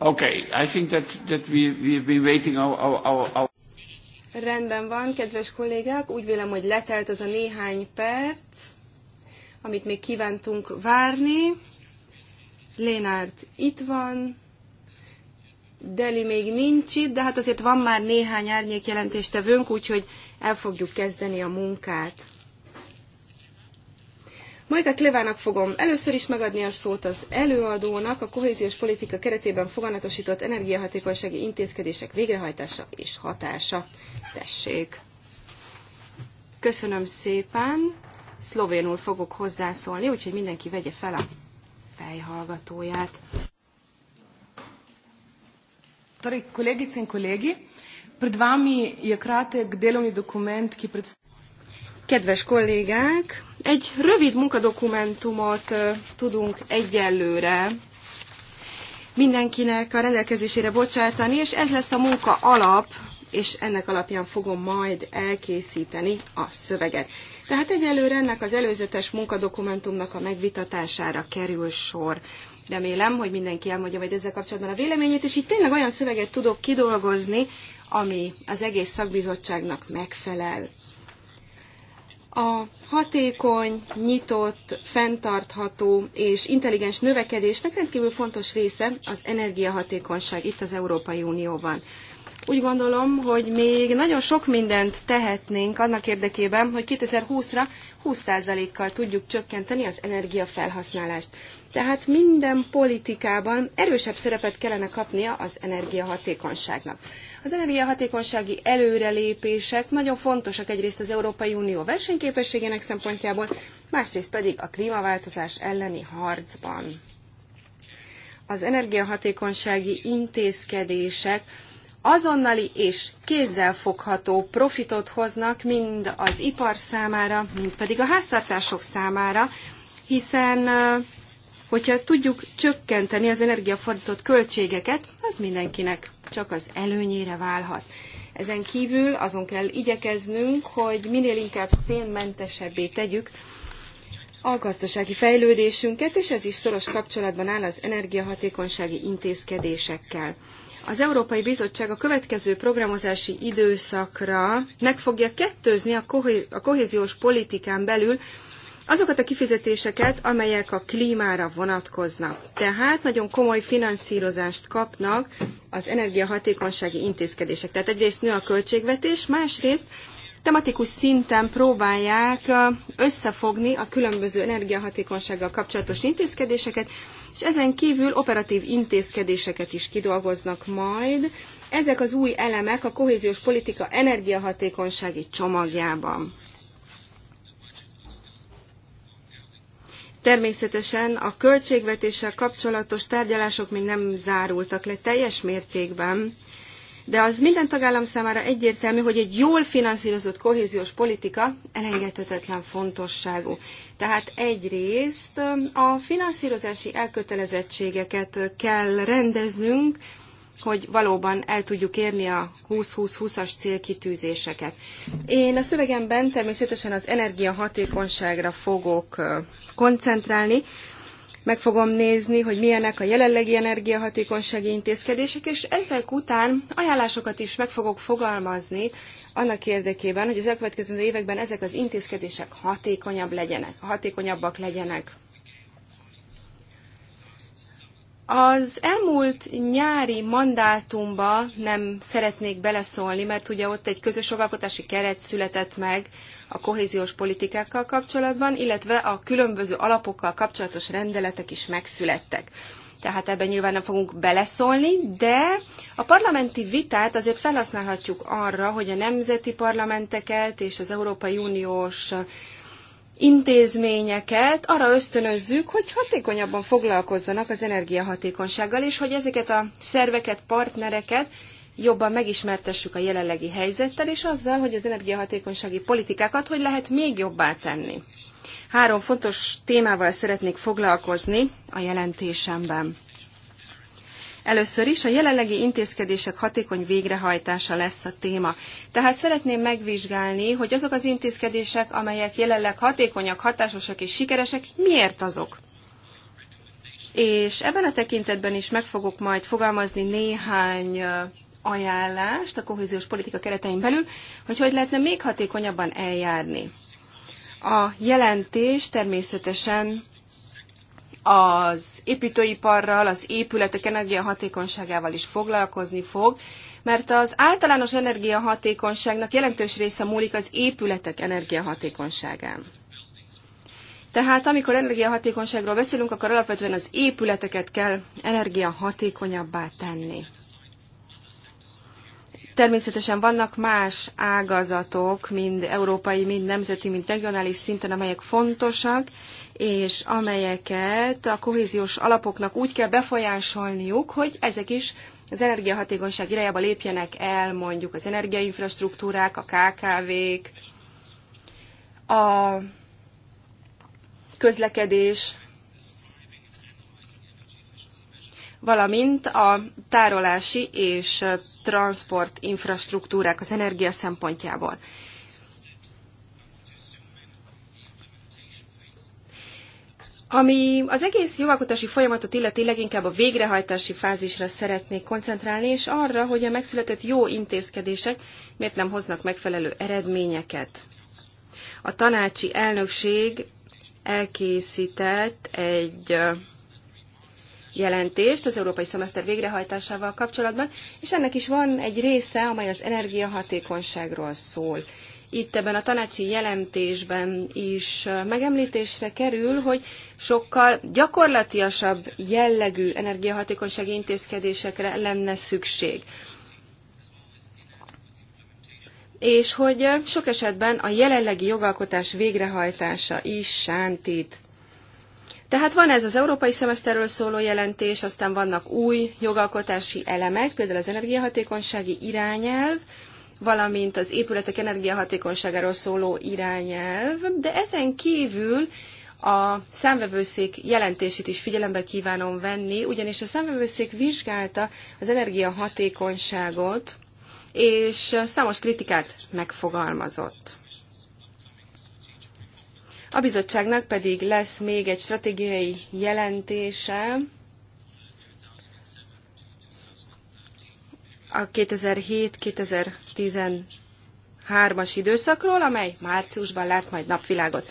Okay, I think that, that we, we've been waiting our, our, our... Rendben van, kedves kollégák, úgy vélem, hogy letelt az a néhány perc, amit még kívántunk várni. Lénárt itt van, Deli még nincs itt, de hát azért van már néhány árnyék jelentéstevőnk, úgyhogy el fogjuk kezdeni a munkát. Majka Klevának fogom először is megadni a szót az előadónak a kohéziós politika keretében foganatosított energiahatékonysági intézkedések végrehajtása és hatása. Tessék! Köszönöm szépen! Szlovénul fogok hozzászólni, úgyhogy mindenki vegye fel a fejhallgatóját. Torej, kolegice in kolegi, pred vami je kratek delovni dokument, ki Kedves kollégák, egy rövid munkadokumentumot tudunk egyelőre mindenkinek a rendelkezésére bocsátani, és ez lesz a munka alap, és ennek alapján fogom majd elkészíteni a szöveget. Tehát egyelőre ennek az előzetes munkadokumentumnak a megvitatására kerül sor. Remélem, hogy mindenki elmondja majd ezzel kapcsolatban a véleményét, és így tényleg olyan szöveget tudok kidolgozni, ami az egész szakbizottságnak megfelel. A hatékony, nyitott, fenntartható és intelligens növekedésnek rendkívül fontos része az energiahatékonyság itt az Európai Unióban. Úgy gondolom, hogy még nagyon sok mindent tehetnénk annak érdekében, hogy 2020-ra 20%-kal tudjuk csökkenteni az energiafelhasználást. Tehát minden politikában erősebb szerepet kellene kapnia az energiahatékonyságnak. Az energiahatékonysági előrelépések nagyon fontosak egyrészt az Európai Unió versenyképességének szempontjából, másrészt pedig a klímaváltozás elleni harcban. Az energiahatékonysági intézkedések azonnali és kézzelfogható profitot hoznak mind az ipar számára, mind pedig a háztartások számára, hiszen Hogyha tudjuk csökkenteni az energiafordított költségeket, az mindenkinek csak az előnyére válhat. Ezen kívül azon kell igyekeznünk, hogy minél inkább szénmentesebbé tegyük a gazdasági fejlődésünket, és ez is szoros kapcsolatban áll az energiahatékonysági intézkedésekkel. Az Európai Bizottság a következő programozási időszakra meg fogja kettőzni a, kohé- a kohéziós politikán belül azokat a kifizetéseket, amelyek a klímára vonatkoznak. Tehát nagyon komoly finanszírozást kapnak az energiahatékonysági intézkedések. Tehát egyrészt nő a költségvetés, másrészt tematikus szinten próbálják összefogni a különböző energiahatékonysággal kapcsolatos intézkedéseket, és ezen kívül operatív intézkedéseket is kidolgoznak majd. Ezek az új elemek a kohéziós politika energiahatékonysági csomagjában. Természetesen a költségvetéssel kapcsolatos tárgyalások még nem zárultak le teljes mértékben, de az minden tagállam számára egyértelmű, hogy egy jól finanszírozott kohéziós politika elengedhetetlen fontosságú. Tehát egyrészt a finanszírozási elkötelezettségeket kell rendeznünk, hogy valóban el tudjuk érni a 20-20-20-as célkitűzéseket. Én a szövegemben természetesen az energiahatékonyságra fogok koncentrálni, meg fogom nézni, hogy milyenek a jelenlegi energiahatékonysági intézkedések, és ezek után ajánlásokat is meg fogok fogalmazni annak érdekében, hogy az elkövetkező években ezek az intézkedések hatékonyabb legyenek, hatékonyabbak legyenek. Az elmúlt nyári mandátumba nem szeretnék beleszólni, mert ugye ott egy közös jogalkotási keret született meg a kohéziós politikákkal kapcsolatban, illetve a különböző alapokkal kapcsolatos rendeletek is megszülettek. Tehát ebben nyilván nem fogunk beleszólni, de a parlamenti vitát azért felhasználhatjuk arra, hogy a nemzeti parlamenteket és az Európai Uniós intézményeket arra ösztönözzük, hogy hatékonyabban foglalkozzanak az energiahatékonysággal, és hogy ezeket a szerveket, partnereket jobban megismertessük a jelenlegi helyzettel, és azzal, hogy az energiahatékonysági politikákat hogy lehet még jobbá tenni. Három fontos témával szeretnék foglalkozni a jelentésemben. Először is a jelenlegi intézkedések hatékony végrehajtása lesz a téma. Tehát szeretném megvizsgálni, hogy azok az intézkedések, amelyek jelenleg hatékonyak, hatásosak és sikeresek, miért azok? És ebben a tekintetben is meg fogok majd fogalmazni néhány ajánlást a kohéziós politika keretein belül, hogy hogy lehetne még hatékonyabban eljárni. A jelentés természetesen az építőiparral, az épületek energiahatékonyságával is foglalkozni fog, mert az általános energiahatékonyságnak jelentős része múlik az épületek energiahatékonyságán. Tehát amikor energiahatékonyságról beszélünk, akkor alapvetően az épületeket kell energiahatékonyabbá tenni. Természetesen vannak más ágazatok, mind európai, mind nemzeti, mind regionális szinten, amelyek fontosak, és amelyeket a kohéziós alapoknak úgy kell befolyásolniuk, hogy ezek is az energiahatékonyság irányába lépjenek el, mondjuk az energiainfrastruktúrák, a KKV-k, a közlekedés, valamint a tárolási és transport infrastruktúrák az energia szempontjából. Ami az egész jogalkotási folyamatot illeti, leginkább a végrehajtási fázisra szeretnék koncentrálni, és arra, hogy a megszületett jó intézkedések miért nem hoznak megfelelő eredményeket. A tanácsi elnökség elkészített egy jelentést az európai szemeszter végrehajtásával kapcsolatban, és ennek is van egy része, amely az energiahatékonyságról szól itt ebben a tanácsi jelentésben is megemlítésre kerül, hogy sokkal gyakorlatiasabb jellegű energiahatékonysági intézkedésekre lenne szükség. És hogy sok esetben a jelenlegi jogalkotás végrehajtása is sántít. Tehát van ez az európai szemeszterről szóló jelentés, aztán vannak új jogalkotási elemek, például az energiahatékonysági irányelv, valamint az épületek energiahatékonyságáról szóló irányelv, de ezen kívül a számvevőszék jelentését is figyelembe kívánom venni, ugyanis a számvevőszék vizsgálta az energiahatékonyságot, és számos kritikát megfogalmazott. A bizottságnak pedig lesz még egy stratégiai jelentése a 2007-2013-as időszakról, amely márciusban lát majd napvilágot.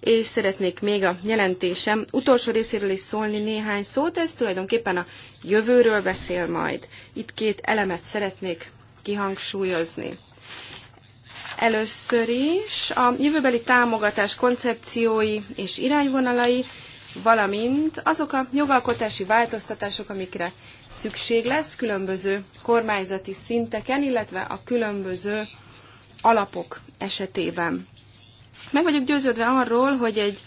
És szeretnék még a jelentésem utolsó részéről is szólni néhány szót, ez tulajdonképpen a jövőről beszél majd. Itt két elemet szeretnék kihangsúlyozni. Először is a jövőbeli támogatás koncepciói és irányvonalai, valamint azok a jogalkotási változtatások, amikre szükség lesz különböző kormányzati szinteken, illetve a különböző alapok esetében. Meg vagyok győződve arról, hogy egy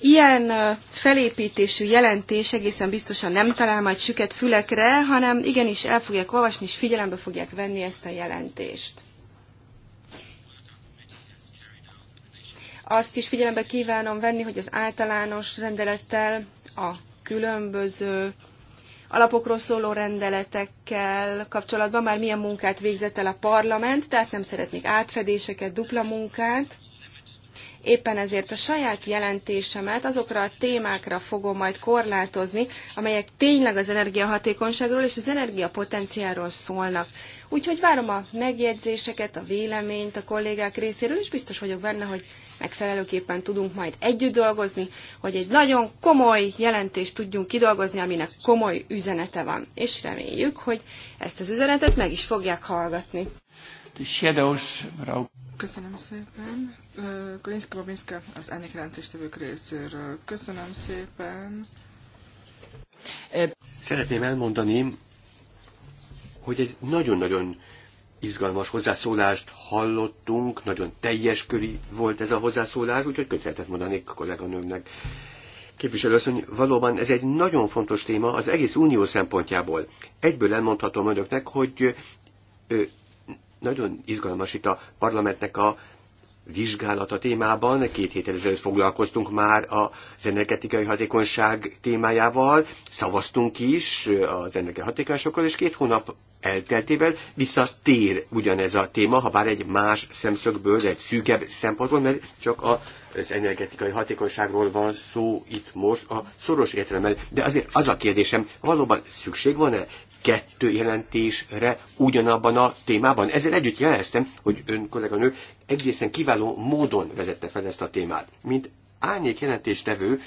ilyen felépítésű jelentés egészen biztosan nem talál majd süket fülekre, hanem igenis el fogják olvasni, és figyelembe fogják venni ezt a jelentést. Azt is figyelembe kívánom venni, hogy az általános rendelettel a különböző alapokról szóló rendeletekkel kapcsolatban már milyen munkát végzett el a parlament, tehát nem szeretnék átfedéseket, dupla munkát. Éppen ezért a saját jelentésemet azokra a témákra fogom majd korlátozni, amelyek tényleg az energiahatékonyságról és az energiapotenciáról szólnak. Úgyhogy várom a megjegyzéseket, a véleményt a kollégák részéről, és biztos vagyok benne, hogy megfelelőképpen tudunk majd együtt dolgozni, hogy egy nagyon komoly jelentést tudjunk kidolgozni, aminek komoly üzenete van. És reméljük, hogy ezt az üzenetet meg is fogják hallgatni. Köszönöm szépen. Kolinszka Babinszka az ennek jelentéstevők részéről. Köszönöm szépen. Szeretném elmondani, hogy egy nagyon-nagyon izgalmas hozzászólást hallottunk, nagyon teljes köri volt ez a hozzászólás, úgyhogy köszönhetett mondanék a kolléganőmnek. Képviselőasszony, valóban ez egy nagyon fontos téma az egész unió szempontjából. Egyből elmondhatom önöknek, hogy nagyon izgalmas itt a parlamentnek a vizsgálata témában. Két héttel ezelőtt foglalkoztunk már az energetikai hatékonyság témájával, szavaztunk is az hatékonyságokkal és két hónap elteltével visszatér ugyanez a téma, ha bár egy más szemszögből, egy szűkebb szempontból, mert csak az energetikai hatékonyságról van szó itt most a szoros értelemben. De azért az a kérdésem, valóban szükség van-e kettő jelentésre ugyanabban a témában. Ezzel együtt jeleztem, hogy ön kolléganő egészen kiváló módon vezette fel ezt a témát. Mint árnyék jelentéstevő,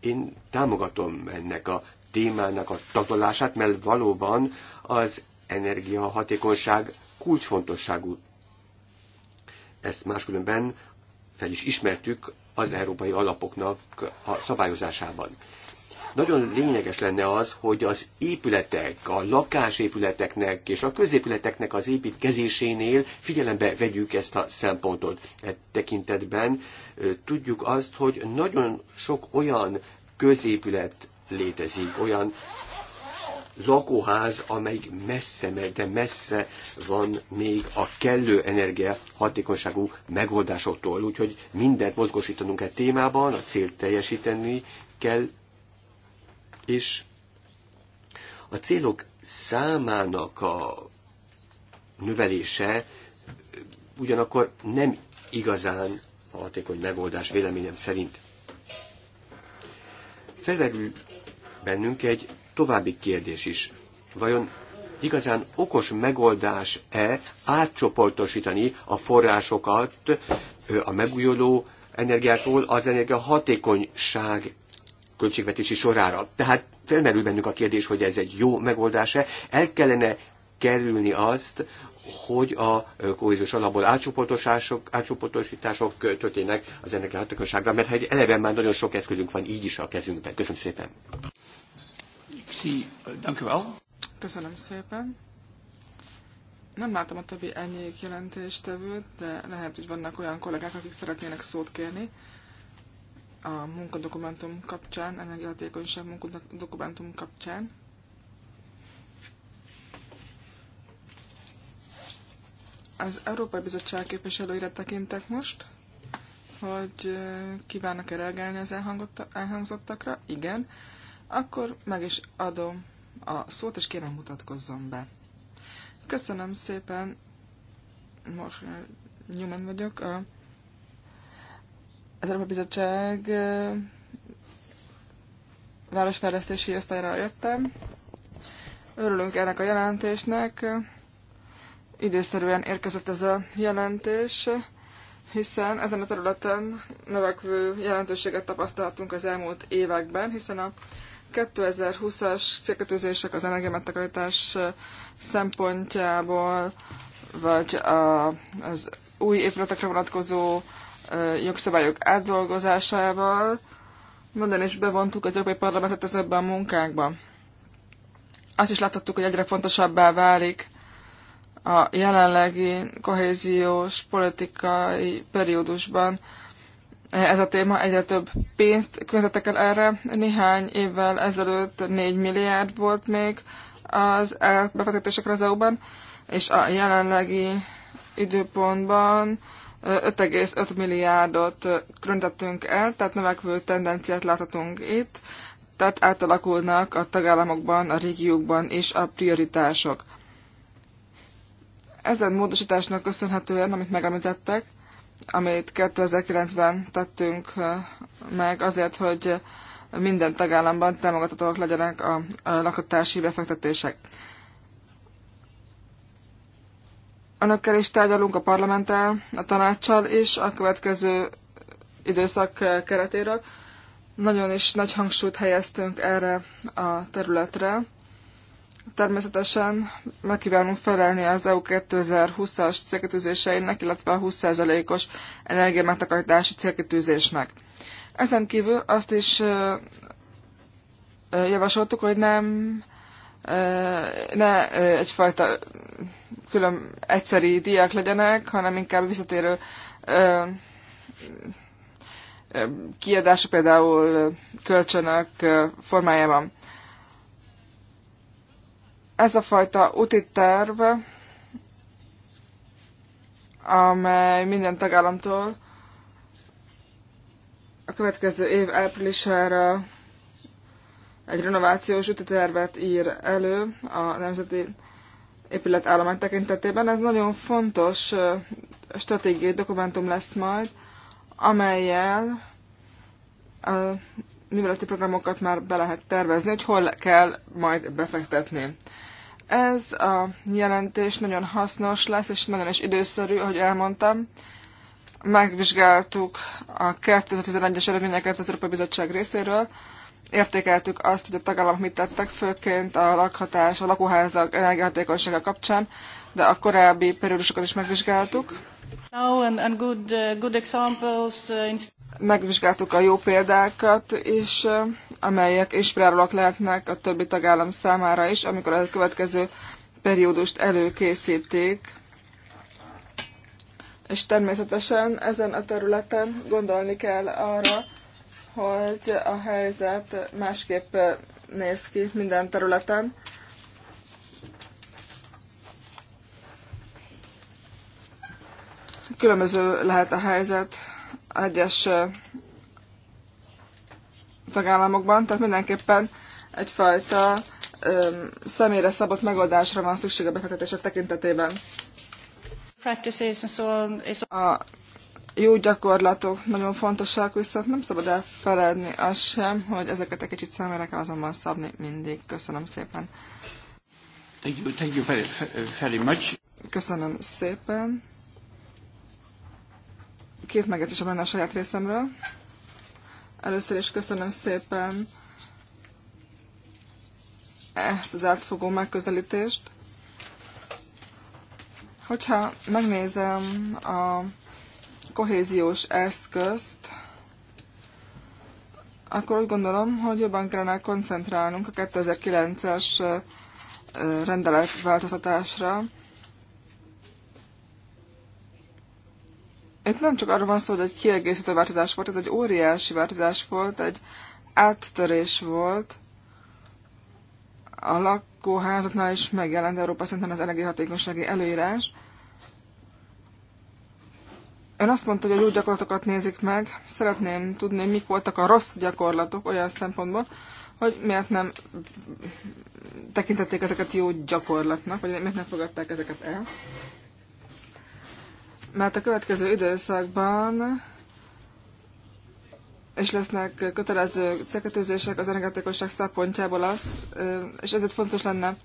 én támogatom ennek a témának a tagolását, mert valóban az energiahatékonyság kulcsfontosságú. Ezt máskülönben fel is ismertük az európai alapoknak a szabályozásában. Nagyon lényeges lenne az, hogy az épületek, a lakásépületeknek és a középületeknek az építkezésénél figyelembe vegyük ezt a szempontot. E tekintetben tudjuk azt, hogy nagyon sok olyan középület létezik, olyan lakóház, amelyik messze, de messze van még a kellő energia hatékonyságú megoldásoktól. Úgyhogy mindent mozgósítanunk egy témában, a célt teljesíteni kell és a célok számának a növelése ugyanakkor nem igazán a hatékony megoldás véleményem szerint. Felverül bennünk egy további kérdés is. Vajon igazán okos megoldás-e átcsoportosítani a forrásokat a megújuló energiától az energia hatékonyság költségvetési sorára. Tehát felmerül bennünk a kérdés, hogy ez egy jó megoldás-e. El kellene kerülni azt, hogy a kohéziós alapból átcsoportosítások, történnek az ennek lehetőségre, mert egy eleve már nagyon sok eszközünk van így is a kezünkben. Köszönöm szépen. Köszönöm szépen. Nem látom a többi jelentést tevőt, de lehet, hogy vannak olyan kollégák, akik szeretnének szót kérni a munkadokumentum kapcsán, energiahatékonyság munkadokumentum kapcsán. Az Európai Bizottság képviselőire tekintek most, hogy kívánnak-e reagálni az elhangzottakra. Igen. Akkor meg is adom a szót, és kérem mutatkozzon be. Köszönöm szépen. Newman vagyok, a az Európai Bizottság városfejlesztési osztályra jöttem. Örülünk ennek a jelentésnek. Időszerűen érkezett ez a jelentés, hiszen ezen a területen növekvő jelentőséget tapasztaltunk az elmúlt években, hiszen a 2020-as célkötőzések az energiamegtakarítás szempontjából, vagy a, az új épületekre vonatkozó jogszabályok átdolgozásával, minden is bevontuk az Európai Parlamentet ezekbe a munkákban. Azt is láthattuk, hogy egyre fontosabbá válik a jelenlegi kohéziós politikai periódusban ez a téma egyre több pénzt költöttek el erre. Néhány évvel ezelőtt 4 milliárd volt még az befektetésekre az EU-ban, és a jelenlegi időpontban 5,5 milliárdot különítettünk el, tehát növekvő tendenciát láthatunk itt, tehát átalakulnak a tagállamokban, a régiókban is a prioritások. Ezen módosításnak köszönhetően, amit megemlítettek, amit 2009-ben tettünk meg azért, hogy minden tagállamban támogathatóak legyenek a lakhatási befektetések. önökkel is tárgyalunk, a parlamenttel, a tanácssal is a következő időszak keretéről. Nagyon is nagy hangsúlyt helyeztünk erre a területre. Természetesen megkívánunk felelni az EU 2020-as célkitűzéseinek, illetve a 20%-os energiamegtakarítási célkitűzésnek. Ezen kívül azt is javasoltuk, hogy nem ne egyfajta külön egyszeri díjak legyenek, hanem inkább visszatérő ö, ö, kiadása például kölcsönök formájában. Ez a fajta úti terv, amely minden tagállamtól a következő év áprilisára egy renovációs útitervet ír elő a nemzeti épületállomány tekintetében. Ez nagyon fontos stratégiai dokumentum lesz majd, amelyel a műveleti programokat már be lehet tervezni, hogy hol kell majd befektetni. Ez a jelentés nagyon hasznos lesz, és nagyon is időszerű, ahogy elmondtam. Megvizsgáltuk a 2011-es eredményeket az Európai Bizottság részéről, értékeltük azt, hogy a tagállamok mit tettek, főként a lakhatás, a lakóházak energiahatékonysága kapcsán, de a korábbi periódusokat is megvizsgáltuk. Uh, uh, megvizsgáltuk a jó példákat is, uh, amelyek inspirálóak lehetnek a többi tagállam számára is, amikor a következő periódust előkészítik. És természetesen ezen a területen gondolni kell arra, hogy a helyzet másképp néz ki minden területen. Különböző lehet a helyzet egyes tagállamokban, tehát mindenképpen egyfajta személyre szabott megoldásra van szükség a befektetések tekintetében. A jó gyakorlatok nagyon fontosak, viszont nem szabad elfeledni az sem, hogy ezeket egy kicsit szemére kell azonban szabni mindig. Köszönöm szépen. Thank you, thank you very, very much. Köszönöm szépen. Két megjegyzésem lenne a saját részemről. Először is köszönöm szépen ezt az átfogó megközelítést. Hogyha megnézem a kohéziós eszközt, akkor úgy gondolom, hogy jobban kellene koncentrálnunk a 2009-es rendelet változtatásra. Itt nem csak arról van szó, hogy egy kiegészítő változás volt, ez egy óriási változás volt, egy áttörés volt. A lakóházatnál is megjelent Európa szinten az energiahatékonysági előírás. Ön azt mondta, hogy a jó gyakorlatokat nézik meg. Szeretném tudni, mik voltak a rossz gyakorlatok olyan szempontból, hogy miért nem tekintették ezeket jó gyakorlatnak, vagy miért nem fogadták ezeket el. Mert a következő időszakban és lesznek kötelező célkötőzések az energetikusság szempontjából az, és ezért fontos lenne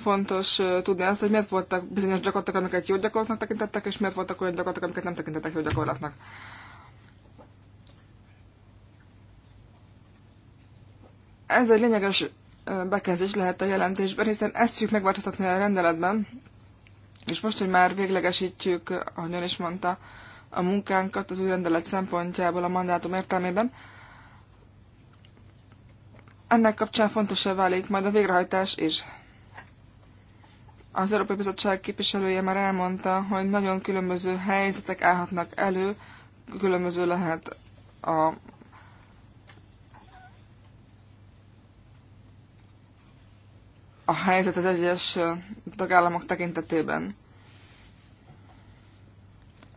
fontos tudni azt, hogy miért voltak bizonyos gyakorlatok, amiket jó gyakorlatnak tekintettek, és miért voltak olyan gyakorlatok, amiket nem tekintettek jó gyakorlatnak. Ez egy lényeges bekezdés lehet a jelentésben, hiszen ezt fogjuk megváltoztatni a rendeletben, és most, hogy már véglegesítjük, ahogy ön is mondta, a munkánkat az új rendelet szempontjából a mandátum értelmében, ennek kapcsán fontosabb válik majd a végrehajtás is. Az Európai Bizottság képviselője már elmondta, hogy nagyon különböző helyzetek állhatnak elő, különböző lehet a a helyzet az egyes tagállamok tekintetében.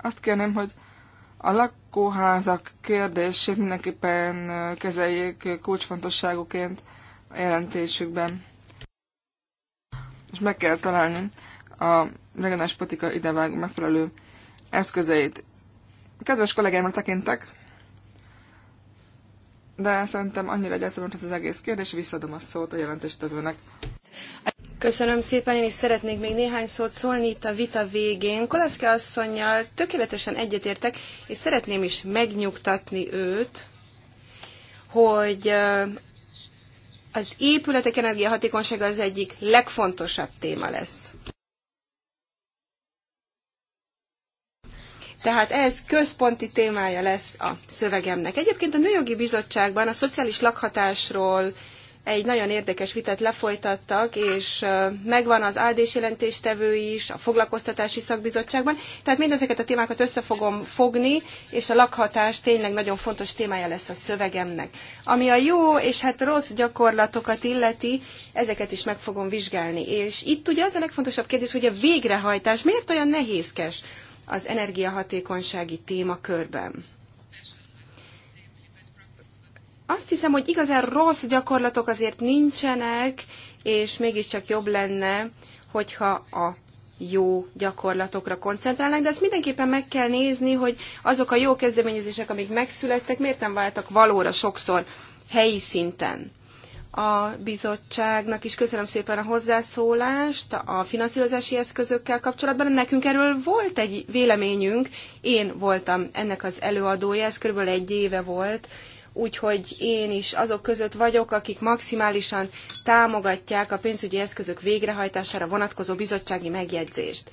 Azt kérném, hogy a lakóházak kérdését mindenképpen kezeljék kulcsfontosságuként a jelentésükben és meg kell találni a regionális politika idevág megfelelő eszközeit. Kedves kollégáimra tekintek, de szerintem annyira egyértelmű ez az egész kérdés, visszadom a szót a jelentéstevőnek. Köszönöm szépen, én is szeretnék még néhány szót szólni itt a vita végén. Kolaszke asszonynal tökéletesen egyetértek, és szeretném is megnyugtatni őt, hogy az épületek energiahatékonysága az egyik legfontosabb téma lesz. Tehát ez központi témája lesz a szövegemnek. Egyébként a Nőjogi Bizottságban a szociális lakhatásról egy nagyon érdekes vitát lefolytattak, és megvan az áldés jelentéstevő is, a foglalkoztatási szakbizottságban. Tehát mindezeket a témákat össze fogom fogni, és a lakhatás tényleg nagyon fontos témája lesz a szövegemnek. Ami a jó és hát rossz gyakorlatokat illeti, ezeket is meg fogom vizsgálni. És itt ugye az a legfontosabb kérdés, hogy a végrehajtás miért olyan nehézkes az energiahatékonysági témakörben azt hiszem, hogy igazán rossz gyakorlatok azért nincsenek, és mégiscsak jobb lenne, hogyha a jó gyakorlatokra koncentrálnak, de ezt mindenképpen meg kell nézni, hogy azok a jó kezdeményezések, amik megszülettek, miért nem váltak valóra sokszor helyi szinten. A bizottságnak is köszönöm szépen a hozzászólást a finanszírozási eszközökkel kapcsolatban. Nekünk erről volt egy véleményünk, én voltam ennek az előadója, ez körülbelül egy éve volt, úgyhogy én is azok között vagyok, akik maximálisan támogatják a pénzügyi eszközök végrehajtására vonatkozó bizottsági megjegyzést.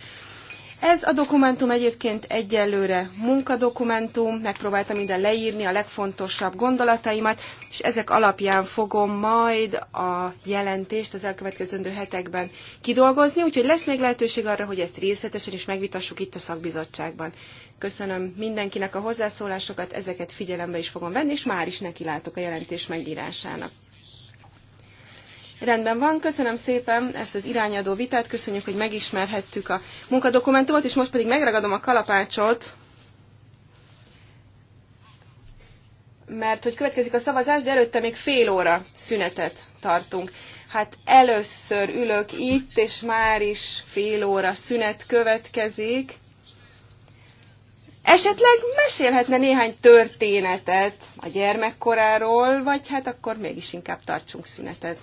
Ez a dokumentum egyébként egyelőre munkadokumentum, megpróbáltam ide leírni a legfontosabb gondolataimat, és ezek alapján fogom majd a jelentést az elkövetkező hetekben kidolgozni, úgyhogy lesz még lehetőség arra, hogy ezt részletesen is megvitassuk itt a szakbizottságban. Köszönöm mindenkinek a hozzászólásokat, ezeket figyelembe is fogom venni, és már is nekilátok a jelentés megírásának. Rendben van, köszönöm szépen ezt az irányadó vitát, köszönjük, hogy megismerhettük a munkadokumentumot, és most pedig megragadom a kalapácsot, mert hogy következik a szavazás, de előtte még fél óra szünetet tartunk. Hát először ülök itt, és már is fél óra szünet következik. Esetleg mesélhetne néhány történetet a gyermekkoráról, vagy hát akkor mégis inkább tartsunk szünetet.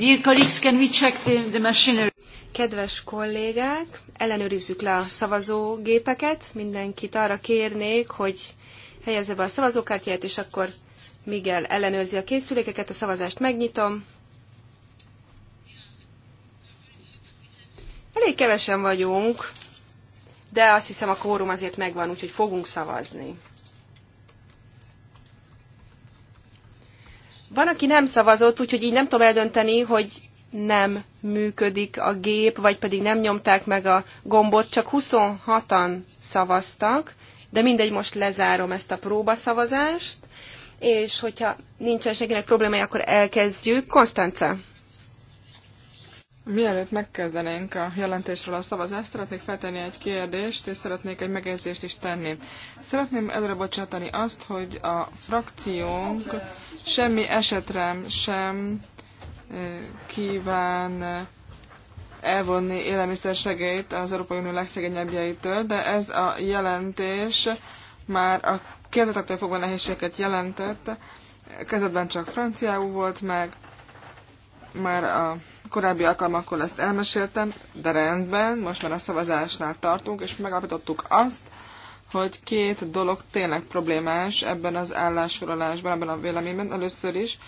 Dear colleagues, can we check the, machinery? Kedves kollégák, ellenőrizzük le a szavazógépeket. Mindenkit arra kérnék, hogy helyezze be a szavazókártyáját, és akkor Miguel ellenőrzi a készülékeket. A szavazást megnyitom. Elég kevesen vagyunk, de azt hiszem a kórum azért megvan, úgyhogy fogunk szavazni. Van, aki nem szavazott, úgyhogy így nem tudom eldönteni, hogy nem működik a gép, vagy pedig nem nyomták meg a gombot, csak 26-an szavaztak, de mindegy, most lezárom ezt a próbaszavazást, és hogyha nincsen senkinek problémája, akkor elkezdjük. Konstance! Mielőtt megkezdenénk a jelentésről a szavazást, szeretnék feltenni egy kérdést, és szeretnék egy megjegyzést is tenni. Szeretném előre bocsátani azt, hogy a frakciónk semmi esetre sem kíván elvonni élelmiszersegélyt az Európai Unió legszegényebbjeitől, de ez a jelentés már a kezdetektől fogva nehézséget jelentett. Kezdetben csak franciául volt meg, már a Korábbi alkalmakkor ezt elmeséltem, de rendben, most már a szavazásnál tartunk, és megállapítottuk azt, hogy két dolog tényleg problémás ebben az állásfoglalásban, ebben a véleményben. Először is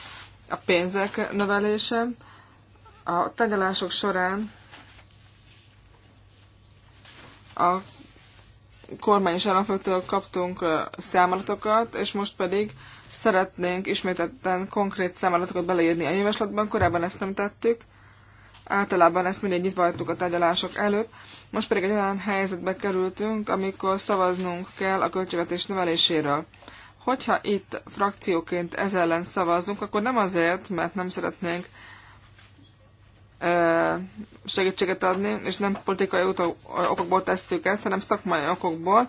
a pénzek növelése. A tárgyalások során a kormány és államfőktől kaptunk számolatokat, és most pedig szeretnénk ismételten konkrét számolatokat beleírni a javaslatban. Korábban ezt nem tettük. Általában ezt mindig nyitva hagytuk a tárgyalások előtt. Most pedig egy olyan helyzetbe kerültünk, amikor szavaznunk kell a költségvetés növeléséről. Hogyha itt frakcióként ez ellen szavazunk, akkor nem azért, mert nem szeretnénk segítséget adni, és nem politikai okokból tesszük ezt, hanem szakmai okokból.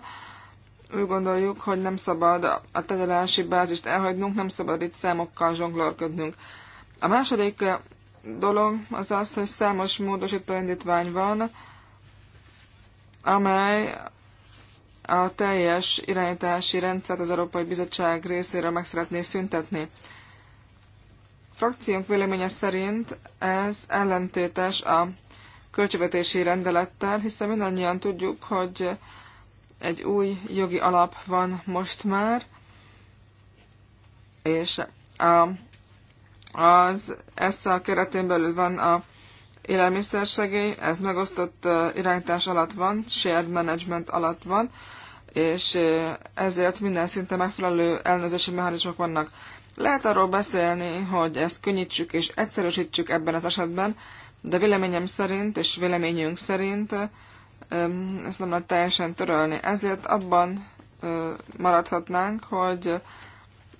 Úgy gondoljuk, hogy nem szabad a tegyelási bázist elhagynunk, nem szabad itt számokkal zsonglorködnünk. A második dolog az az, hogy számos módosító indítvány van, amely a teljes irányítási rendszert az Európai Bizottság részéről meg szeretné szüntetni. Frakciónk véleménye szerint ez ellentétes a költségvetési rendelettel, hiszen mindannyian tudjuk, hogy egy új jogi alap van most már, és a az ESZA keretén belül van a élelmiszersegély, ez megosztott irányítás alatt van, shared management alatt van, és ezért minden szinte megfelelő ellenőrzési mechanizmusok vannak. Lehet arról beszélni, hogy ezt könnyítsük és egyszerűsítsük ebben az esetben, de véleményem szerint és véleményünk szerint ezt nem lehet teljesen törölni. Ezért abban maradhatnánk, hogy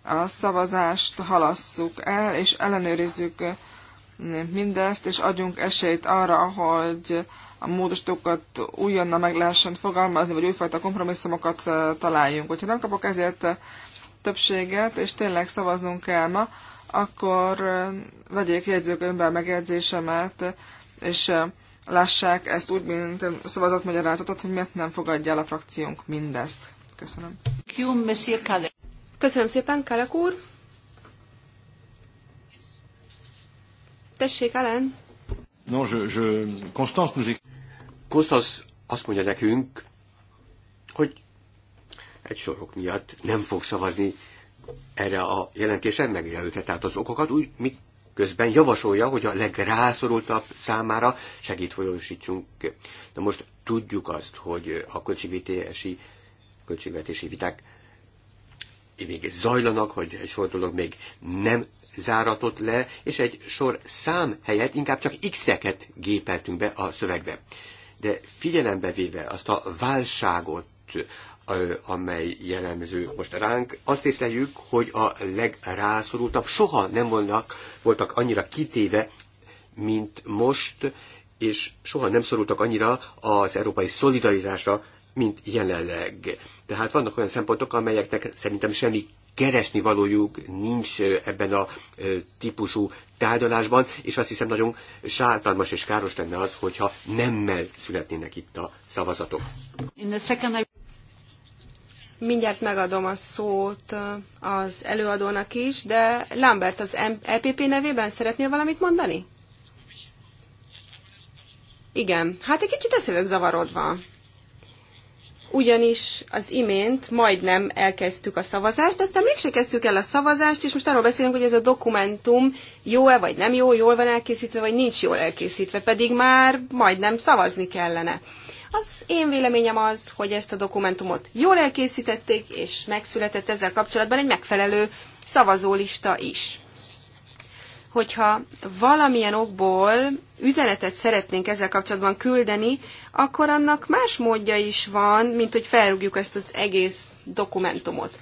a szavazást halasszuk el, és ellenőrizzük mindezt, és adjunk esélyt arra, hogy a módosítókat újonnan meg lehessen fogalmazni, vagy újfajta kompromisszumokat találjunk. Hogyha nem kapok ezért többséget, és tényleg szavaznunk kell ma, akkor vegyék jegyzőkönyvben megjegyzésemet, és lássák ezt úgy, mint szavazatmagyarázatot, hogy miért nem fogadja el a frakciónk mindezt. Köszönöm. Köszönöm szépen, Kálek úr. Tessék, Alan. No, je, je... Constance nous... Constance azt mondja nekünk, hogy egy sorok miatt nem fog szavazni erre a jelentésen megjelölte. Tehát az okokat úgy, mi közben javasolja, hogy a legrászorultabb számára segít folyósítsunk. Na most tudjuk azt, hogy a költségvetési, költségvetési viták még zajlanak, hogy egy sor dolog még nem záratott le, és egy sor szám helyett inkább csak x-eket gépeltünk be a szövegbe. De figyelembe véve azt a válságot, amely jellemző most ránk, azt észleljük, hogy a legrászorultabb soha nem voltak, voltak annyira kitéve, mint most, és soha nem szorultak annyira az európai szolidaritásra, mint jelenleg. Tehát vannak olyan szempontok, amelyeknek szerintem semmi keresni valójuk nincs ebben a típusú tárgyalásban, és azt hiszem nagyon sártalmas és káros lenne az, hogyha nemmel születnének itt a szavazatok. Mindjárt megadom a szót az előadónak is, de Lambert az EPP nevében szeretnél valamit mondani? Igen, hát egy kicsit össze zavarodva ugyanis az imént majdnem elkezdtük a szavazást, aztán mégse kezdtük el a szavazást, és most arról beszélünk, hogy ez a dokumentum jó-e, vagy nem jó, jól van elkészítve, vagy nincs jól elkészítve, pedig már majdnem szavazni kellene. Az én véleményem az, hogy ezt a dokumentumot jól elkészítették, és megszületett ezzel kapcsolatban egy megfelelő szavazólista is hogyha valamilyen okból üzenetet szeretnénk ezzel kapcsolatban küldeni, akkor annak más módja is van, mint hogy felrúgjuk ezt az egész dokumentumot.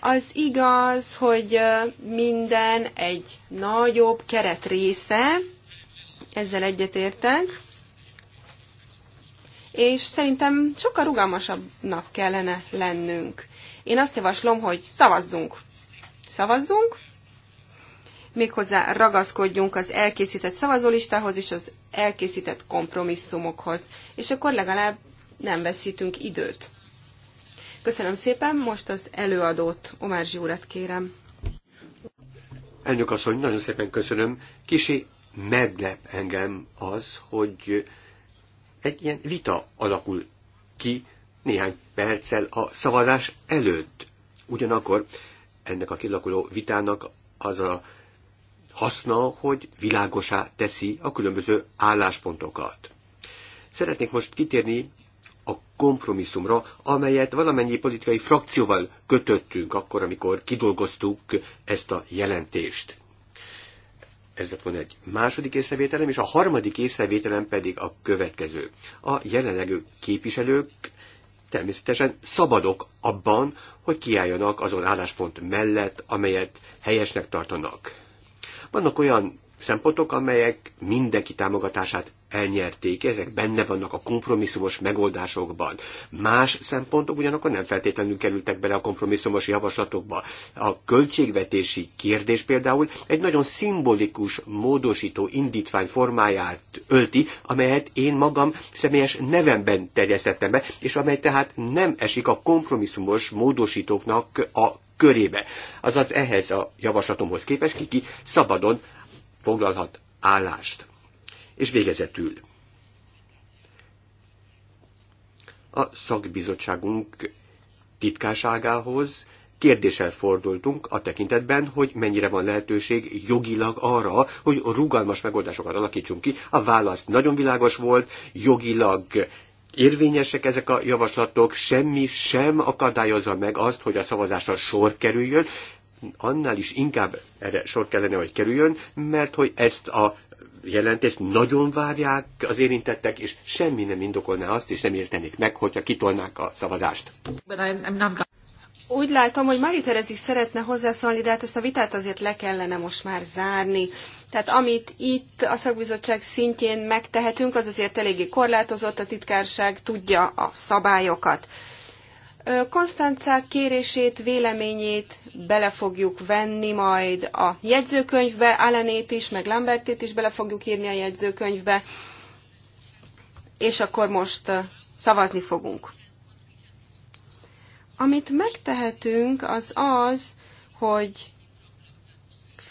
Az igaz, hogy minden egy nagyobb keret része, ezzel egyetértek, és szerintem sokkal rugalmasabbnak kellene lennünk. Én azt javaslom, hogy szavazzunk. Szavazzunk, méghozzá ragaszkodjunk az elkészített szavazólistához és az elkészített kompromisszumokhoz, és akkor legalább nem veszítünk időt. Köszönöm szépen, most az előadót, Omár Zsúrat kérem. Elnök asszony, nagyon szépen köszönöm. Kisi meglep engem az, hogy egy ilyen vita alakul ki néhány perccel a szavazás előtt. Ugyanakkor ennek a kilakuló vitának az a haszna, hogy világosá teszi a különböző álláspontokat. Szeretnék most kitérni a kompromisszumra, amelyet valamennyi politikai frakcióval kötöttünk akkor, amikor kidolgoztuk ezt a jelentést. Ez lett volna egy második észrevételem, és a harmadik észrevételem pedig a következő. A jelenleg képviselők természetesen szabadok abban, hogy kiálljanak azon álláspont mellett, amelyet helyesnek tartanak. Vannak olyan szempontok, amelyek mindenki támogatását elnyerték, ezek benne vannak a kompromisszumos megoldásokban. Más szempontok ugyanakkor nem feltétlenül kerültek bele a kompromisszumos javaslatokba. A költségvetési kérdés például egy nagyon szimbolikus módosító indítvány formáját ölti, amelyet én magam személyes nevemben terjesztettem be, és amely tehát nem esik a kompromisszumos módosítóknak a körébe. Azaz ehhez a javaslatomhoz képest kiki szabadon foglalhat állást. És végezetül. A szakbizottságunk titkárságához kérdéssel fordultunk a tekintetben, hogy mennyire van lehetőség jogilag arra, hogy rugalmas megoldásokat alakítsunk ki. A válasz nagyon világos volt, jogilag érvényesek ezek a javaslatok, semmi sem akadályozza meg azt, hogy a szavazásra sor kerüljön, annál is inkább erre sor kellene, hogy kerüljön, mert hogy ezt a jelentést nagyon várják az érintettek, és semmi nem indokolná azt, és nem értenék meg, hogyha kitolnák a szavazást. Úgy látom, hogy Mari Terez is szeretne hozzászólni, de hát ezt a vitát azért le kellene most már zárni. Tehát amit itt a szakbizottság szintjén megtehetünk, az azért eléggé korlátozott, a titkárság tudja a szabályokat. Konstancák kérését, véleményét bele fogjuk venni majd a jegyzőkönyvbe, alenét is, meg Lambertét is bele fogjuk írni a jegyzőkönyvbe, és akkor most szavazni fogunk. Amit megtehetünk, az az, hogy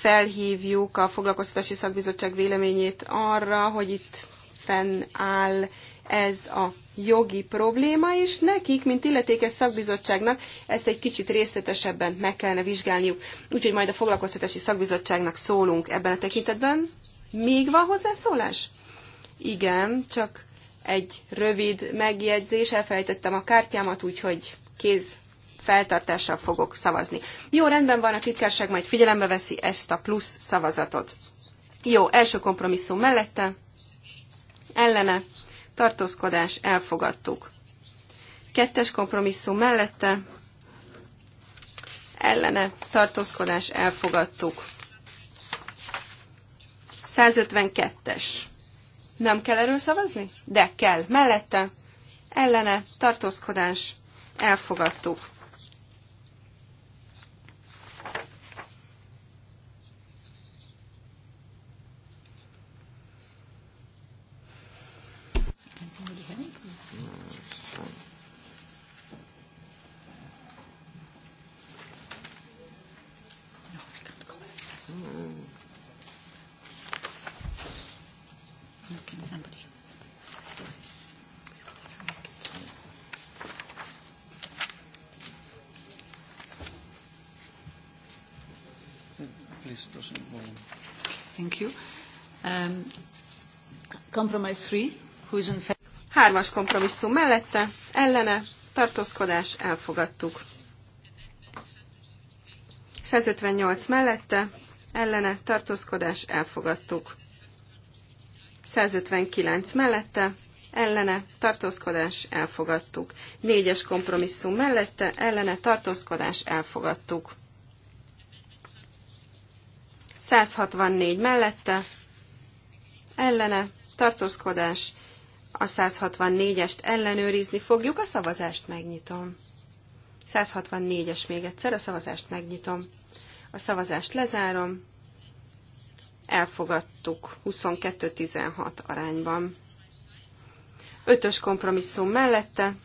felhívjuk a foglalkoztatási szakbizottság véleményét arra, hogy itt fennáll ez a jogi probléma, és nekik, mint illetékes szakbizottságnak ezt egy kicsit részletesebben meg kellene vizsgálniuk. Úgyhogy majd a foglalkoztatási szakbizottságnak szólunk ebben a tekintetben. Még van hozzászólás? Igen, csak egy rövid megjegyzés, elfelejtettem a kártyámat, úgyhogy kéz feltartással fogok szavazni. Jó, rendben van, a titkárság majd figyelembe veszi ezt a plusz szavazatot. Jó, első kompromisszum mellette, ellene, tartózkodás, elfogadtuk. Kettes kompromisszum mellette, ellene, tartózkodás, elfogadtuk. 152-es. Nem kell erről szavazni? De kell. Mellette, ellene, tartózkodás, elfogadtuk. Um, compromise three, in favor? Hármas kompromisszum mellette, ellene, tartózkodás, elfogadtuk. 158 mellette, ellene, tartózkodás, elfogadtuk. 159 mellette, ellene, tartózkodás, elfogadtuk. Négyes kompromisszum mellette, ellene, tartózkodás, elfogadtuk. 164 mellette, ellene, tartózkodás, a 164-est ellenőrizni fogjuk, a szavazást megnyitom. 164-es még egyszer, a szavazást megnyitom. A szavazást lezárom, elfogadtuk 22-16 arányban. Ötös kompromisszum mellette,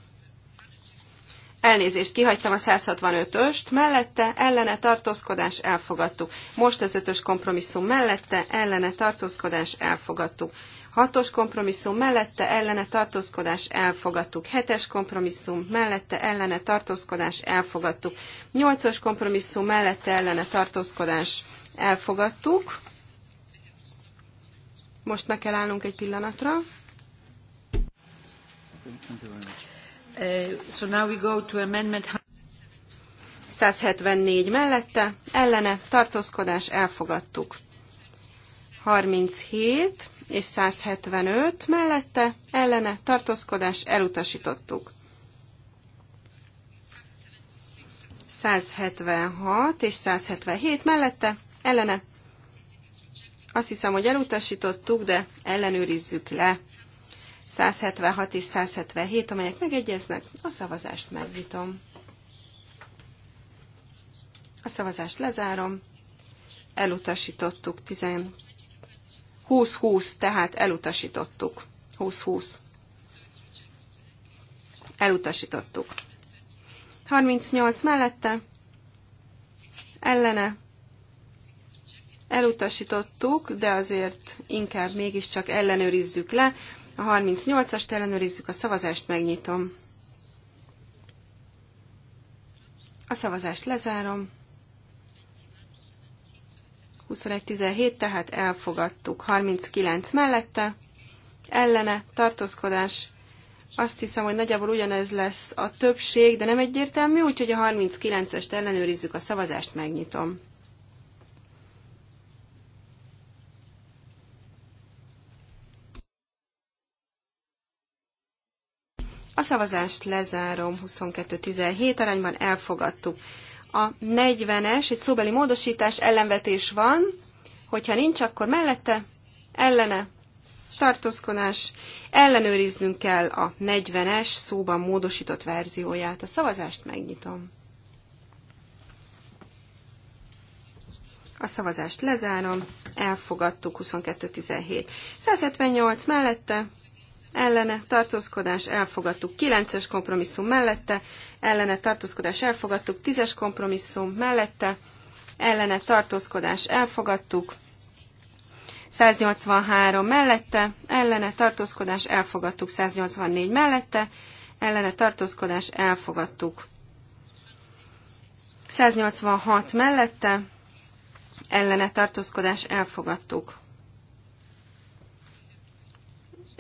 Elnézést, kihagytam a 165-öst, mellette ellene tartózkodás elfogadtuk. Most az ötös kompromisszum mellette ellene tartózkodás elfogadtuk. Hatos kompromisszum mellette ellene tartózkodás elfogadtuk. Hetes kompromisszum mellette ellene tartózkodás elfogadtuk. Nyolcas kompromisszum mellette ellene tartózkodás elfogadtuk. Most meg kell állnunk egy pillanatra. Uh, so now we go to amendment 174 mellette, ellene tartózkodás elfogadtuk. 37 és 175 mellette, ellene tartózkodás elutasítottuk. 176 és 177 mellette, ellene. Azt hiszem, hogy elutasítottuk, de ellenőrizzük le. 176 és 177, amelyek megegyeznek, a szavazást megnyitom. A szavazást lezárom. Elutasítottuk 20-20, tehát elutasítottuk. 20-20. Elutasítottuk. 38 mellette, ellene, elutasítottuk, de azért inkább mégiscsak ellenőrizzük le. A 38-ast ellenőrizzük, a szavazást megnyitom. A szavazást lezárom. 21-17, tehát elfogadtuk. 39 mellette, ellene, tartózkodás. Azt hiszem, hogy nagyjából ugyanez lesz a többség, de nem egyértelmű, úgyhogy a 39-est ellenőrizzük, a szavazást megnyitom. A szavazást lezárom 22-17 arányban elfogadtuk. A 40-es, egy szóbeli módosítás, ellenvetés van, hogyha nincs, akkor mellette, ellene, tartózkodás, ellenőriznünk kell a 40-es szóban módosított verzióját. A szavazást megnyitom. A szavazást lezárom, elfogadtuk 22-17. 178 mellette, ellene tartózkodás elfogadtuk 9-es kompromisszum mellette, ellene tartózkodás elfogadtuk 10-es kompromisszum mellette, ellene tartózkodás elfogadtuk 183 mellette, ellene tartózkodás elfogadtuk 184 mellette, ellene tartózkodás elfogadtuk 186 mellette, ellene tartózkodás elfogadtuk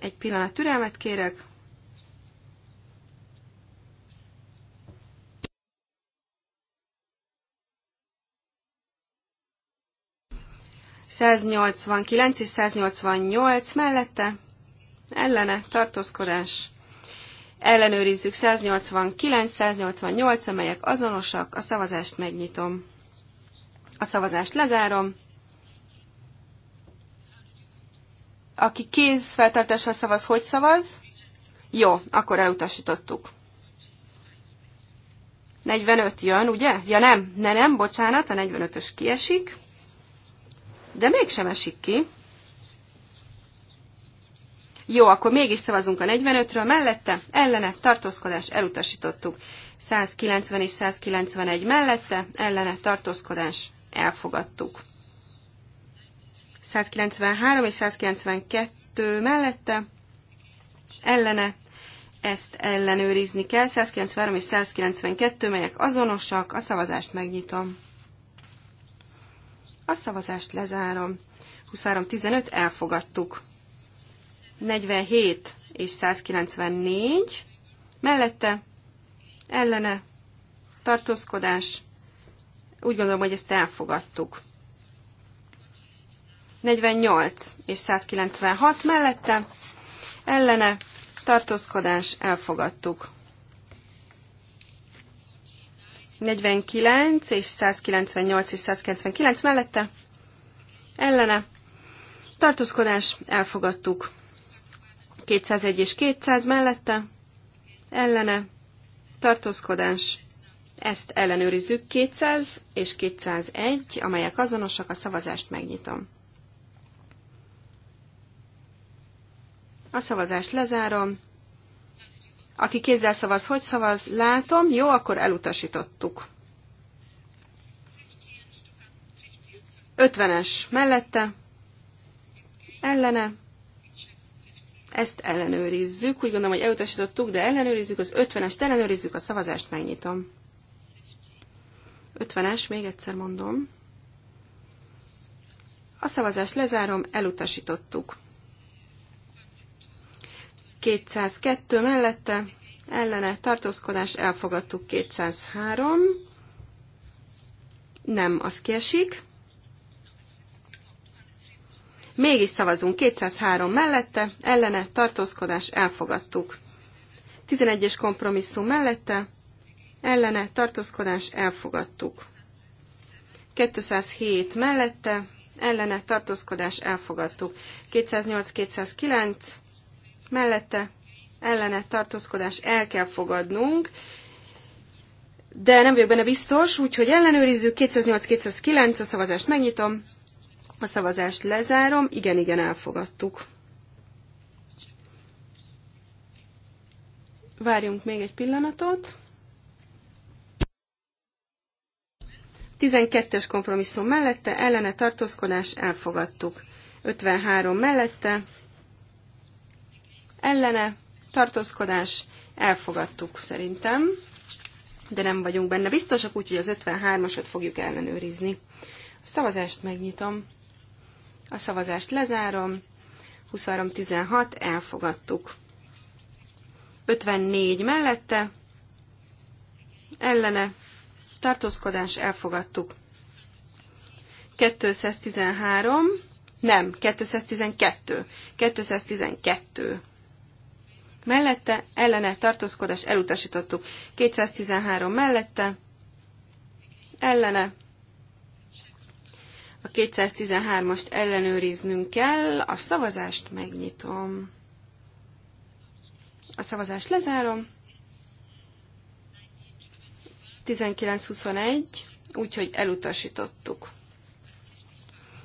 egy pillanat türelmet kérek. ...189 és 188 mellette, ellene, tartózkodás, ellenőrizzük 189-188, amelyek azonosak, a szavazást megnyitom. A szavazást lezárom. Aki kéz feltartással szavaz, hogy szavaz? Jó, akkor elutasítottuk. 45 jön, ugye? Ja nem, ne nem, bocsánat, a 45-ös kiesik. De mégsem esik ki. Jó, akkor mégis szavazunk a 45-ről, mellette, ellene, tartózkodás, elutasítottuk. 190 és 191 mellette, ellene, tartózkodás, elfogadtuk. 193 és 192 mellette, ellene, ezt ellenőrizni kell, 193 és 192, melyek azonosak, a szavazást megnyitom. A szavazást lezárom. 23-15 elfogadtuk. 47 és 194, mellette, ellene, tartózkodás, úgy gondolom, hogy ezt elfogadtuk. 48 és 196 mellette, ellene tartózkodás elfogadtuk. 49 és 198 és 199 mellette, ellene tartózkodás elfogadtuk. 201 és 200 mellette, ellene tartózkodás ezt ellenőrizzük 200 és 201, amelyek azonosak, a szavazást megnyitom. A szavazást lezárom. Aki kézzel szavaz, hogy szavaz? Látom. Jó, akkor elutasítottuk. 50-es mellette, ellene, ezt ellenőrizzük. Úgy gondolom, hogy elutasítottuk, de ellenőrizzük az 50-est, ellenőrizzük a szavazást, megnyitom. 50-es, még egyszer mondom. A szavazást lezárom, elutasítottuk. 202 mellette, ellene tartózkodás elfogadtuk 203, nem, az kiesik. Mégis szavazunk 203 mellette, ellene tartózkodás elfogadtuk. 11-es kompromisszum mellette, ellene tartózkodás elfogadtuk. 207 mellette, ellene tartózkodás elfogadtuk. 208-209 mellette ellene tartózkodás el kell fogadnunk, de nem vagyok benne biztos, úgyhogy ellenőrizzük, 208-209 a szavazást megnyitom, a szavazást lezárom, igen, igen, elfogadtuk. Várjunk még egy pillanatot. 12-es kompromisszum mellette, ellene tartózkodás elfogadtuk. 53 mellette, ellene, tartózkodás, elfogadtuk szerintem, de nem vagyunk benne biztosak, úgyhogy az 53-asot fogjuk ellenőrizni. A szavazást megnyitom, a szavazást lezárom, 23-16, elfogadtuk. 54 mellette, ellene, tartózkodás, elfogadtuk. 213, nem, 212. 212 mellette, ellene tartózkodás elutasítottuk. 213 mellette, ellene. A 213-ast ellenőriznünk kell, a szavazást megnyitom. A szavazást lezárom. 19-21, úgyhogy elutasítottuk.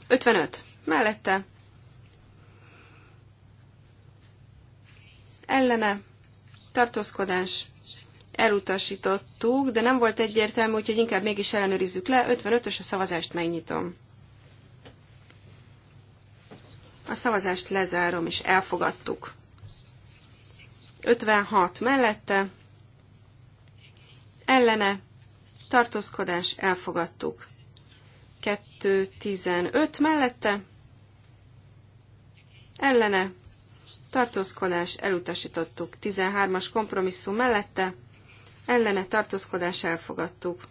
55. Mellette ellene tartózkodás elutasítottuk, de nem volt egyértelmű, úgyhogy inkább mégis ellenőrizzük le. 55-ös a szavazást megnyitom. A szavazást lezárom, és elfogadtuk. 56 mellette, ellene, tartózkodás, elfogadtuk. 215 mellette, ellene, tartózkodás elutasítottuk. 13-as kompromisszum mellette ellene tartózkodás elfogadtuk.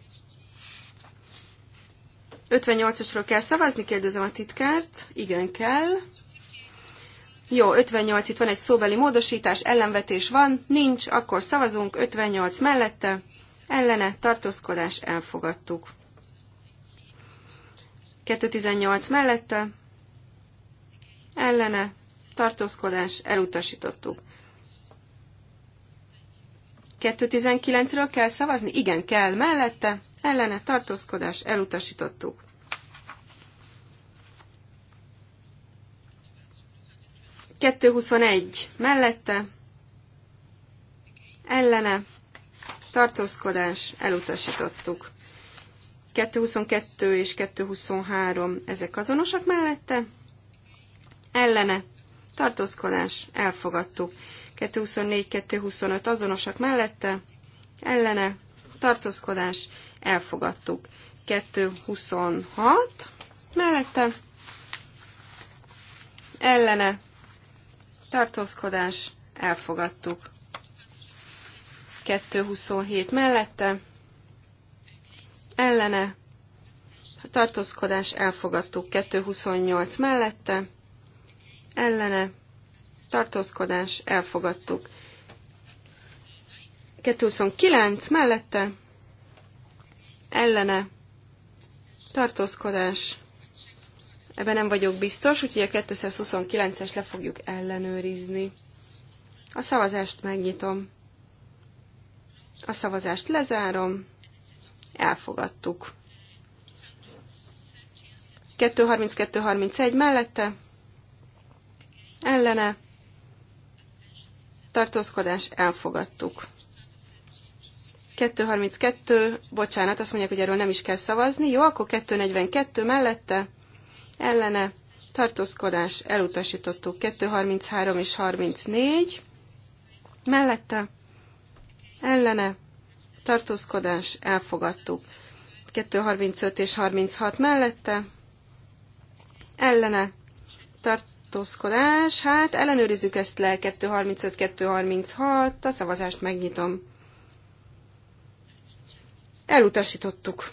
58-asról kell szavazni, kérdezem a titkárt. Igen, kell. Jó, 58, itt van egy szóbeli módosítás, ellenvetés van, nincs, akkor szavazunk, 58 mellette, ellene, tartózkodás, elfogadtuk. 218 mellette, ellene, tartózkodás, elutasítottuk. 219-ről kell szavazni? Igen, kell. Mellette, ellene, tartózkodás, elutasítottuk. Kettő huszonegy. Mellette, ellene, tartózkodás, elutasítottuk. huszonkettő és huszonhárom, ezek azonosak mellette, ellene, tartózkodás, elfogadtuk. 224-225 azonosak mellette, ellene, tartózkodás, elfogadtuk. 226 mellette, ellene, tartózkodás, elfogadtuk. 227 mellette, ellene, tartózkodás, elfogadtuk. 228 mellette, ellene, tartózkodás, elfogadtuk. 229 mellette, ellene, tartózkodás, ebben nem vagyok biztos, úgyhogy a 229-es le fogjuk ellenőrizni. A szavazást megnyitom. A szavazást lezárom. Elfogadtuk. 232-31 mellette, ellene tartózkodás elfogadtuk. 232, bocsánat, azt mondják, hogy erről nem is kell szavazni. Jó, akkor 242 mellette, ellene, tartózkodás, elutasítottuk. 233 és 34, mellette, ellene, tartózkodás, elfogadtuk. 235 és 36 mellette, ellene, tart, tartózkodás. Hát ellenőrizzük ezt le 235-236, a szavazást megnyitom. Elutasítottuk.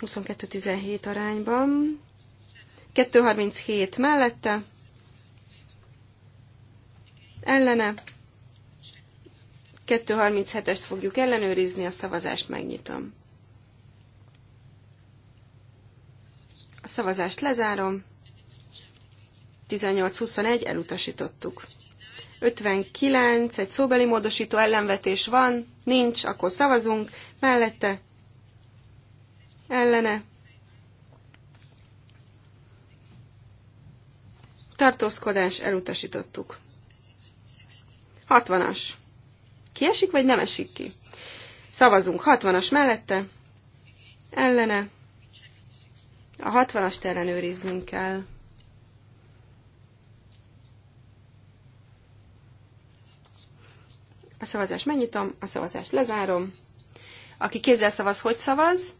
22-17 arányban. 237 mellette. Ellene. 237-est fogjuk ellenőrizni, a szavazást megnyitom. A szavazást lezárom. 18-21 elutasítottuk. 59, egy szóbeli módosító ellenvetés van, nincs, akkor szavazunk, mellette, ellene, tartózkodás, elutasítottuk. 60-as. Kiesik, vagy nem esik ki? Szavazunk 60-as mellette, ellene, a 60-ast ellenőriznünk kell. A szavazást megnyitom, a szavazást lezárom. Aki kézzel szavaz, hogy szavaz?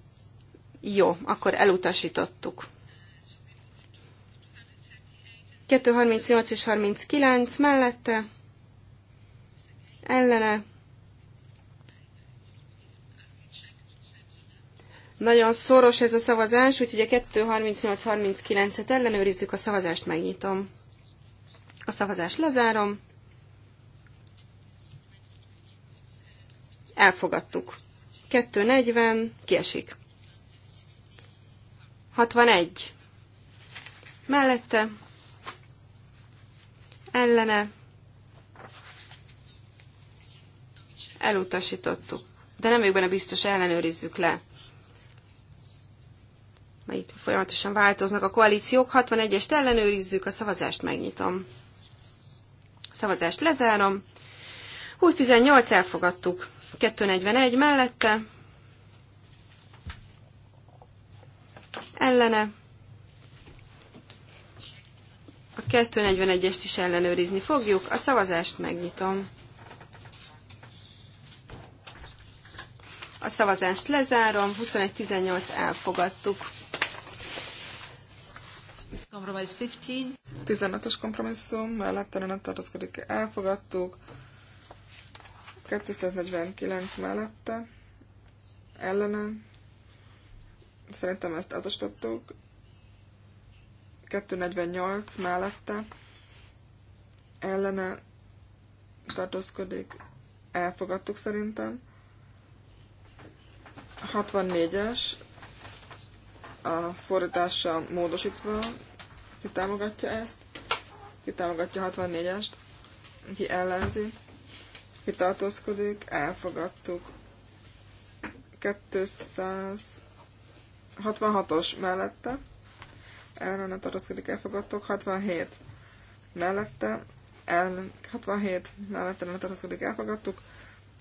Jó, akkor elutasítottuk. 238 és 39 mellette, ellene. Nagyon szoros ez a szavazás, úgyhogy a 238-39-et ellenőrizzük, a szavazást megnyitom. A szavazást lezárom. Elfogadtuk. 240, kiesik. 61. Mellette, ellene, elutasítottuk. De nem vagyok benne biztos, ellenőrizzük le. Mert itt folyamatosan változnak a koalíciók. 61-est ellenőrizzük, a szavazást megnyitom. A szavazást lezárom. 20-18 elfogadtuk. 241 mellette, ellene. A 241-est is ellenőrizni fogjuk, a szavazást megnyitom. A szavazást lezárom, 21-18 elfogadtuk. 15-ös kompromisszum, mellette nem tartozkodik, elfogadtuk. 249 mellette ellene. Szerintem ezt elutasítottuk. 248 mellette ellene tartózkodik. Elfogadtuk szerintem. 64-es a fordítása módosítva ki támogatja ezt, ki támogatja 64-est, ki ellenzi kitartózkodik, elfogadtuk. 266-os mellette, ellene tartózkodik, elfogadtuk. 67 mellette, ellen, 67 mellette nem tartózkodik, elfogadtuk.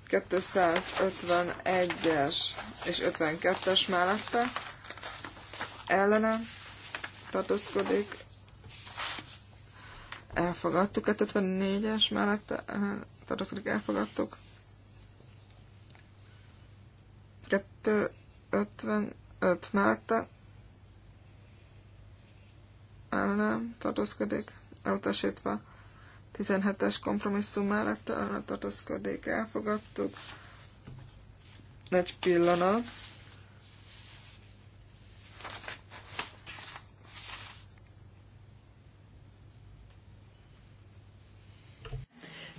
251-es és 52-es mellette ellene tartózkodik, elfogadtuk 254-es mellette tartózkodik, elfogadtuk. 255 mellette ellenem tartózkodik, elutasítva. 17-es kompromisszum mellette ellenem tartózkodik, elfogadtuk. Egy pillanat.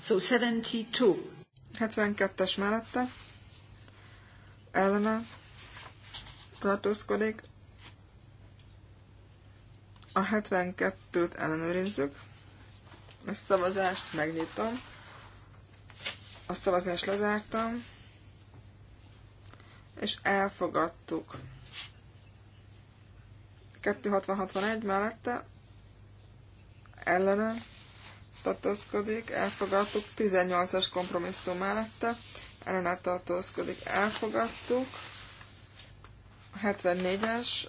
So 72. 72-es mellette ellene tartózkodik. A 72-t ellenőrizzük. A szavazást megnyitom. A szavazást lezártam. És elfogadtuk. 26061 mellette ellene tartózkodik, elfogadtuk. 18-as kompromisszum mellette ellene tartózkodik, elfogadtuk. 74-es,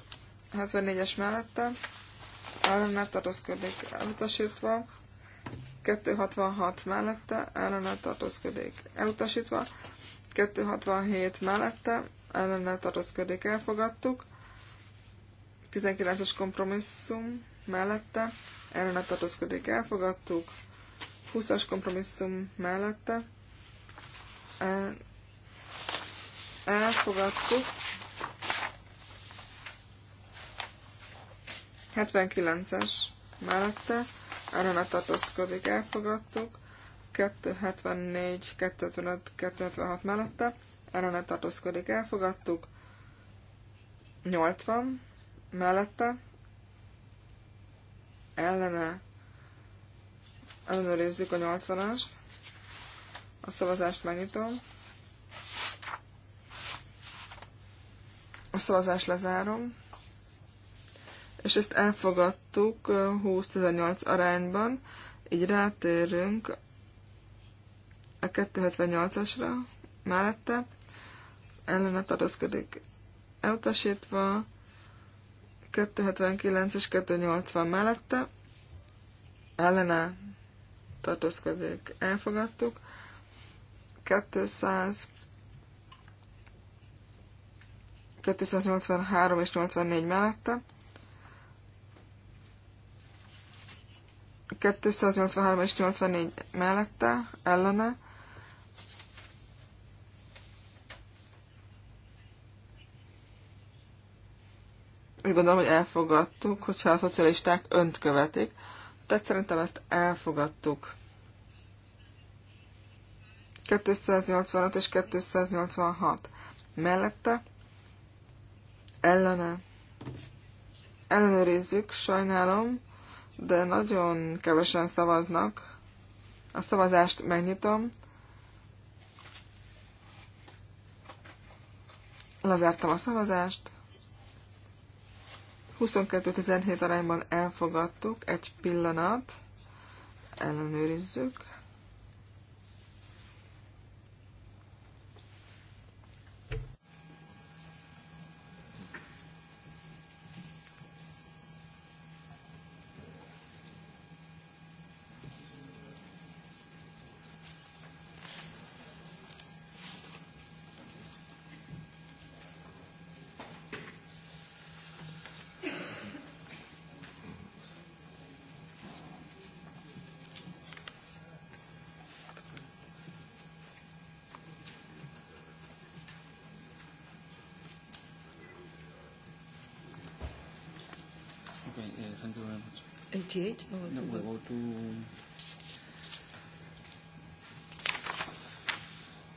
74-es mellette ellene tartózkodik, elutasítva. 266 mellette ellene tartózkodik, elutasítva. 267 mellette ellene tartózkodik, elfogadtuk. 19-es kompromisszum mellette ellene tartózkodik, elfogadtuk. 20-as kompromisszum mellette e, elfogadtuk. 79-es mellette erre ne tartózkodik, elfogadtuk. 274, 25 276 mellette erre ne tartózkodik, elfogadtuk. 80 mellette ellene ellenőrizzük a 80-ast. A szavazást megnyitom. A szavazást lezárom. És ezt elfogadtuk 20-18 arányban. Így rátérünk a 278-asra mellette. Ellene tartozkodik elutasítva. 279 és 280 mellette. Ellene tartózkodók elfogadtuk. 200 283 és 84 mellette. 283 és 84 mellette, ellene. Úgy gondolom, hogy elfogadtuk, hogyha a szocialisták önt követik. Tehát szerintem ezt elfogadtuk. 285 és 286 mellette ellene ellenőrizzük, sajnálom, de nagyon kevesen szavaznak. A szavazást megnyitom. Lezártam a szavazást. 22-17 arányban elfogadtuk. Egy pillanat. Ellenőrizzük. 58? No, we go to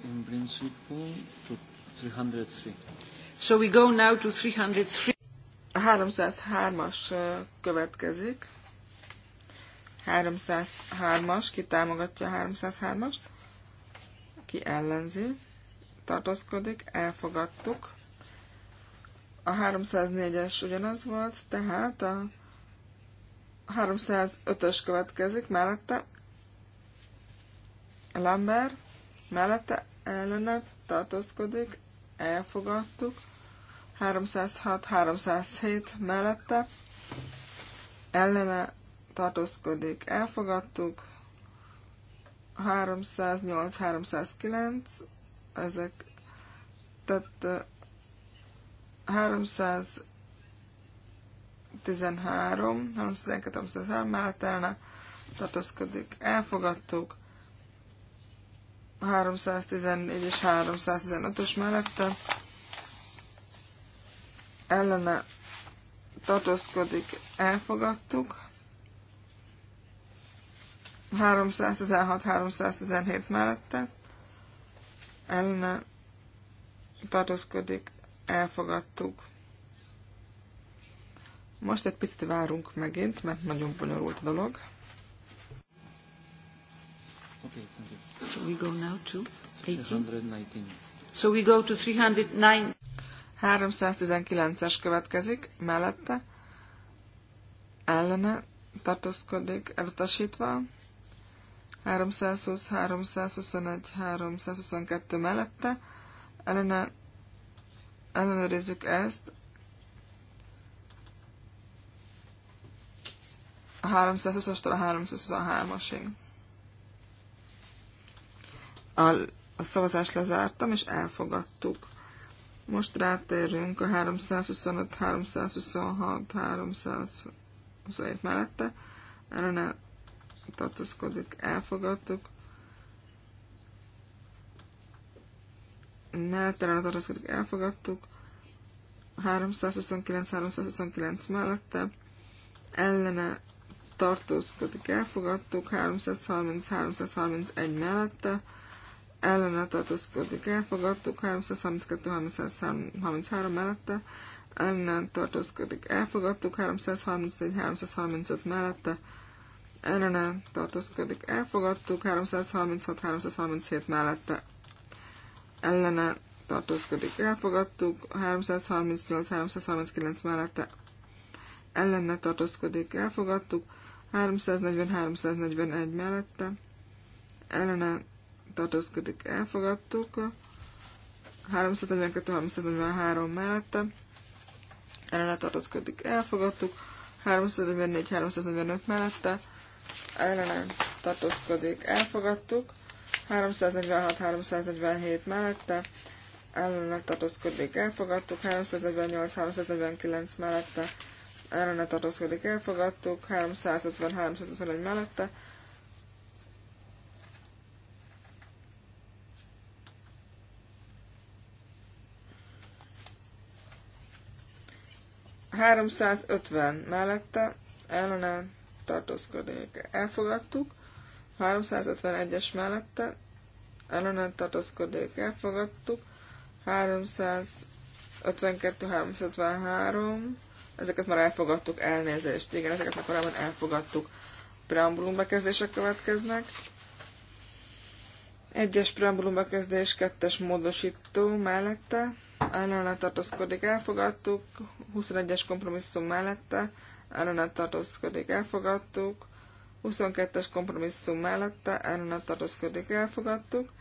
in principle to 303. So we go now to 303. A 303-as következik. 303-as, ki támogatja a 303-ast, ki ellenzi, tartózkodik, elfogadtuk. A 304-es ugyanaz volt, tehát a 305-ös következik, mellette Lambert, mellette ellene tartózkodik, elfogadtuk. 306-307 mellette ellene tartózkodik, elfogadtuk. 308-309, ezek, tehát 300 313, 312, 313 mellett elne tartózkodik. Elfogadtuk. 314 és 315-ös mellette ellene tartózkodik, elfogadtuk. 316-317 mellette ellene tartózkodik, elfogadtuk. Most egy picit várunk megint, mert nagyon bonyolult a dolog. So we go now to 319. So we go to 319-es következik, mellette, ellene, tartózkodik, elutasítva, 320, 321, 322 mellette, ellene, ellenőrizzük ezt, a 320-astól a 323-asig. A, a szavazást lezártam, és elfogadtuk. Most rátérünk a 325, 326, 327 mellette. Erre ne tartozkodik, Elfogadtuk. Mellette erre tartozkodik, Elfogadtuk. 329, 329 mellette. Ellene tartózkodik, elfogadtuk, 330-331 mellette, ellene tartózkodik, elfogadtuk, 332-333 mellette, ellene tartózkodik, elfogadtuk, 334-335 mellette, ellene tartózkodik, elfogadtuk, 336-337 mellette, ellene tartózkodik, elfogadtuk, 338-339 mellette, ellene tartózkodik, elfogadtuk, 340-341 mellette ellene tartózkodik, elfogadtuk. 342-343 mellette ellene tartózkodik, elfogadtuk. 344-345 mellette ellene tartózkodik, elfogadtuk. 346-347 mellette ellene tartózkodik, elfogadtuk. 348-349 mellette ellene tartózkodik, elfogadtuk, 350-351 mellette. 350 mellette ellene tartózkodik, elfogadtuk. 351-es mellette ellene tartózkodik, elfogadtuk. 352-353 ezeket már elfogadtuk, elnézést. Igen, ezeket már korábban elfogadtuk. Preambulum bekezdések következnek. Egyes preambulum bekezdés, kettes módosító mellette, ellene tartózkodik, elfogadtuk. 21-es kompromisszum mellette, ellene tartózkodik, elfogadtuk. 22-es kompromisszum mellette, ellene tartózkodik, elfogadtuk.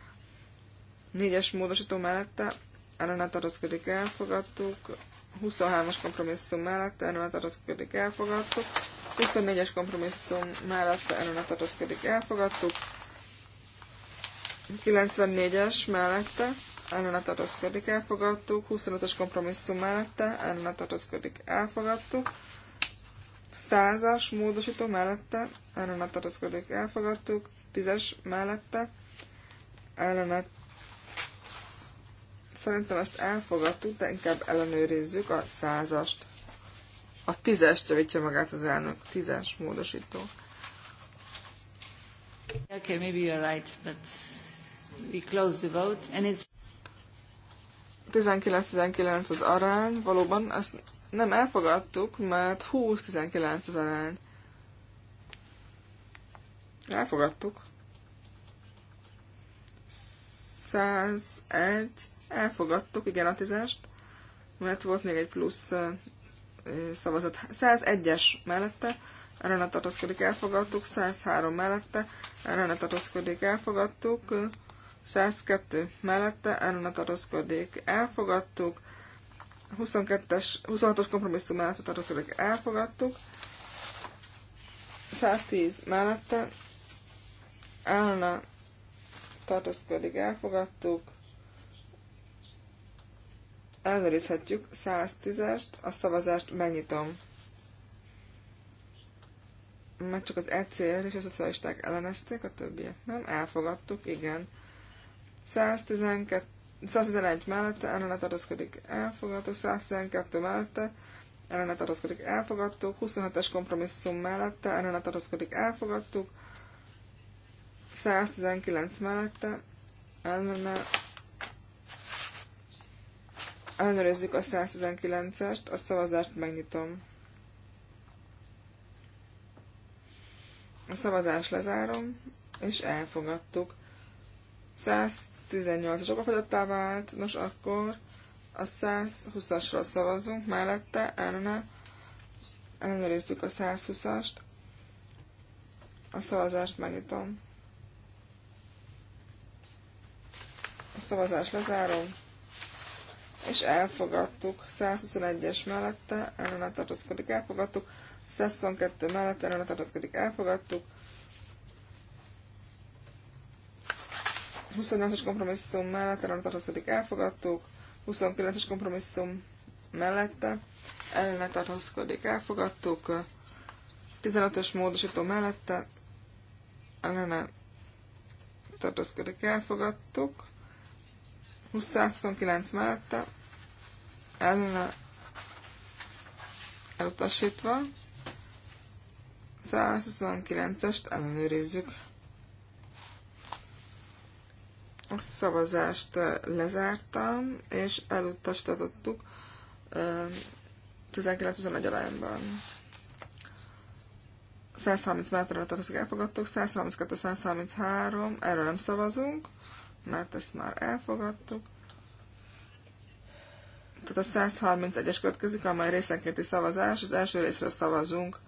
4-es módosító mellette, ellene tartózkodik, elfogadtuk. 23-as kompromisszum mellett erről tartózkodik, elfogadtuk. 24-es kompromisszum mellett erről tartózkodik, elfogadtuk. 94-es mellette a tartózkodik, elfogadtuk. 25-ös kompromisszum mellette a tartózkodik, elfogadtuk. 100-as módosító mellette a tartózkodik, elfogadtuk. 10-es mellette ellene Szerintem ezt elfogadtuk, de inkább ellenőrizzük a százast. A tízest javítja magát az elnök. Tízes módosító. Okay, maybe you're right, but we close the vote, and it's... 19-19 az arány, valóban ezt nem elfogadtuk, mert 20-19 az arány. Elfogadtuk. 101 Elfogadtuk, igen, a tízest, mert volt még egy plusz szavazat. 101-es mellette, erre ne tartozkodik, elfogadtuk. 103 mellette, erre ne tartozkodik, elfogadtuk. 102 mellette, erre ne tartozkodik, elfogadtuk. 22-es, 26-os kompromisszum mellette tartozkodik, elfogadtuk. 110 mellette, ne tartozkodik, elfogadtuk ellenőrizhetjük 110-est, a szavazást megnyitom. Mert csak az ECR és a szocialisták ellenezték, a többiek nem. Elfogadtuk, igen. 112, 111 mellette ellene tartozkodik, elfogadtuk. 112 mellette ellene tartozkodik, elfogadtuk. 27-es kompromisszum mellette ellene tartozkodik, elfogadtuk. 119 mellette ellene Ellenőrizzük a 119-est, a szavazást megnyitom. A szavazást lezárom, és elfogadtuk. 118-as okafogyottá vált, nos akkor a 120-asról szavazunk, mellette ellene ellenőrizzük a 120-ast, a szavazást megnyitom. A szavazást lezárom, és elfogadtuk 121-es mellette, ellene tartózkodik, elfogadtuk, 122 mellette, ellene tartózkodik, elfogadtuk, 28-as kompromisszum mellett ellene tartózkodik, elfogadtuk, 29-es kompromisszum mellette ellene tartózkodik, elfogadtuk, 15-ös módosító mellette ellene tartózkodik, elfogadtuk, 29 mellette ellene elutasítva. 129-est ellenőrizzük. A szavazást lezártam, és elutasítottuk 19-21 arányban. 130 metre tartozik elfogadtuk, 132-133, erről nem szavazunk mert ezt már elfogadtuk. Tehát a 131-es következik, amely részenkéti szavazás. Az első részre szavazunk.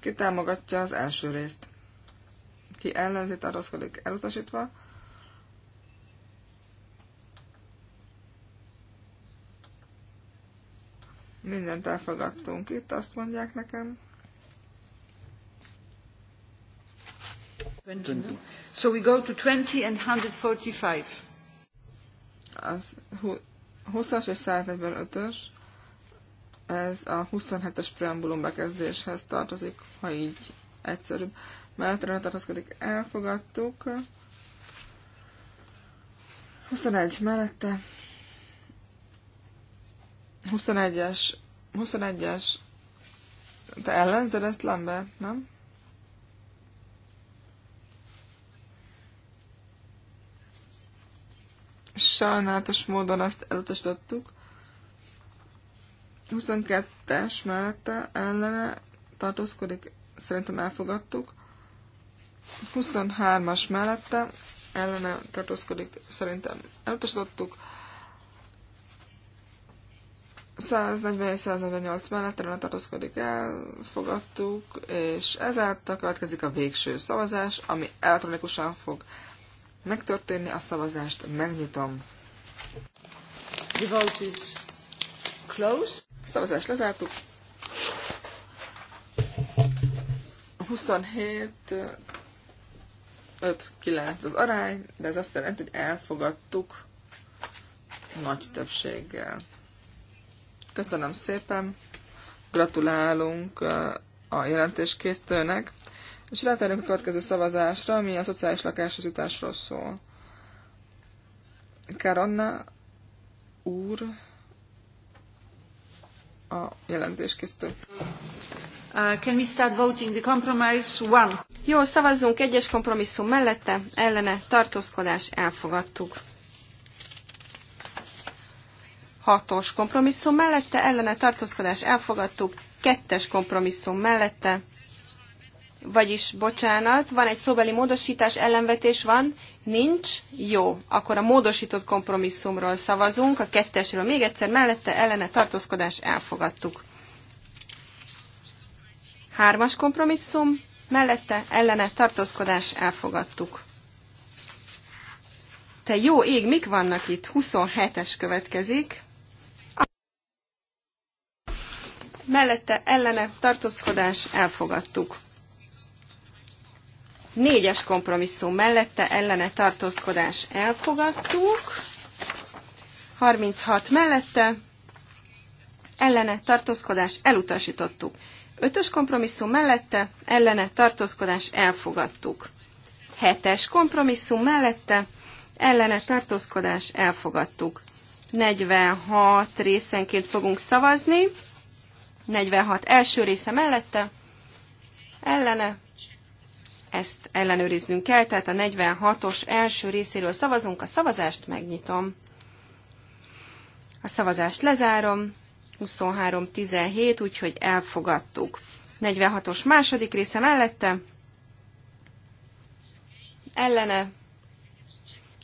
Ki támogatja az első részt? Ki ellenzi, tartozkodik elutasítva. Mindent elfogadtunk itt, azt mondják nekem. 20. So we go to 20 and 145. Az 20-as és 145-ös, ez a 27-es preambulum bekezdéshez tartozik, ha így egyszerűbb. Mellette tartozkodik, elfogadtuk. 21 mellette. 21-es, 21-es, te ellenzed ezt, Lambert, nem? Sajnálatos módon azt elutasítottuk. 22-es mellette ellene tartózkodik, szerintem elfogadtuk. 23-as mellette ellene tartózkodik, szerintem elutasítottuk. 147-148 mellett ellene tartózkodik, elfogadtuk, és ezáltal következik a végső szavazás, ami elektronikusan fog megtörténni. A szavazást megnyitom. The vote is closed. A szavazást lezártuk. 27 5-9 az arány, de ez azt jelenti, hogy elfogadtuk nagy többséggel. Köszönöm szépen, gratulálunk a jelentéskésztőnek. És rátérünk a következő szavazásra, ami a szociális lakáshoz jutásról szól. Karonna úr a készítő. Uh, can we start voting the compromise one? Jó, szavazzunk egyes kompromisszum mellette, ellene tartózkodás elfogadtuk. Hatos kompromisszum mellette, ellene tartózkodás elfogadtuk. Kettes kompromisszum mellette, vagyis bocsánat, van egy szóbeli módosítás, ellenvetés van, nincs, jó. Akkor a módosított kompromisszumról szavazunk, a kettesről még egyszer mellette ellene tartózkodás elfogadtuk. Hármas kompromisszum, mellette ellene tartózkodás elfogadtuk. Te jó ég, mik vannak itt? 27-es következik. Mellette ellene tartózkodás elfogadtuk. Négyes kompromisszum mellette ellene tartózkodás elfogadtuk. 36 mellette ellene tartózkodás elutasítottuk. Ötös kompromisszum mellette ellene tartózkodás elfogadtuk. Hetes kompromisszum mellette ellene tartózkodás elfogadtuk. 46 részenként fogunk szavazni. 46 első része mellette ellene ezt ellenőriznünk kell, tehát a 46-os első részéről szavazunk, a szavazást megnyitom. A szavazást lezárom, 23-17, úgyhogy elfogadtuk. 46-os második része mellette, ellene,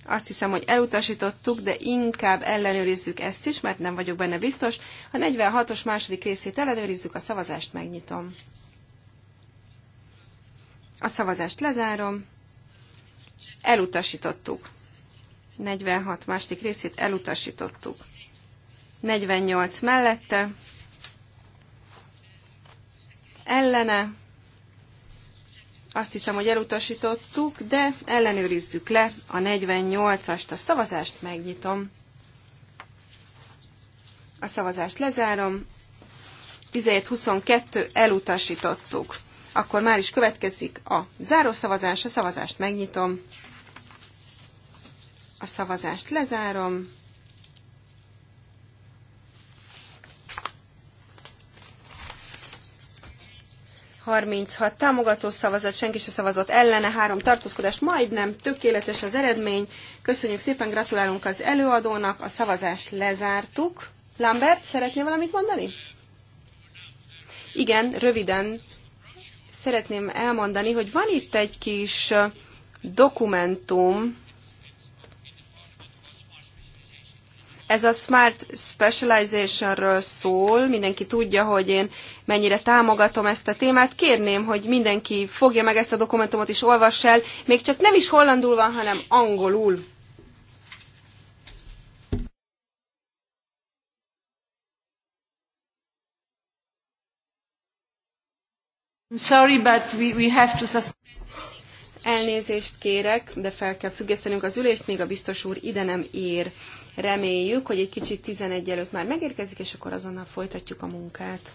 azt hiszem, hogy elutasítottuk, de inkább ellenőrizzük ezt is, mert nem vagyok benne biztos. A 46-os második részét ellenőrizzük, a szavazást megnyitom. A szavazást lezárom. Elutasítottuk. 46 másik részét elutasítottuk. 48 mellette. Ellene. Azt hiszem, hogy elutasítottuk, de ellenőrizzük le a 48-ast. A szavazást megnyitom. A szavazást lezárom. 17-22 elutasítottuk. Akkor már is következik a zárószavazás. A szavazást megnyitom. A szavazást lezárom. Harminchat támogató szavazat, senki se szavazott ellene, három tartózkodás, majdnem tökéletes az eredmény. Köszönjük szépen, gratulálunk az előadónak, a szavazást lezártuk. Lambert, szeretnél valamit mondani? Igen, röviden szeretném elmondani, hogy van itt egy kis dokumentum, ez a Smart Specializationről szól, mindenki tudja, hogy én mennyire támogatom ezt a témát. Kérném, hogy mindenki fogja meg ezt a dokumentumot és olvass el, még csak nem is hollandul van, hanem angolul. Sorry, but we, we have to Elnézést kérek, de fel kell függesztenünk az ülést, még a biztos úr ide nem ér. Reméljük, hogy egy kicsit 11 előtt már megérkezik, és akkor azonnal folytatjuk a munkát.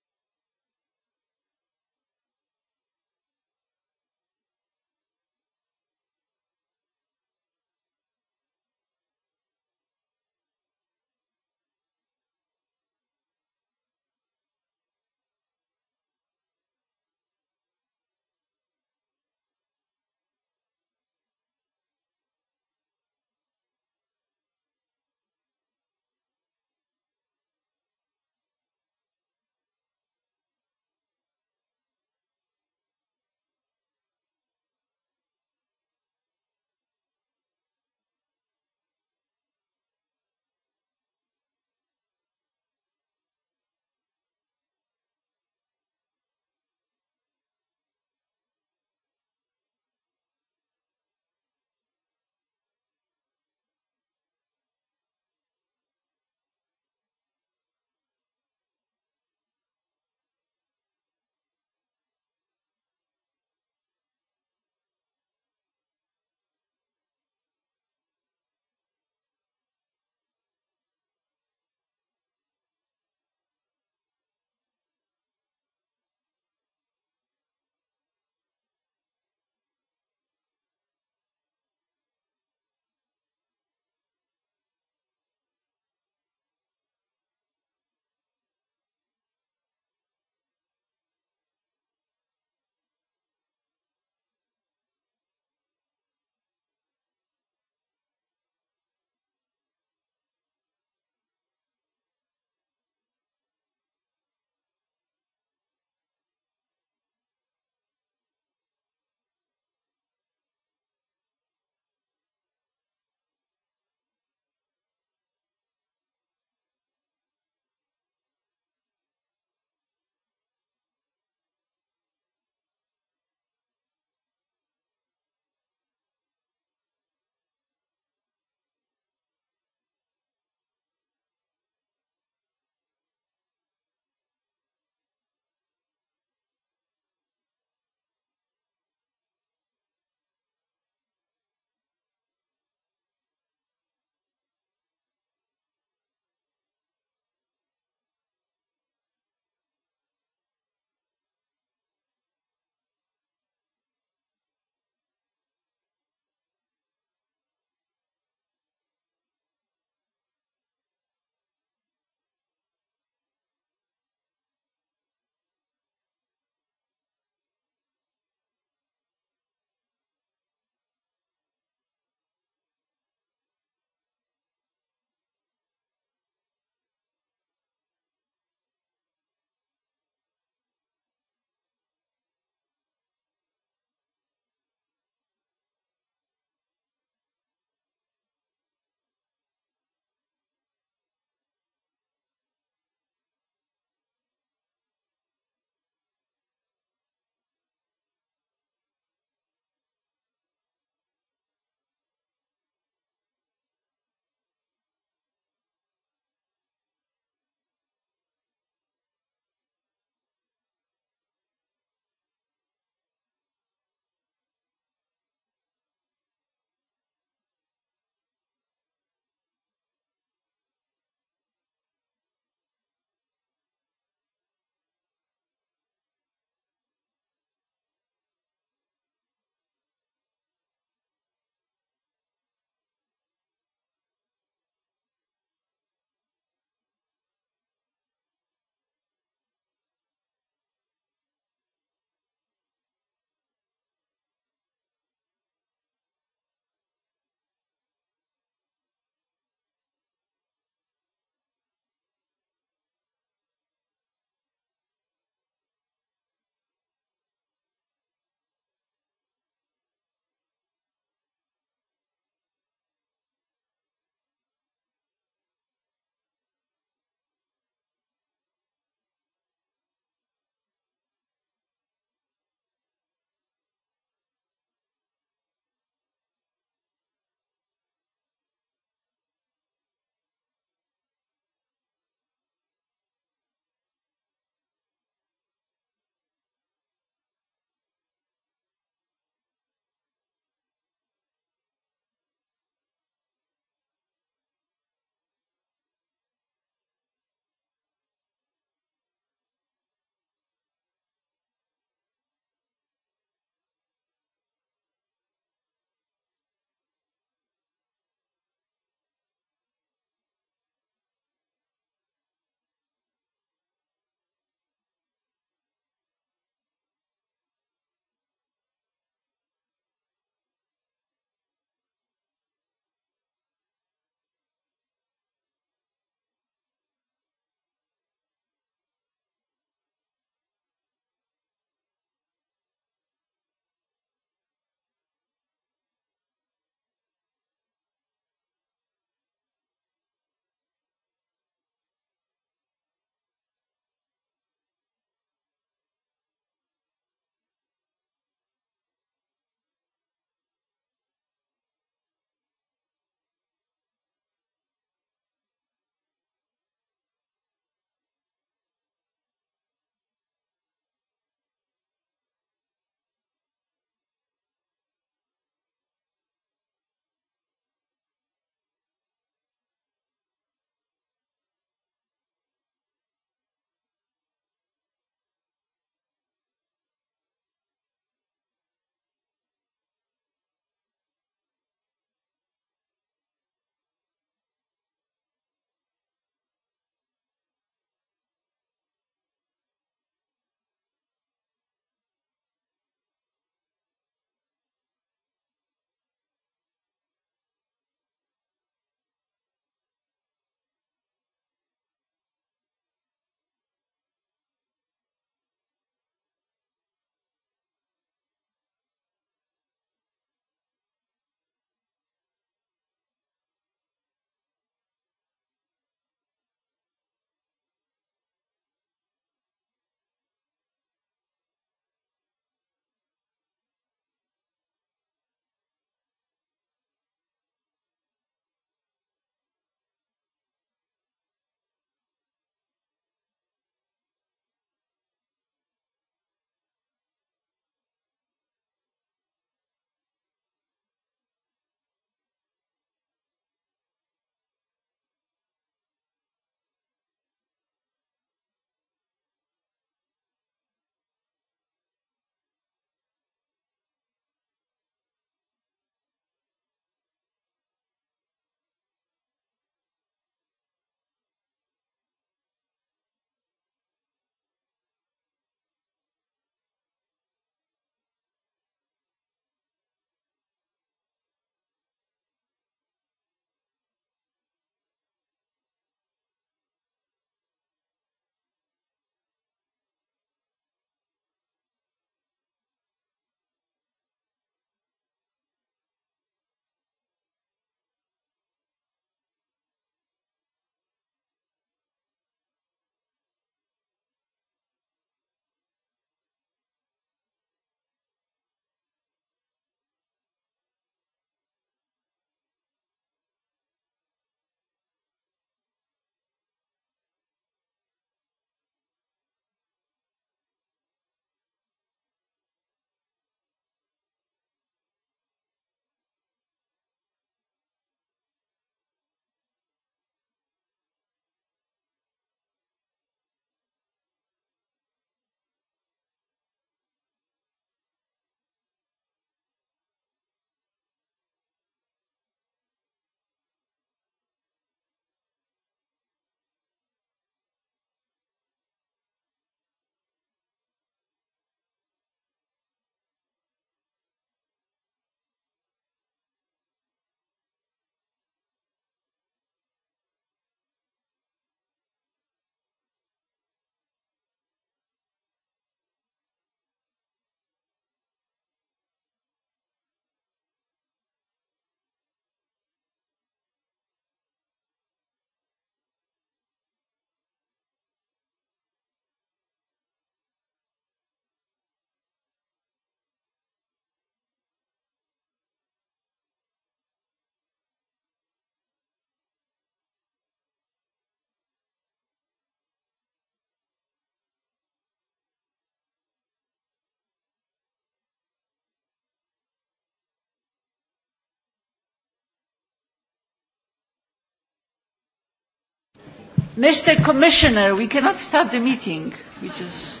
Mr. Commissioner, we cannot start the meeting. We just.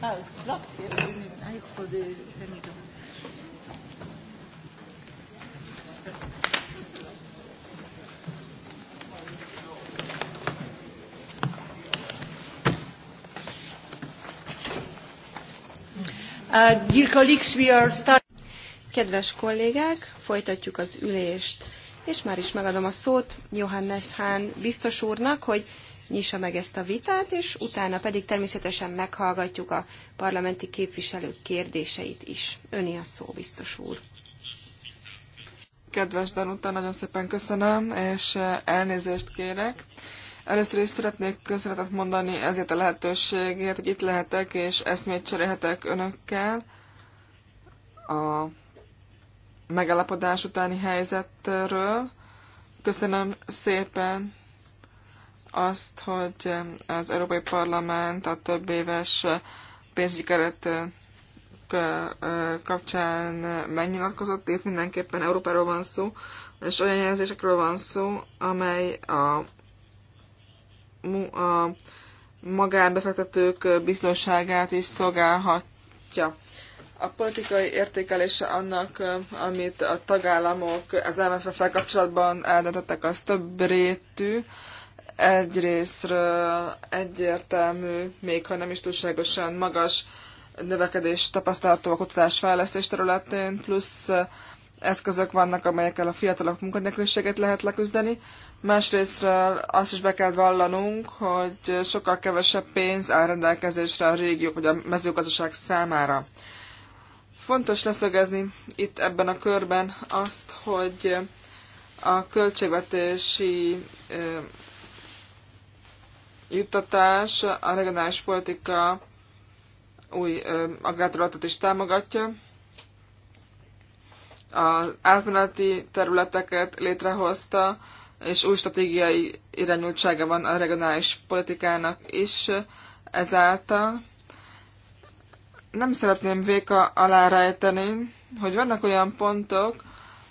Oh, it's blocked here. It's for the. Then you uh, go. Kedves kollégák, folytatjuk az ülést és már is megadom a szót Johannes Hahn biztos úrnak, hogy nyissa meg ezt a vitát, és utána pedig természetesen meghallgatjuk a parlamenti képviselők kérdéseit is. Öni a szó, biztos úr. Kedves Danuta, nagyon szépen köszönöm, és eh, elnézést kérek. Először is szeretnék köszönetet mondani ezért a lehetőségért, hogy itt lehetek, és ezt még cserélhetek önökkel a megállapodás utáni helyzetről. Köszönöm szépen azt, hogy az Európai Parlament a több éves eh, pénzügyi keret eh, eh, kapcsán megnyilatkozott. Itt mindenképpen Európáról van szó, és olyan jelzésekről van szó, amely a, a magánbefektetők biztonságát is szolgálhatja a politikai értékelése annak, amit a tagállamok az MFF-fel kapcsolatban eldöntöttek, az több rétű, egyrésztről egyértelmű, még ha nem is túlságosan magas növekedés tapasztalható a kutatás kutatás-fejlesztés területén, plusz eszközök vannak, amelyekkel a fiatalok munkanélküliségét lehet leküzdeni. Másrésztről azt is be kell vallanunk, hogy sokkal kevesebb pénz áll rendelkezésre a régiók vagy a mezőgazdaság számára. Fontos leszögezni itt ebben a körben azt, hogy a költségvetési juttatás a regionális politika új agrárterületet is támogatja. Az átmeneti területeket létrehozta, és új stratégiai irányultsága van a regionális politikának is ezáltal nem szeretném véka alá rejteni, hogy vannak olyan pontok,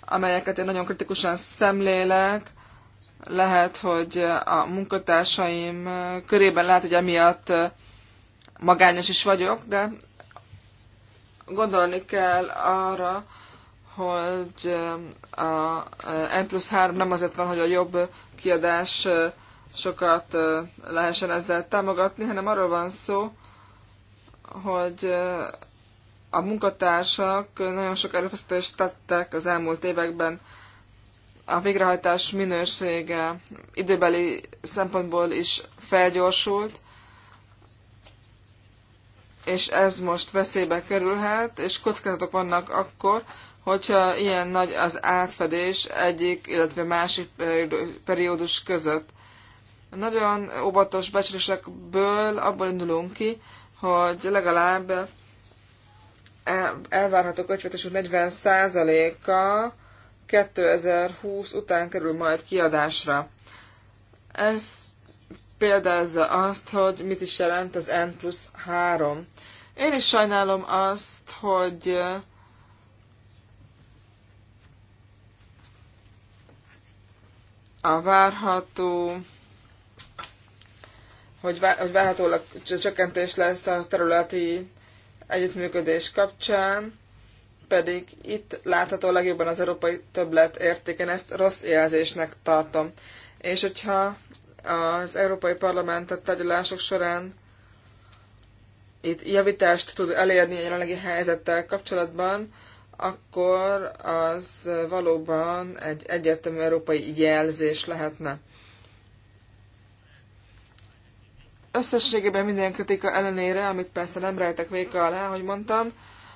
amelyeket én nagyon kritikusan szemlélek, lehet, hogy a munkatársaim körében lehet, hogy emiatt magányos is vagyok, de gondolni kell arra, hogy a N plusz 3 nem azért van, hogy a jobb kiadás sokat lehessen ezzel támogatni, hanem arról van szó, hogy a munkatársak nagyon sok erőfeszítést tettek az elmúlt években a végrehajtás minősége időbeli szempontból is felgyorsult, és ez most veszélybe kerülhet, és kockázatok vannak akkor, hogyha ilyen nagy az átfedés egyik, illetve másik periódus között. Nagyon óvatos becslésekből abból indulunk ki, hogy legalább e, elvárható költségvetésünk 40%-a 2020 után kerül majd kiadásra. Ez példázza azt, hogy mit is jelent az N plusz 3. Én is sajnálom azt, hogy a várható hogy várhatólag csökkentés lesz a területi együttműködés kapcsán, pedig itt látható legjobban az európai többlet értéken, ezt rossz jelzésnek tartom. És hogyha az Európai Parlamentet tárgyalások során itt javítást tud elérni a jelenlegi helyzettel kapcsolatban, akkor az valóban egy egyértelmű európai jelzés lehetne. Összességében minden kritika ellenére, amit persze nem rejtek véka alá, hogy mondtam,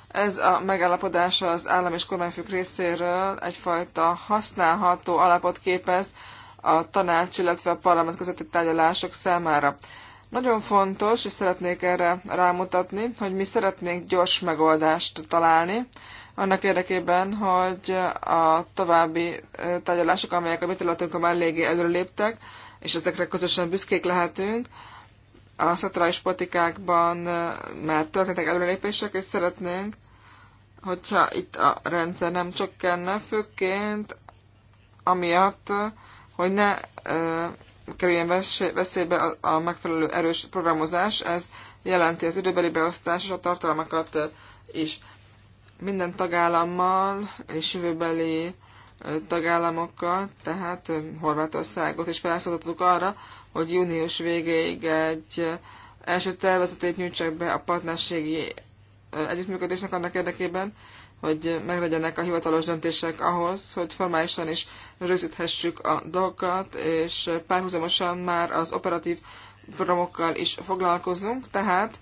ez a megállapodás az állam és kormányfők részéről egyfajta használható alapot képez a tanács, illetve a parlament közötti tárgyalások számára. Nagyon fontos, és szeretnék erre rámutatni, hogy mi szeretnénk gyors megoldást találni, annak érdekében, hogy a további tárgyalások, amelyek a mi területünkön már eléggé előléptek, és ezekre közösen büszkék lehetünk, a szaturális politikákban már történtek előrelépések, és szeretnénk, hogyha itt a rendszer nem csökkenne, főként amiatt, hogy ne ö, kerüljen veszélybe a, a megfelelő erős programozás, ez jelenti az időbeli beosztás és a tartalmakat is. Minden tagállammal és jövőbeli tagállamokkal, tehát Horvátországot is felszólítottuk arra, hogy június végéig egy első tervezetét nyújtsák be a partnerségi együttműködésnek annak érdekében, hogy meglegyenek a hivatalos döntések ahhoz, hogy formálisan is rögzíthessük a dolgokat, és párhuzamosan már az operatív programokkal is foglalkozunk, tehát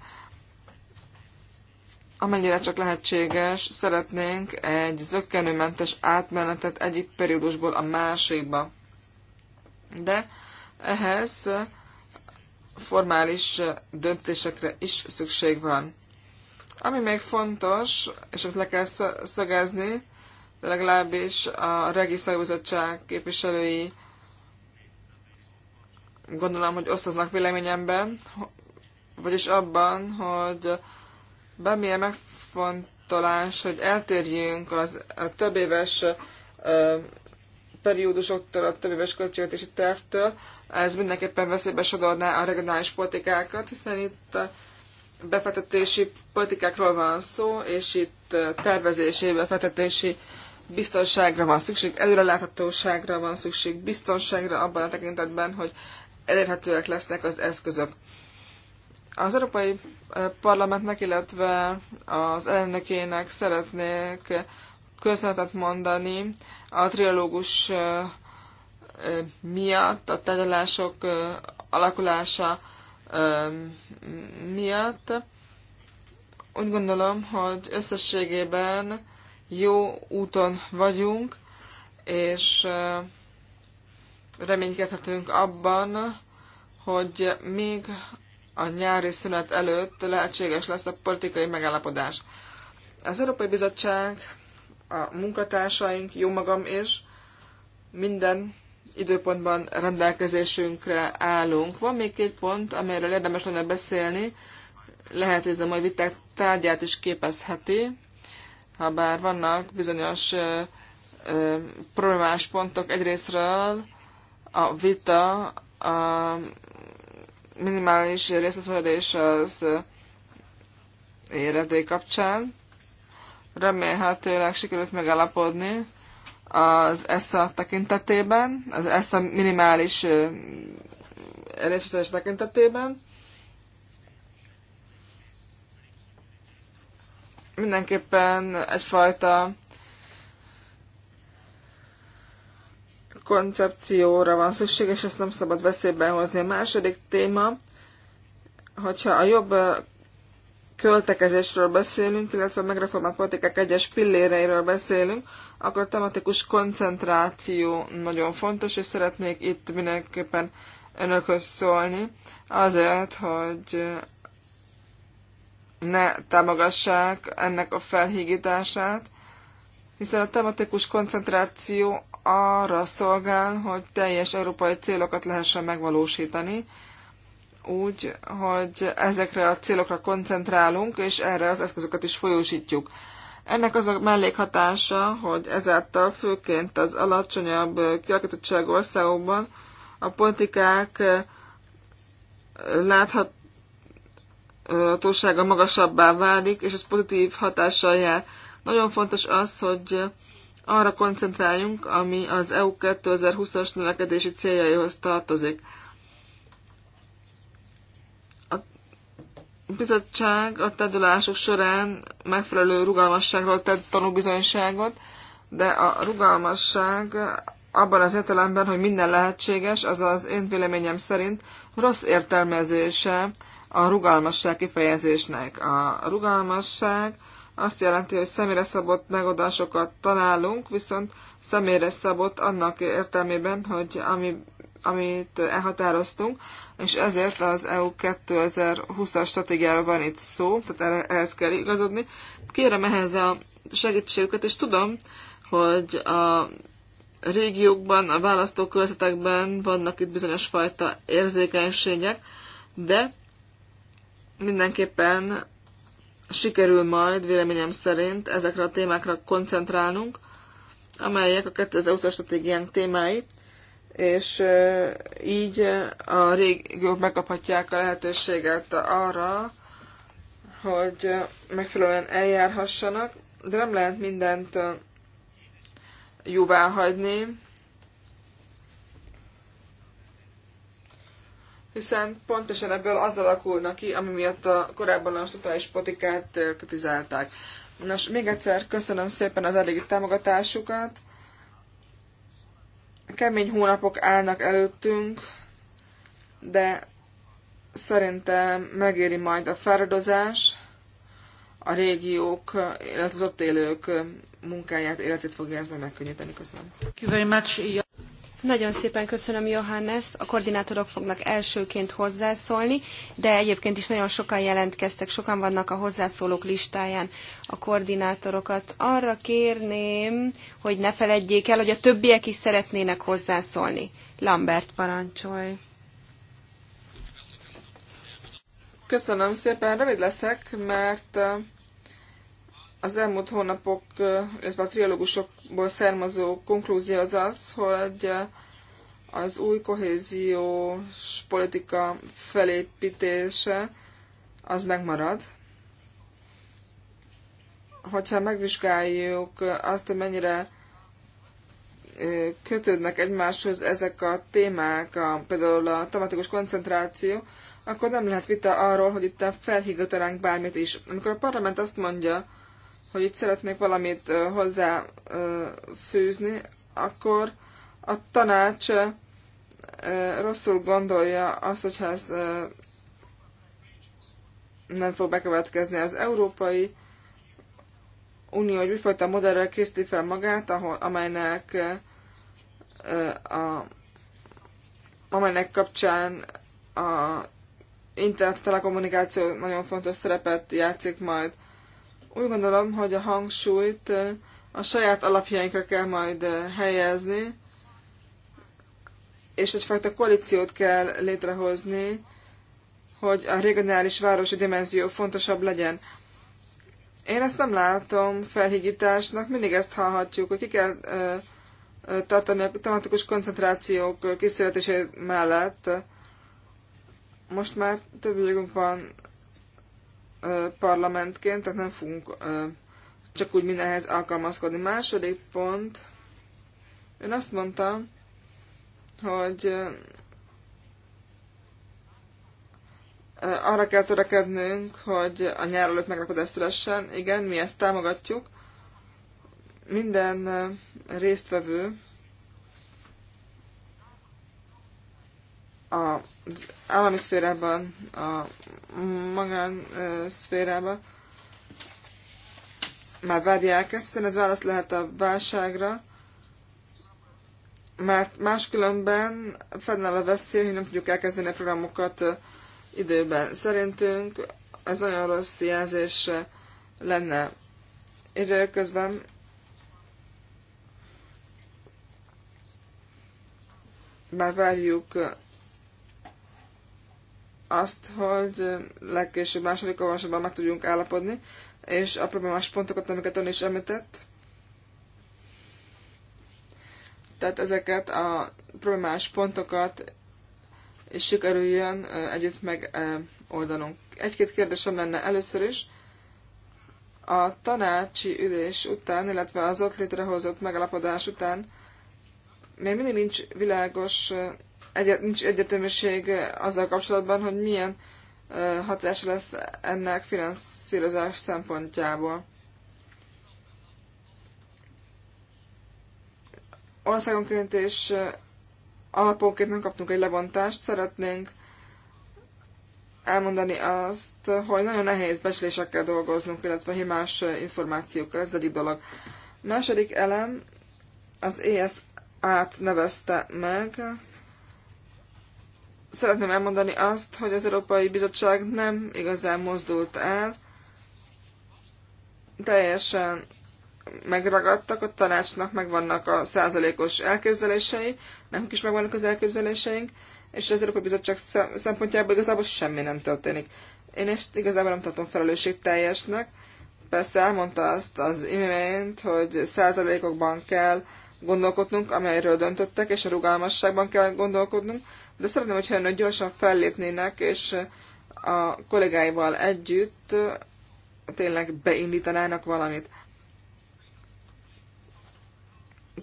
amennyire csak lehetséges, szeretnénk egy zöggenőmentes átmenetet egyik periódusból a másikba. De ehhez formális döntésekre is szükség van. Ami még fontos, és amit le kell szögezni, de legalábbis a Regi Szakbizottság képviselői gondolom, hogy osztoznak véleményemben, vagyis abban, hogy bármilyen megfontolás, hogy eltérjünk az, a több éves periódusoktól, a többéves költségvetési tervtől, ez mindenképpen veszélybe sodorná a regionális politikákat, hiszen itt a befektetési politikákról van szó, és itt tervezési, befektetési biztonságra van szükség, előreláthatóságra van szükség, biztonságra abban a tekintetben, hogy elérhetőek lesznek az eszközök. Az Európai Parlamentnek, illetve az elnökének szeretnék köszönetet mondani a triológus miatt, a tárgyalások alakulása miatt. Úgy gondolom, hogy összességében jó úton vagyunk, és reménykedhetünk abban, hogy még a nyári szünet előtt lehetséges lesz a politikai megállapodás. Az Európai Bizottság a munkatársaink, jó magam is, minden időpontban rendelkezésünkre állunk. Van még két pont, amelyről érdemes lenne beszélni, lehet, hogy ez a mai viták tárgyát is képezheti, ha bár vannak bizonyos ö, ö, problémás pontok. Egyrésztről a vita, a minimális részletfejlődés az érevdély kapcsán, remélhetőleg sikerült megállapodni az ESSA tekintetében, az ESSA minimális részletes tekintetében. Mindenképpen egyfajta koncepcióra van szükség, és ezt nem szabad veszélybe hozni. A második téma, hogyha a jobb költekezésről beszélünk, illetve a megreformált politikák egyes pilléreiről beszélünk, akkor a tematikus koncentráció nagyon fontos, és szeretnék itt mindenképpen önökhöz szólni, azért, hogy ne támogassák ennek a felhígítását, hiszen a tematikus koncentráció arra szolgál, hogy teljes európai célokat lehessen megvalósítani, úgy, hogy ezekre a célokra koncentrálunk, és erre az eszközöket is folyósítjuk. Ennek az a mellékhatása, hogy ezáltal főként az alacsonyabb kialakítottságú országokban a politikák láthatósága magasabbá válik, és ez pozitív hatással jár. Nagyon fontos az, hogy arra koncentráljunk, ami az EU 2020-as növekedési céljaihoz tartozik. bizottság a tedulások során megfelelő rugalmasságról tett tanúbizonyságot, de a rugalmasság abban az értelemben, hogy minden lehetséges, az az én véleményem szerint rossz értelmezése a rugalmasság kifejezésnek. A rugalmasság azt jelenti, hogy személyre szabott megoldásokat találunk, viszont személyre szabott annak értelmében, hogy ami, amit elhatároztunk, és ezért az EU 2020-as stratégiára van itt szó, tehát ehhez kell igazodni. Kérem ehhez a segítségüket, és tudom, hogy a régiókban, a választókörzetekben vannak itt bizonyos fajta érzékenységek, de mindenképpen sikerül majd, véleményem szerint, ezekre a témákra koncentrálnunk, amelyek a 2020-as stratégiánk témái, és így a régiók megkaphatják a lehetőséget arra, hogy megfelelően eljárhassanak, de nem lehet mindent jóvá hagyni, hiszen pontosan ebből az alakulnak ki, ami miatt a korábban a totális potikát kritizálták. Nos, még egyszer köszönöm szépen az eddigi támogatásukat, Kemény hónapok állnak előttünk, de szerintem megéri majd a fáradozás, a régiók, illetve az ott élők munkáját, életét fogja ez majd megkönnyíteni. Köszönöm. Nagyon szépen köszönöm, Johannes. A koordinátorok fognak elsőként hozzászólni, de egyébként is nagyon sokan jelentkeztek, sokan vannak a hozzászólók listáján a koordinátorokat. Arra kérném, hogy ne feledjék el, hogy a többiek is szeretnének hozzászólni. Lambert parancsolj. Köszönöm szépen, rövid leszek, mert az elmúlt hónapok, illetve a triológusokból származó konklúzió az az, hogy az új kohéziós politika felépítése az megmarad. Hogyha megvizsgáljuk azt, hogy mennyire kötődnek egymáshoz ezek a témák, a, például a tematikus koncentráció, akkor nem lehet vita arról, hogy itt felhiggatanánk bármit is. Amikor a parlament azt mondja, hogy itt szeretnék valamit hozzá fűzni, akkor a tanács rosszul gondolja azt, hogyha ez nem fog bekövetkezni. Az Európai Unió egy úgyfajta modellre készíti fel magát, ahol, amelynek, a, amelynek kapcsán a internet telekommunikáció nagyon fontos szerepet játszik majd. Úgy gondolom, hogy a hangsúlyt a saját alapjainkra kell majd helyezni, és egyfajta koalíciót kell létrehozni, hogy a regionális városi dimenzió fontosabb legyen. Én ezt nem látom felhigításnak, mindig ezt hallhatjuk, hogy ki kell ö, ö, tartani a tematikus koncentrációk kísérletésé mellett. Most már több jogunk van parlamentként, tehát nem fogunk csak úgy mindenhez alkalmazkodni. Második pont, én azt mondtam, hogy arra kell törekednünk, hogy a nyár előtt megrakodás szülessen. Igen, mi ezt támogatjuk. Minden résztvevő az állami szférában, a szférában már várják ezt, hiszen ez válasz lehet a válságra, mert máskülönben fennáll a veszély, hogy nem tudjuk elkezdeni a programokat időben. Szerintünk ez nagyon rossz jelzés lenne. Időközben már várjuk azt, hogy legkésőbb második olvasatban meg tudjunk állapodni, és a problémás pontokat, amiket ön is említett. Tehát ezeket a problémás pontokat és sikerüljön együtt megoldanunk. Egy-két kérdésem lenne először is. A tanácsi ülés után, illetve az ott létrehozott megalapodás után még mindig nincs világos egy, nincs egyetemiség azzal kapcsolatban, hogy milyen hatás lesz ennek finanszírozás szempontjából. Országonként és alaponként nem kaptunk egy lebontást, szeretnénk elmondani azt, hogy nagyon nehéz becslésekkel dolgoznunk, illetve himás információkkal, ez egyik dolog. Második elem, az ES át nevezte meg, szeretném elmondani azt, hogy az Európai Bizottság nem igazán mozdult el, teljesen megragadtak, a tanácsnak megvannak a százalékos elképzelései, nekünk is megvannak az elképzeléseink, és az Európai Bizottság szempontjából igazából semmi nem történik. Én ezt igazából nem tartom felelősség teljesnek. Persze elmondta azt az imént, hogy százalékokban kell gondolkodnunk, amelyről döntöttek, és a rugalmasságban kell gondolkodnunk, de szeretném, hogyha önök gyorsan fellépnének, és a kollégáival együtt tényleg beindítanának valamit.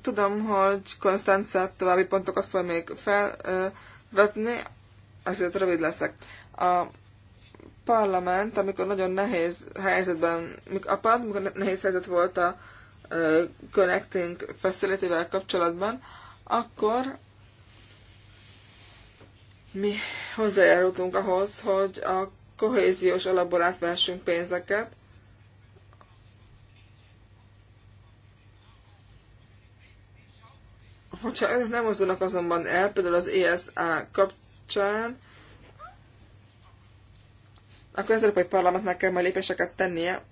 Tudom, hogy Konstanca további pontokat fog még felvetni, ezért rövid leszek. A parlament, amikor nagyon nehéz helyzetben, a parlament, amikor nehéz helyzet volt a Connecting facility kapcsolatban, akkor mi hozzájárultunk ahhoz, hogy a kohéziós alapból átvehessünk pénzeket, hogyha önök nem mozdulnak azonban el, például az ESA kapcsán, akkor az Európai Parlamentnek kell majd lépéseket tennie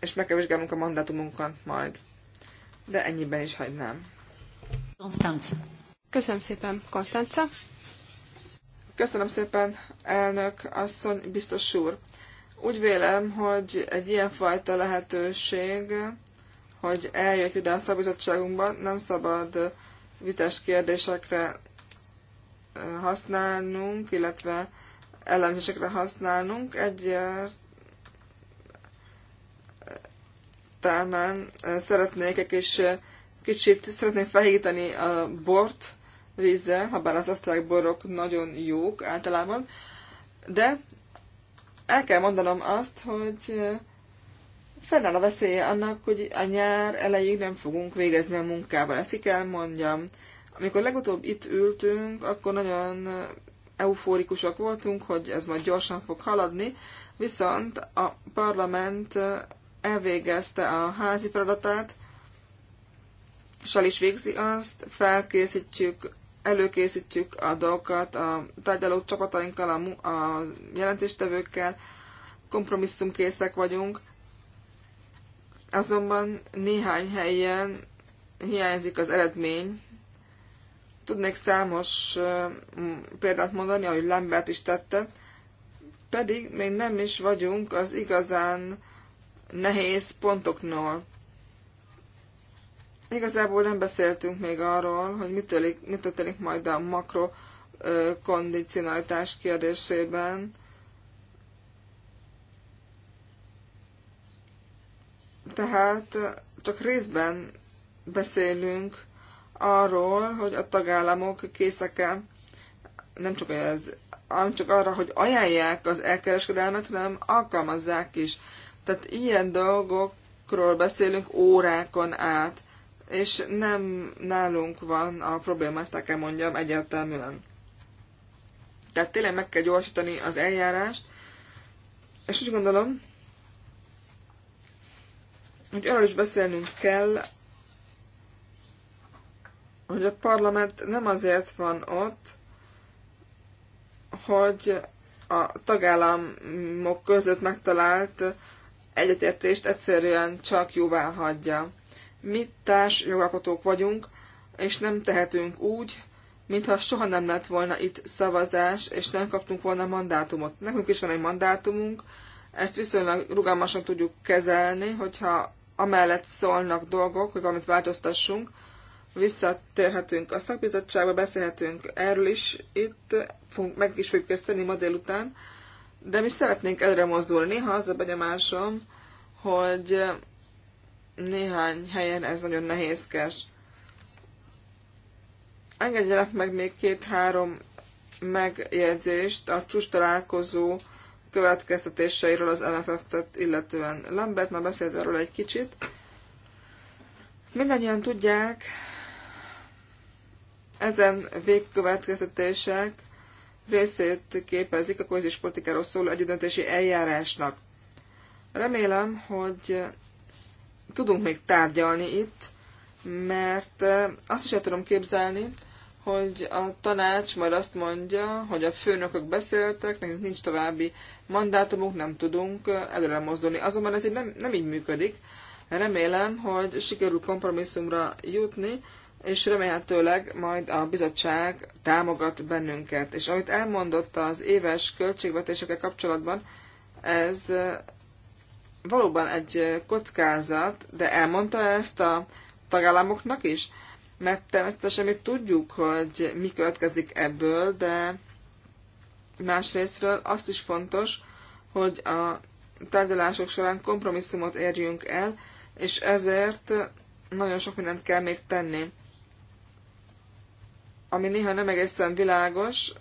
és meg kell vizsgálnunk a mandátumunkat majd. De ennyiben is hagynám. Konstanca. Köszönöm szépen, Konstanca. Köszönöm szépen, elnök asszony, biztos úr. Úgy vélem, hogy egy ilyenfajta lehetőség, hogy eljött ide a szabizottságunkban, nem szabad vitás kérdésekre eh, használnunk, illetve ellenzésekre használnunk. Egyért értelmen szeretnék egy kis kicsit szeretnék felhíteni a bort vízzel, ha bár az osztrák borok nagyon jók általában, de el kell mondanom azt, hogy fennáll a veszélye annak, hogy a nyár elejéig nem fogunk végezni a munkával. Ezt ki kell mondjam. Amikor legutóbb itt ültünk, akkor nagyon eufórikusak voltunk, hogy ez majd gyorsan fog haladni, viszont a parlament elvégezte a házi feladatát, és el is végzi azt, felkészítjük, előkészítjük a dolgokat a tárgyaló csapatainkkal, a, a jelentéstevőkkel, kompromisszumkészek vagyunk, azonban néhány helyen hiányzik az eredmény. Tudnék számos példát mondani, ahogy Lambert is tette, pedig még nem is vagyunk az igazán nehéz pontoknál. Igazából nem beszéltünk még arról, hogy mit történik, mit történik majd a makro kondicionalitás kérdésében. Tehát csak részben beszélünk arról, hogy a tagállamok készek-e nem csak, ez, nem csak arra, hogy ajánlják az elkereskedelmet, hanem alkalmazzák is. Tehát ilyen dolgokról beszélünk órákon át, és nem nálunk van a probléma, ezt el kell mondjam egyértelműen. Tehát tényleg meg kell gyorsítani az eljárást, és úgy gondolom, hogy arról is beszélnünk kell, hogy a parlament nem azért van ott, hogy a tagállamok között megtalált egyetértést egyszerűen csak jóvá hagyja. Mi társ jogalkotók vagyunk, és nem tehetünk úgy, mintha soha nem lett volna itt szavazás, és nem kaptunk volna mandátumot. Nekünk is van egy mandátumunk, ezt viszonylag rugalmasan tudjuk kezelni, hogyha amellett szólnak dolgok, hogy valamit változtassunk, visszatérhetünk a szakbizottságba, beszélhetünk erről is itt, meg is fogjuk ezt tenni ma délután, de mi szeretnénk előre mozdulni, ha az a benyomásom, hogy néhány helyen ez nagyon nehézkes. Engedjenek meg még két-három megjegyzést a csúcs találkozó következtetéseiről az MFF-et illetően. Lambert már beszélt erről egy kicsit. Mindannyian tudják, ezen végkövetkeztetések részét képezik a kohéziós politikáról szóló együttdöntési eljárásnak. Remélem, hogy tudunk még tárgyalni itt, mert azt is el tudom képzelni, hogy a tanács majd azt mondja, hogy a főnökök beszéltek, nekünk nincs további mandátumunk, nem tudunk előre mozdulni. Azonban ez így nem, nem így működik. Remélem, hogy sikerül kompromisszumra jutni, és remélhetőleg majd a bizottság támogat bennünket. És amit elmondott az éves költségvetésekkel kapcsolatban, ez eh, valóban egy kockázat, de elmondta ezt a tagállamoknak is? Mert természetesen mi tudjuk, hogy mi következik ebből, de másrésztről azt is fontos, hogy a tárgyalások során kompromisszumot érjünk el, és ezért nagyon sok mindent kell még tenni ami néha nem egészen világos,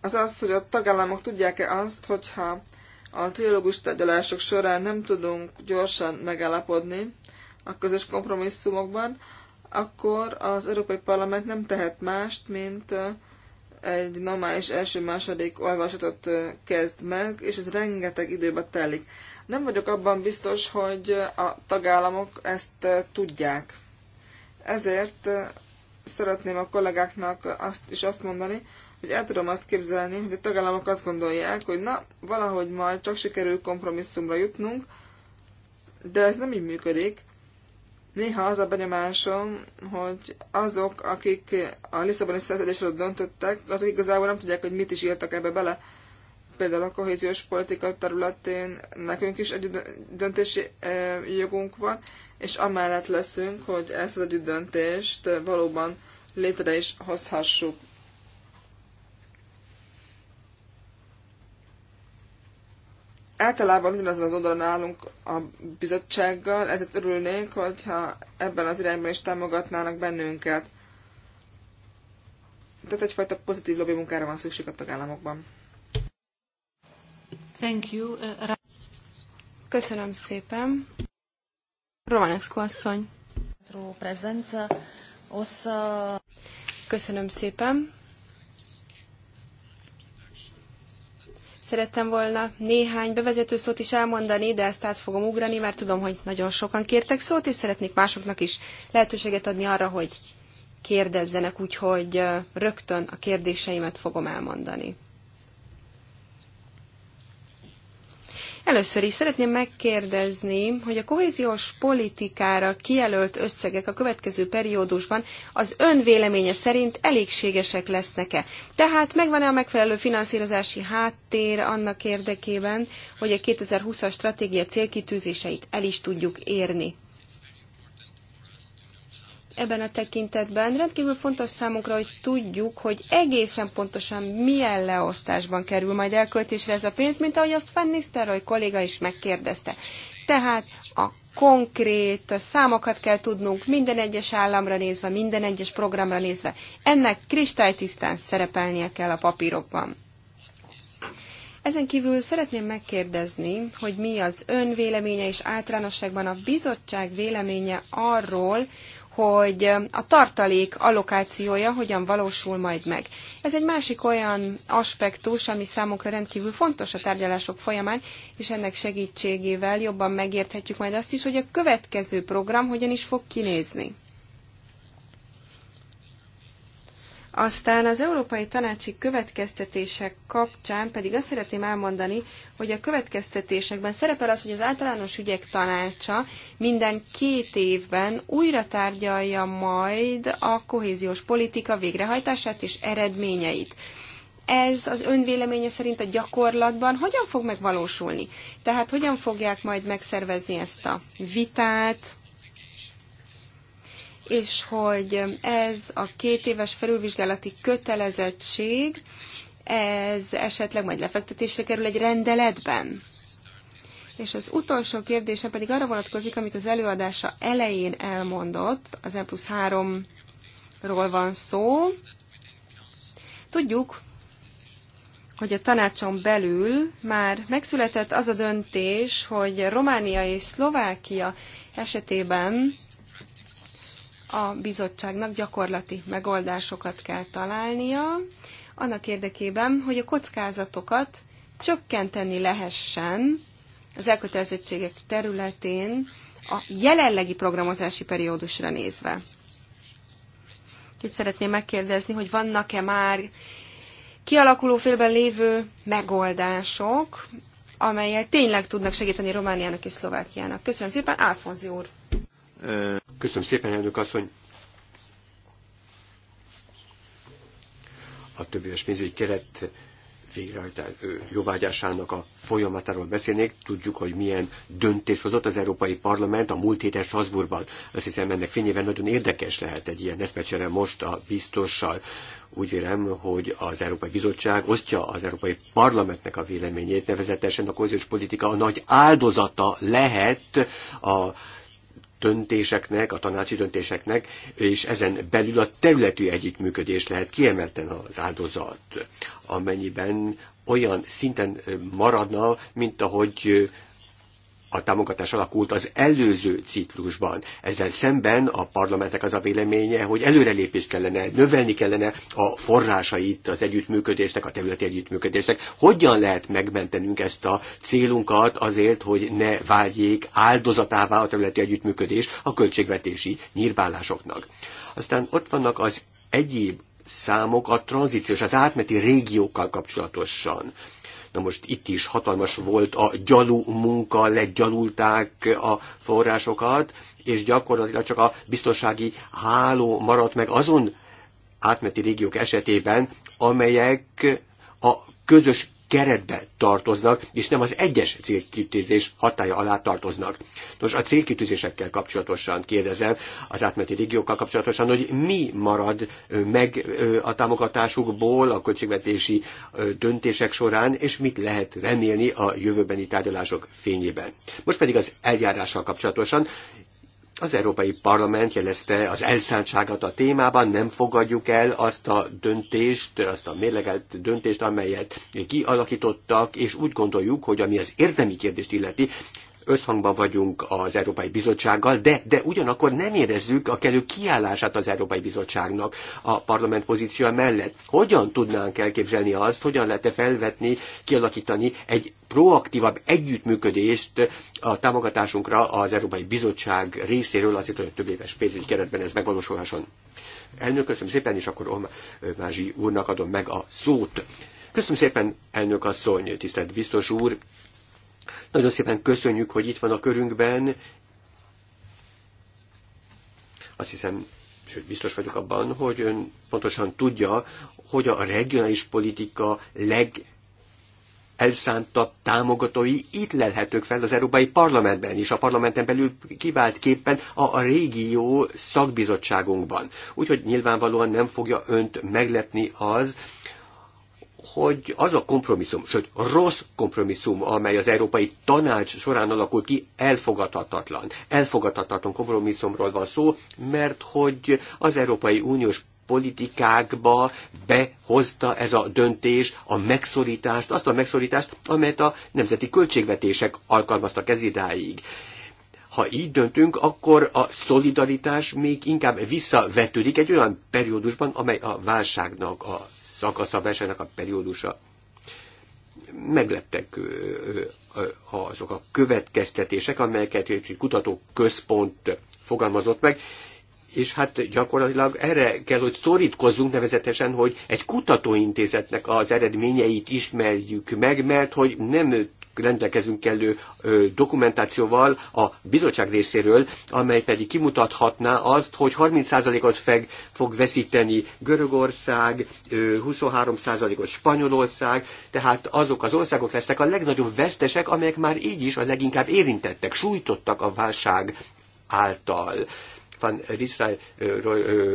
az az, hogy a tagállamok tudják-e azt, hogyha a trilógus tárgyalások során nem tudunk gyorsan megállapodni a közös kompromisszumokban, akkor az Európai Parlament nem tehet mást, mint egy normális első-második olvasatot kezd meg, és ez rengeteg időbe telik. Nem vagyok abban biztos, hogy a tagállamok ezt tudják. Ezért szeretném a kollégáknak azt is azt mondani, hogy el tudom azt képzelni, hogy a tagállamok azt gondolják, hogy na, valahogy majd csak sikerül kompromisszumra jutnunk, de ez nem így működik. Néha az a benyomásom, hogy azok, akik a Lisszaboni szerződésről döntöttek, azok igazából nem tudják, hogy mit is írtak ebbe bele. Például a kohéziós politika területén nekünk is egy döntési jogunk van, és amellett leszünk, hogy ezt az döntést valóban létre is hozhassuk. Általában ugyanazon az oldalon állunk a bizottsággal, ezért örülnénk, hogyha ebben az irányban is támogatnának bennünket. Tehát egyfajta pozitív lobby munkára van szükség a tagállamokban. Thank you. Köszönöm szépen. Romanescu asszony. Köszönöm szépen. Szerettem volna néhány bevezető szót is elmondani, de ezt át fogom ugrani, mert tudom, hogy nagyon sokan kértek szót, és szeretnék másoknak is lehetőséget adni arra, hogy kérdezzenek, úgyhogy rögtön a kérdéseimet fogom elmondani. Először is szeretném megkérdezni, hogy a kohéziós politikára kijelölt összegek a következő periódusban az ön véleménye szerint elégségesek lesznek-e? Tehát megvan-e a megfelelő finanszírozási háttér annak érdekében, hogy a 2020-as stratégia célkitűzéseit el is tudjuk érni? ebben a tekintetben. Rendkívül fontos számunkra, hogy tudjuk, hogy egészen pontosan milyen leosztásban kerül majd elköltésre ez a pénz, mint ahogy azt Van Nistelrooy kolléga is megkérdezte. Tehát a konkrét számokat kell tudnunk minden egyes államra nézve, minden egyes programra nézve. Ennek kristálytisztán szerepelnie kell a papírokban. Ezen kívül szeretném megkérdezni, hogy mi az ön véleménye és általánosságban a bizottság véleménye arról, hogy a tartalék allokációja hogyan valósul majd meg. Ez egy másik olyan aspektus, ami számunkra rendkívül fontos a tárgyalások folyamán, és ennek segítségével jobban megérthetjük majd azt is, hogy a következő program hogyan is fog kinézni. Aztán az Európai Tanácsi következtetések kapcsán pedig azt szeretném elmondani, hogy a következtetésekben szerepel az, hogy az általános ügyek tanácsa minden két évben újra tárgyalja majd a kohéziós politika végrehajtását és eredményeit ez az önvéleménye szerint a gyakorlatban hogyan fog megvalósulni? Tehát hogyan fogják majd megszervezni ezt a vitát, és hogy ez a két éves felülvizsgálati kötelezettség, ez esetleg majd lefektetésre kerül egy rendeletben. És az utolsó kérdése pedig arra vonatkozik, amit az előadása elején elmondott, az M plusz 3-ról van szó. Tudjuk, hogy a tanácson belül már megszületett az a döntés, hogy Románia és Szlovákia esetében a bizottságnak gyakorlati megoldásokat kell találnia, annak érdekében, hogy a kockázatokat csökkenteni lehessen az elkötelezettségek területén a jelenlegi programozási periódusra nézve. Úgy szeretném megkérdezni, hogy vannak-e már kialakuló félben lévő megoldások, amelyek tényleg tudnak segíteni Romániának és Szlovákiának. Köszönöm szépen, Alfonzi úr! Köszönöm szépen, elnök asszony. A többi pénzügyi keret végrehajtás jóvágyásának a folyamatáról beszélnék. Tudjuk, hogy milyen döntés hozott az Európai Parlament a múlt héten Strasbourgban. Azt hiszem, ennek fényében nagyon érdekes lehet egy ilyen eszmecsere most a biztossal. Úgy vélem, hogy az Európai Bizottság osztja az Európai Parlamentnek a véleményét, nevezetesen a kohéziós politika a nagy áldozata lehet a döntéseknek, a tanácsi döntéseknek, és ezen belül a területű együttműködés lehet kiemelten az áldozat, amennyiben olyan szinten maradna, mint ahogy a támogatás alakult az előző ciklusban. Ezzel szemben a parlamentek az a véleménye, hogy előrelépést kellene, növelni kellene a forrásait az együttműködésnek, a területi együttműködésnek. Hogyan lehet megmentenünk ezt a célunkat azért, hogy ne váljék áldozatává a területi együttműködés a költségvetési nyírbálásoknak. Aztán ott vannak az egyéb számok a tranzíciós, az átmeti régiókkal kapcsolatosan. Na most itt is hatalmas volt a gyanú munka, leggyalulták a forrásokat, és gyakorlatilag csak a biztonsági háló maradt meg azon átmeti régiók esetében, amelyek a közös keretbe tartoznak, és nem az egyes célkitűzés hatája alá tartoznak. Nos, a célkitűzésekkel kapcsolatosan kérdezem, az átmeneti régiókkal kapcsolatosan, hogy mi marad meg a támogatásukból a költségvetési döntések során, és mit lehet remélni a jövőbeni tárgyalások fényében. Most pedig az eljárással kapcsolatosan az Európai Parlament jelezte az elszántságát a témában, nem fogadjuk el azt a döntést, azt a mérlegelt döntést, amelyet kialakítottak, és úgy gondoljuk, hogy ami az érdemi kérdést illeti, összhangban vagyunk az Európai Bizottsággal, de, de ugyanakkor nem érezzük a kellő kiállását az Európai Bizottságnak a parlament pozíciója mellett. Hogyan tudnánk elképzelni azt, hogyan lehet -e felvetni, kialakítani egy proaktívabb együttműködést a támogatásunkra az Európai Bizottság részéről azért, hogy a több éves pénzügyi keretben ez megvalósulhasson. Elnök, köszönöm szépen, és akkor Mázsi úrnak adom meg a szót. Köszönöm szépen, elnök asszony, tisztelt biztos úr, nagyon szépen köszönjük, hogy itt van a körünkben. Azt hiszem, sőt, biztos vagyok abban, hogy ön pontosan tudja, hogy a regionális politika leg elszántabb támogatói itt lelhetők fel az Európai Parlamentben is, a parlamenten belül kiváltképpen képpen a régió szakbizottságunkban. Úgyhogy nyilvánvalóan nem fogja önt meglepni az, hogy az a kompromisszum, sőt rossz kompromisszum, amely az Európai Tanács során alakult ki, elfogadhatatlan. Elfogadhatatlan kompromisszumról van szó, mert hogy az Európai Uniós politikákba behozta ez a döntés a megszorítást, azt a megszorítást, amelyet a nemzeti költségvetések alkalmaztak ez idáig. Ha így döntünk, akkor a szolidaritás még inkább visszavetődik egy olyan periódusban, amely a válságnak a szakasza, versenynek a periódusa. Megleptek azok a következtetések, amelyeket egy kutatóközpont fogalmazott meg, és hát gyakorlatilag erre kell, hogy szorítkozzunk nevezetesen, hogy egy kutatóintézetnek az eredményeit ismerjük meg, mert hogy nem rendelkezünk kellő dokumentációval a bizottság részéről, amely pedig kimutathatná azt, hogy 30%-ot fog veszíteni Görögország, 23%-ot Spanyolország, tehát azok az országok lesznek a legnagyobb vesztesek, amelyek már így is a leginkább érintettek, sújtottak a válság által van Rizsrály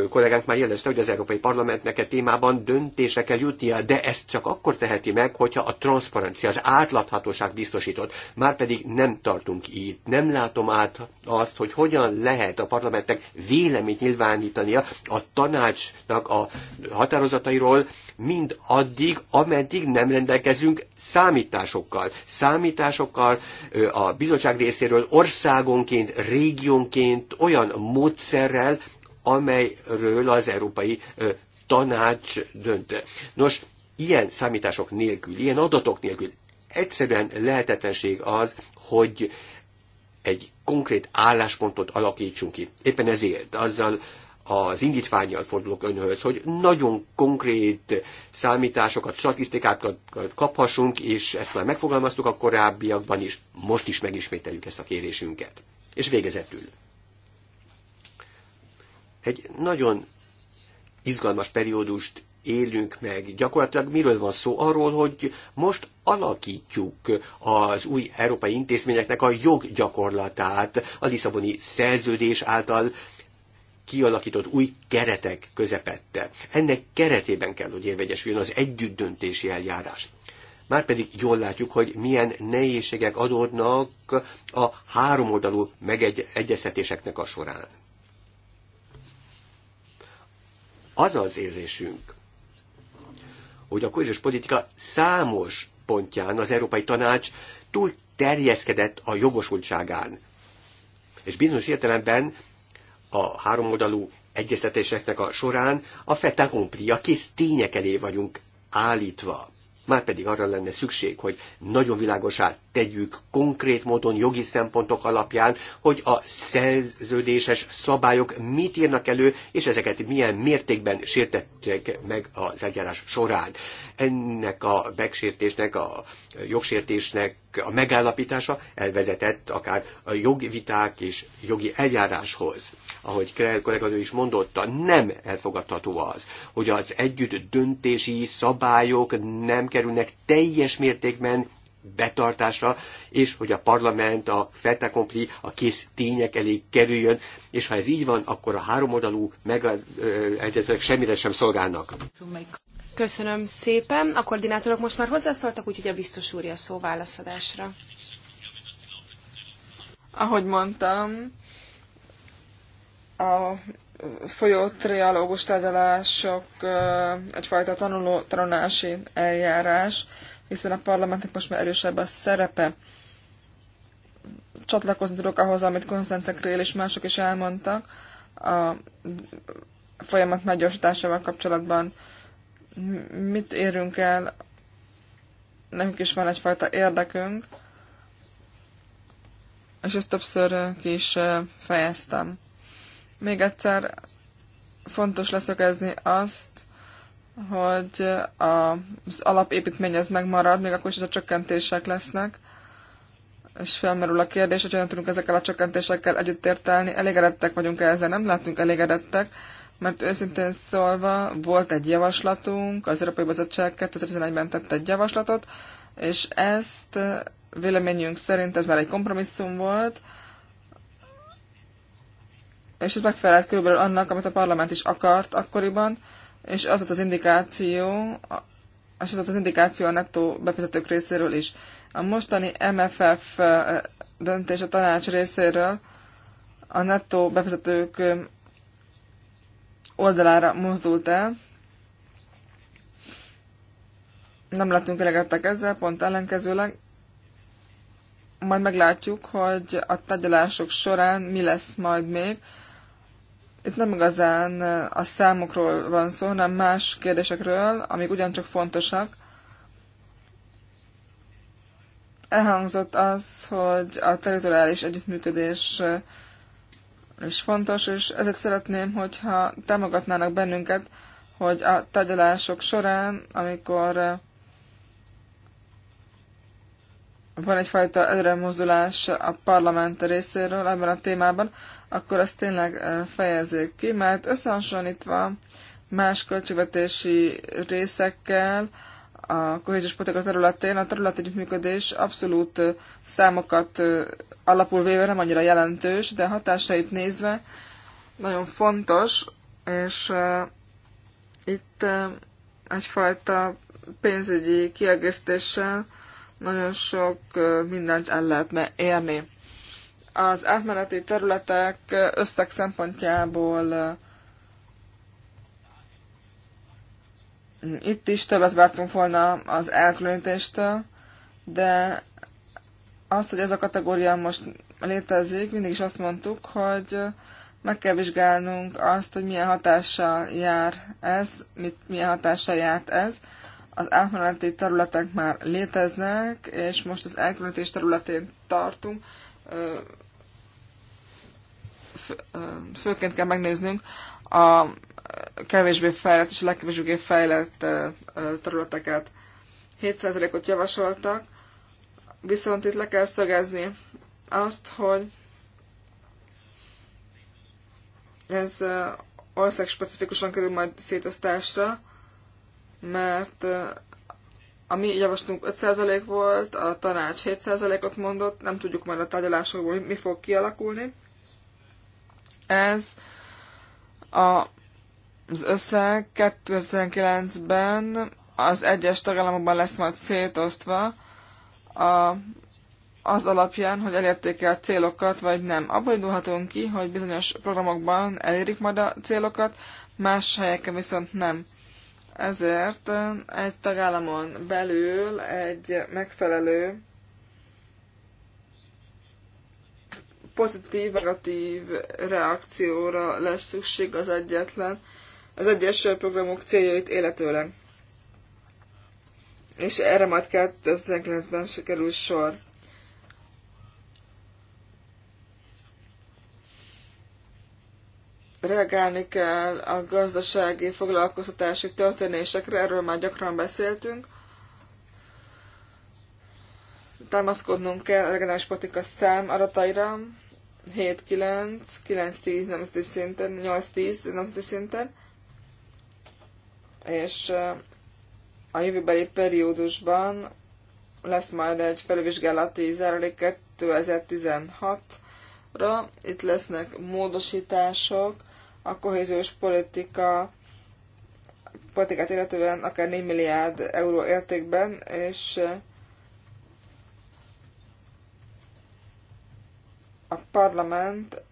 kollégánk már jelezte, hogy az Európai Parlamentnek e témában döntése kell jutnia, de ezt csak akkor teheti meg, hogyha a transzparencia, az átláthatóság biztosított. Márpedig nem tartunk így. Nem látom át azt, hogy hogyan lehet a parlamentnek véleményt nyilvánítania a tanácsnak a határozatairól, mind addig, ameddig nem rendelkezünk számításokkal. Számításokkal a bizottság részéről országonként, régiónként olyan módszerűen, módszerrel, amelyről az Európai Tanács dönt. Nos, ilyen számítások nélkül, ilyen adatok nélkül egyszerűen lehetetlenség az, hogy egy konkrét álláspontot alakítsunk ki. Éppen ezért azzal az indítványjal fordulok önhöz, hogy nagyon konkrét számításokat, statisztikákat kaphassunk, és ezt már megfogalmaztuk a korábbiakban is, most is megismételjük ezt a kérésünket. És végezetül. Egy nagyon izgalmas periódust élünk meg. Gyakorlatilag miről van szó? Arról, hogy most alakítjuk az új európai intézményeknek a joggyakorlatát a Lisszaboni szerződés által kialakított új keretek közepette. Ennek keretében kell, hogy érvegyesüljön az együttdöntési eljárás. Márpedig jól látjuk, hogy milyen nehézségek adódnak a háromoldalú megegyeztetéseknek a során. az az érzésünk, hogy a kohéziós politika számos pontján az Európai Tanács túl terjeszkedett a jogosultságán. És bizonyos értelemben a háromoldalú egyeztetéseknek a során a feta a kész tények elé vagyunk állítva. Már pedig arra lenne szükség, hogy nagyon világosá tegyük konkrét módon, jogi szempontok alapján, hogy a szerződéses szabályok mit írnak elő, és ezeket milyen mértékben sértettek meg az eljárás során. Ennek a megsértésnek, a jogsértésnek a megállapítása elvezetett akár a jogviták és jogi eljáráshoz. Ahogy Krell kolléganő is mondotta, nem elfogadható az, hogy az együtt döntési szabályok nem kerülnek teljes mértékben betartásra, és hogy a parlament, a feltekompli, a kész tények elé kerüljön, és ha ez így van, akkor a háromoldalú megállapítások semmire sem szolgálnak. Köszönöm szépen. A koordinátorok most már hozzászóltak, úgyhogy a biztos úr a szó válaszadásra. Ahogy mondtam, a folyó triálógus tárgyalások egyfajta tanuló, tanulási eljárás, hiszen a parlamentnek most már erősebb a szerepe. Csatlakozni tudok ahhoz, amit Konstance Krél és mások is elmondtak, a folyamat meggyorsításával kapcsolatban mit érünk el, nekünk is van egyfajta érdekünk, és ezt többször ki is fejeztem. Még egyszer fontos leszögezni azt, hogy az alapépítmény ez megmarad, még akkor is, a csökkentések lesznek, és felmerül a kérdés, hogy hogyan tudunk ezekkel a csökkentésekkel együtt értelni. Elégedettek vagyunk -e ezzel, nem látunk elégedettek, mert őszintén szólva volt egy javaslatunk, az Európai Bizottság 2011-ben tett egy javaslatot, és ezt véleményünk szerint ez már egy kompromisszum volt, és ez megfelelt körülbelül annak, amit a parlament is akart akkoriban, és az volt az indikáció, és az volt az indikáció a nettó befizetők részéről is. A mostani MFF döntés a tanács részéről a nettó befizetők oldalára mozdult el. Nem lettünk elegettek ezzel, pont ellenkezőleg. Majd meglátjuk, hogy a tagyalások során mi lesz majd még. Itt nem igazán a számokról van szó, hanem más kérdésekről, amik ugyancsak fontosak. Elhangzott az, hogy a territoriális együttműködés és fontos, és ezért szeretném, hogyha támogatnának bennünket, hogy a tagyalások során, amikor eh, van egyfajta előremozdulás a parlament részéről ebben a témában, akkor ezt tényleg eh, fejezzék ki, mert összehasonlítva más költségvetési részekkel a kohéziós politika területén a területi működés abszolút eh, számokat alapul véve nem annyira jelentős, de hatásait nézve nagyon fontos, és eh, itt eh, egyfajta pénzügyi kiegészítéssel nagyon sok eh, mindent el lehetne érni. Az átmeneti területek összeg szempontjából itt is többet vártunk volna az elkülönítéstől, de az, hogy ez a kategória most létezik, mindig is azt mondtuk, hogy meg kell vizsgálnunk azt, hogy milyen hatással jár ez, mit, milyen hatással járt ez. Az átmeneti területek már léteznek, és most az elkülönítés területén tartunk. Főként kell megnéznünk a kevésbé fejlett és a legkevésbé fejlett területeket. 7%-ot javasoltak, Viszont itt le kell szögezni azt, hogy ez ország specifikusan kerül majd szétosztásra, mert a mi javaslunk 5% volt, a tanács 7%-ot mondott, nem tudjuk majd a tárgyalásokból mi fog kialakulni. Ez a, az összeg 2019 ben az egyes tagállamokban lesz majd szétosztva, a, az alapján, hogy elérték-e a célokat, vagy nem. Abból indulhatunk ki, hogy bizonyos programokban elérik majd a célokat, más helyeken viszont nem. Ezért egy tagállamon belül egy megfelelő pozitív, negatív reakcióra lesz szükség az egyetlen, az egyes programok céljait életőleg és erre majd 2009-ben kerül sor. Reagálni kell a gazdasági foglalkoztatási történésekre, erről már gyakran beszéltünk. Támaszkodnunk kell a regionális politika szám adataira, 7-9, 9-10 nemzeti szinten, 8-10 nemzeti szinten, és a jövőbeli periódusban lesz majd egy felvizsgálati zárulék 2016-ra. Itt lesznek módosítások a kohéziós politika politikát illetően akár 4 milliárd euró értékben, és eh, a parlament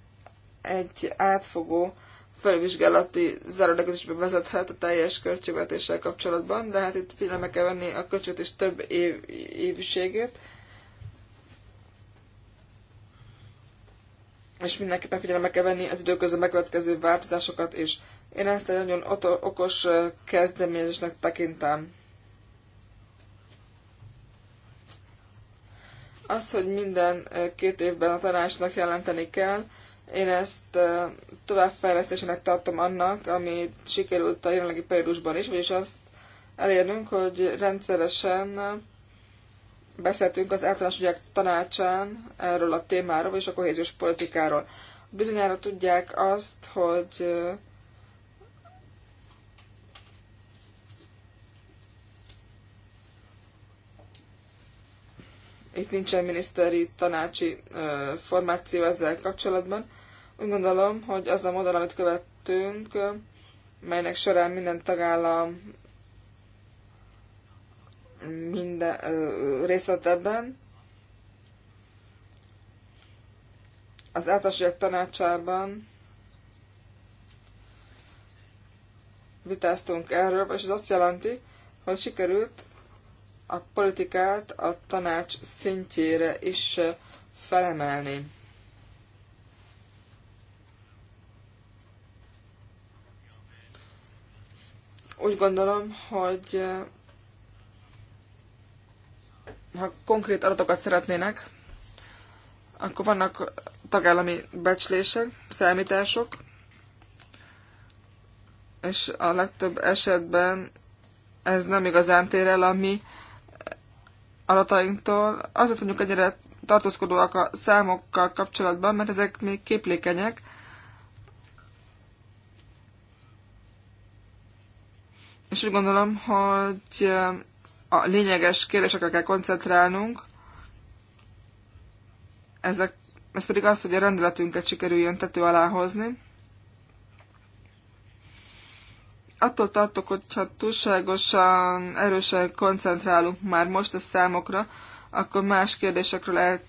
egy átfogó felvizsgálati záróleges is a teljes költségvetéssel kapcsolatban, de hát itt figyelembe kell venni a költségvetés több év, évűségét. És mindenképpen figyelembe kell venni az időközben megkövetkező változásokat is. Én ezt egy nagyon okos kezdeményezésnek tekintem. Az, hogy minden két évben a tanácsnak jelenteni kell, én ezt továbbfejlesztésének tartom annak, amit sikerült a jelenlegi periódusban is, vagyis azt elérnünk, hogy rendszeresen beszéltünk az általános ügyek tanácsán erről a témáról, vagyis a kohéziós politikáról. Bizonyára tudják azt, hogy itt nincsen miniszteri tanácsi formáció ezzel kapcsolatban, úgy gondolom, hogy az a modell, amit követtünk, melynek során minden tagállam minden, részt vett ebben, az általános tanácsában vitáztunk erről, és ez azt jelenti, hogy sikerült a politikát a tanács szintjére is felemelni. Úgy gondolom, hogy ha konkrét adatokat szeretnének, akkor vannak tagállami becslések, számítások, és a legtöbb esetben ez nem igazán tér el a mi adatainktól. Azért mondjuk egyre tartózkodóak a számokkal kapcsolatban, mert ezek még képlékenyek, és úgy gondolom, hogy a lényeges kérdésekre kell koncentrálnunk, ezek, ez pedig az, hogy a rendeletünket sikerüljön tető alá hozni. Attól tartok, hogyha túlságosan erősen koncentrálunk már most a számokra, akkor más kérdésekről el,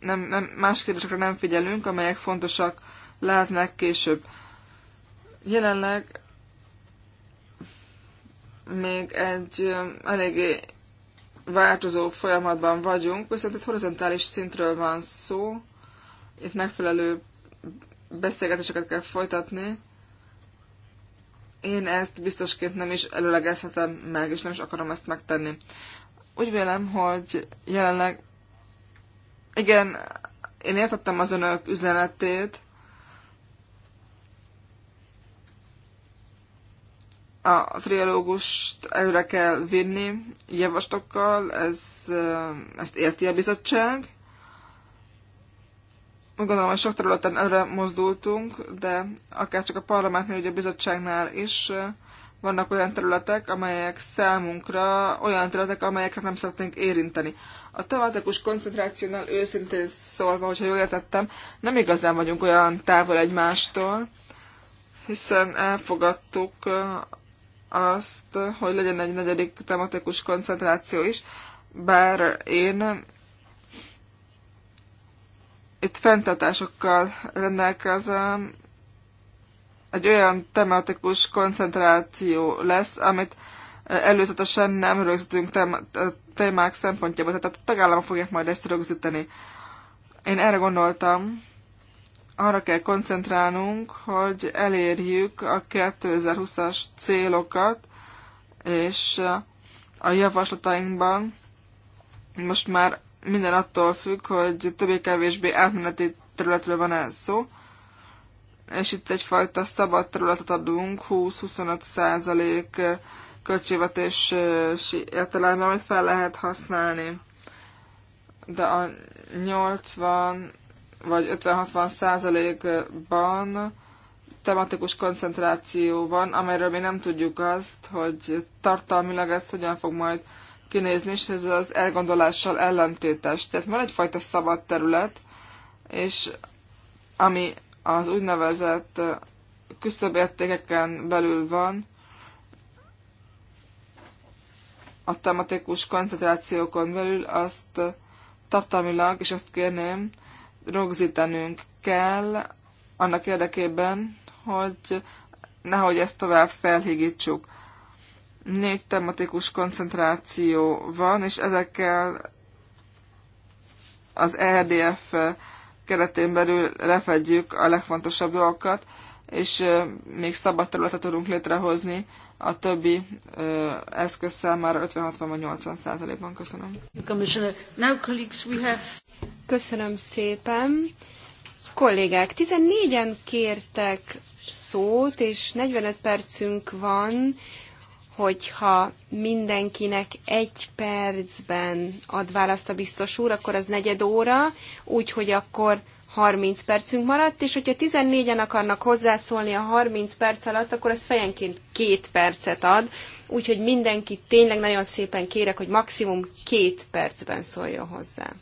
nem, nem, más kérdésekre nem figyelünk, amelyek fontosak lehetnek később. Jelenleg még egy eléggé változó folyamatban vagyunk, viszont itt horizontális szintről van szó, itt megfelelő beszélgetéseket kell folytatni. Én ezt biztosként nem is előlegezhetem meg, és nem is akarom ezt megtenni. Úgy vélem, hogy jelenleg igen, én értettem az önök üzenetét, a triológust előre kell vinni javaslatokkal, ez, eh, ezt érti a bizottság. Gondolom, hogy sok területen előre mozdultunk, de akár csak a parlamentnél, ugye a bizottságnál is eh, vannak olyan területek, amelyek számunkra olyan területek, amelyekre nem szeretnénk érinteni. A tematikus koncentrációnál őszintén szólva, hogyha jól értettem, nem igazán vagyunk olyan távol egymástól, hiszen elfogadtuk eh, azt, hogy legyen egy negyedik tematikus koncentráció is, bár én itt fenntartásokkal rendelkezem, egy olyan tematikus koncentráció lesz, amit előzetesen nem rögzítünk témák szempontjából, tehát a tagállamok fogják majd ezt rögzíteni. Én erre gondoltam, arra kell koncentrálnunk, hogy elérjük a 2020-as célokat, és a javaslatainkban most már minden attól függ, hogy többé-kevésbé átmeneti területről van ez szó, és itt egyfajta szabad területet adunk, 20-25 százalék költségvetési értelemben, amit fel lehet használni. De a 80 vagy 50-60 százalékban tematikus koncentráció van, amelyről mi nem tudjuk azt, hogy tartalmilag ez hogyan fog majd kinézni, és ez az elgondolással ellentétes. Tehát van egyfajta szabad terület, és ami az úgynevezett értékeken belül van, a tematikus koncentrációkon belül azt tartalmilag, és azt kérném, rögzítenünk kell annak érdekében, hogy nehogy ezt tovább felhigítsuk. Négy tematikus koncentráció van, és ezekkel az EDF keretén belül lefedjük a legfontosabb dolgokat, és még szabad területet tudunk létrehozni a többi eszközszel eszköz számára 50-60-80 százalékban. Köszönöm. Köszönöm szépen. Kollégák, 14-en kértek szót, és 45 percünk van, hogyha mindenkinek egy percben ad választ a biztos úr, akkor az negyed óra, úgyhogy akkor 30 percünk maradt, és hogyha 14-en akarnak hozzászólni a 30 perc alatt, akkor ez fejenként két percet ad, úgyhogy mindenkit tényleg nagyon szépen kérek, hogy maximum két percben szóljon hozzá.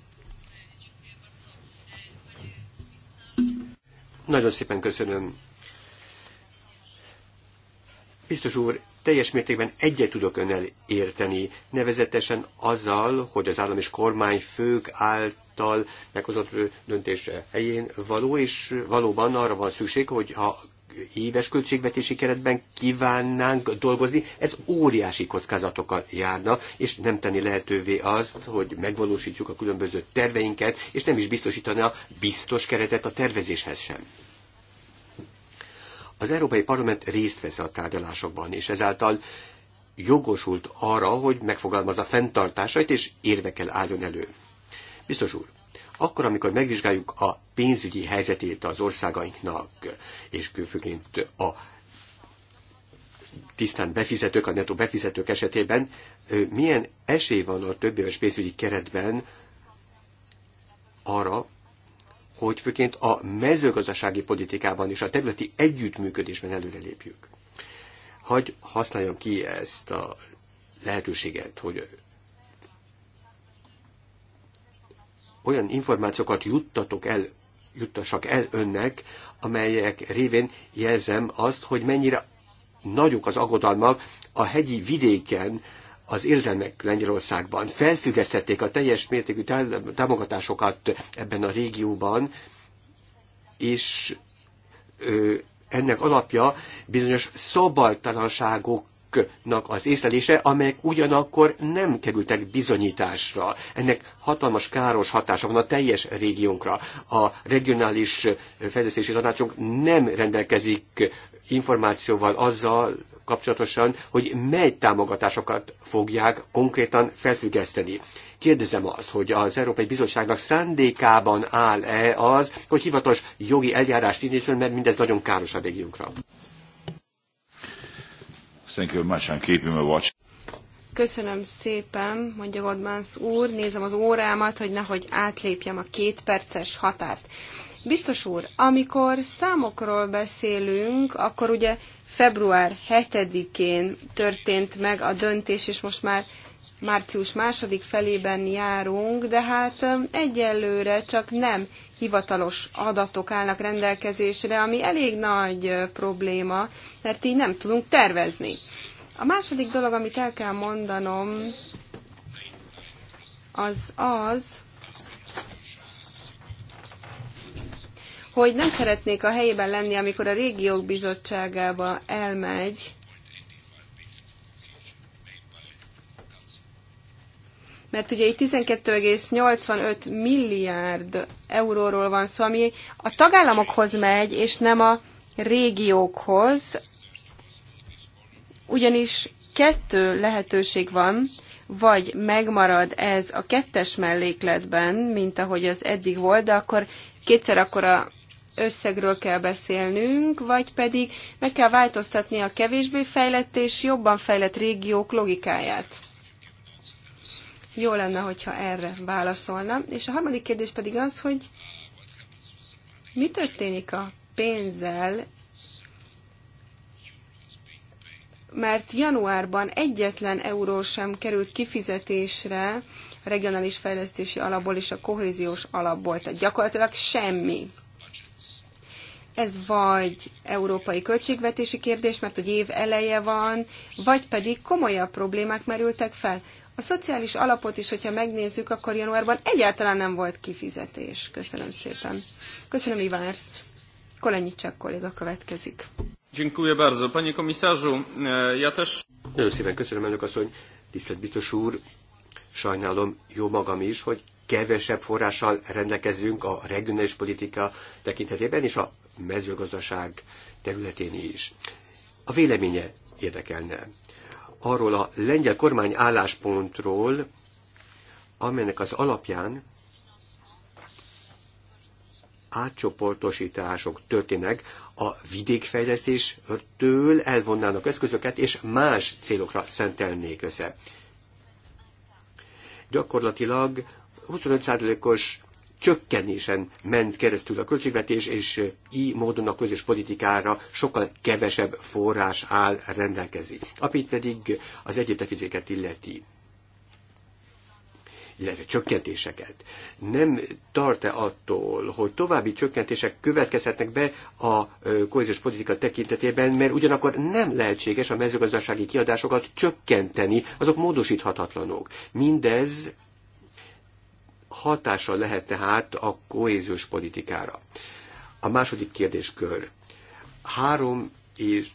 Nagyon szépen köszönöm. Biztos úr, teljes mértékben egyet tudok önnel érteni, nevezetesen azzal, hogy az állam és fők által meghozott döntés helyén való, és valóban arra van szükség, hogy ha éves költségvetési keretben kívánnánk dolgozni, ez óriási kockázatokkal járna, és nem tenni lehetővé azt, hogy megvalósítjuk a különböző terveinket, és nem is biztosítani a biztos keretet a tervezéshez sem. Az Európai Parlament részt vesz a tárgyalásokban, és ezáltal jogosult arra, hogy megfogalmazza fenntartásait, és érvekkel álljon elő. Biztos úr, akkor, amikor megvizsgáljuk a pénzügyi helyzetét az országainknak, és főként a tisztán befizetők, a netó befizetők esetében, milyen esély van a többéves pénzügyi keretben arra, hogy főként a mezőgazdasági politikában és a területi együttműködésben előrelépjük. Hagy használjam ki ezt a lehetőséget, hogy olyan információkat juttatok el, juttassak el önnek, amelyek révén jelzem azt, hogy mennyire nagyok az aggodalmak a hegyi vidéken, az érzelmek Lengyelországban. Felfüggesztették a teljes mértékű támogatásokat ebben a régióban, és ö, ennek alapja bizonyos szabaltalanságok adatoknak az észlelése, amelyek ugyanakkor nem kerültek bizonyításra. Ennek hatalmas káros hatása van a teljes régiónkra. A regionális fejlesztési tanácsunk nem rendelkezik információval azzal kapcsolatosan, hogy mely támogatásokat fogják konkrétan felfüggeszteni. Kérdezem azt, hogy az Európai Bizottságnak szándékában áll-e az, hogy hivatos jogi eljárást indítson, mert mindez nagyon káros a régiónkra. Thank you much, a watch. Köszönöm szépen, mondja Godmans úr, nézem az órámat, hogy nehogy átlépjem a két perces határt. Biztos úr, amikor számokról beszélünk, akkor ugye február 7-én történt meg a döntés, és most már március második felében járunk, de hát egyelőre csak nem hivatalos adatok állnak rendelkezésre, ami elég nagy probléma, mert így nem tudunk tervezni. A második dolog, amit el kell mondanom, az az, hogy nem szeretnék a helyében lenni, amikor a régiók bizottságába elmegy, mert ugye itt 12,85 milliárd euróról van szó, ami a tagállamokhoz megy, és nem a régiókhoz, ugyanis kettő lehetőség van, vagy megmarad ez a kettes mellékletben, mint ahogy az eddig volt, de akkor kétszer akkora összegről kell beszélnünk, vagy pedig meg kell változtatni a kevésbé fejlett és jobban fejlett régiók logikáját. Jó lenne, hogyha erre válaszolna. És a harmadik kérdés pedig az, hogy mi történik a pénzzel, mert januárban egyetlen euró sem került kifizetésre a regionális fejlesztési alapból és a kohéziós alapból, tehát gyakorlatilag semmi. Ez vagy európai költségvetési kérdés, mert hogy év eleje van, vagy pedig komolyabb problémák merültek fel. A szociális alapot is, hogyha megnézzük, akkor januárban egyáltalán nem volt kifizetés. Köszönöm szépen. Köszönöm, Ivánsz. Kolenyicsak kolléga következik. Dziękuję bardzo. Panie komisarzu, e, ja też... Nagyon szépen köszönöm, elnök asszony. Tisztelt biztos úr, sajnálom jó magam is, hogy kevesebb forrással rendelkezünk a regionális politika tekintetében és a mezőgazdaság területén is. A véleménye érdekelne arról a lengyel kormány álláspontról, amelynek az alapján átcsoportosítások történnek, a vidékfejlesztéstől elvonnának eszközöket, és más célokra szentelnék össze. Gyakorlatilag 25%-os csökkenésen ment keresztül a költségvetés, és így módon a közös politikára sokkal kevesebb forrás áll rendelkezni. Apit pedig az egyéb deficéket illeti illetve csökkentéseket. Nem tart-e attól, hogy további csökkentések következhetnek be a kohéziós politika tekintetében, mert ugyanakkor nem lehetséges a mezőgazdasági kiadásokat csökkenteni, azok módosíthatatlanok. Mindez hatása lehet tehát a kohéziós politikára. A második kérdéskör. 3 és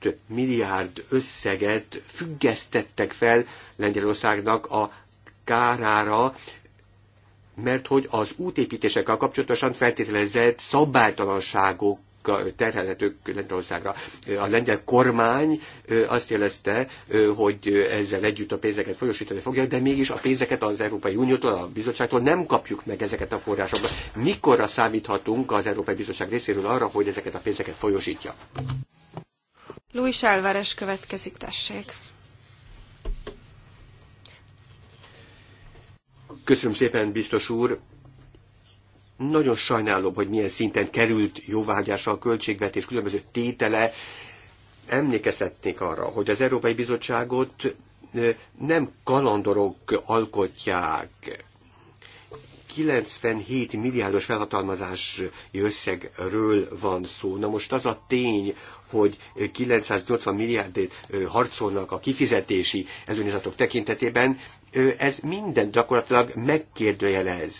öt milliárd összeget függesztettek fel Lengyelországnak a kárára, mert hogy az útépítésekkel kapcsolatosan feltételezett szabálytalanságok terhelhetők Lengyelországra. A lengyel kormány azt jelezte, hogy ezzel együtt a pénzeket folyosítani fogja, de mégis a pénzeket az Európai Uniótól, a bizottságtól nem kapjuk meg ezeket a forrásokat. Mikorra számíthatunk az Európai Bizottság részéről arra, hogy ezeket a pénzeket folyosítja? Luis Álvárez következik, tessék. Köszönöm szépen, biztos úr. Nagyon sajnálom, hogy milyen szinten került jóvágyása a költségvetés különböző tétele. Emlékeztetnék arra, hogy az Európai Bizottságot nem kalandorok alkotják, 97 milliárdos felhatalmazási összegről van szó. Na most az a tény, hogy 980 milliárdét harcolnak a kifizetési előnyezatok tekintetében, ez minden gyakorlatilag megkérdőjelez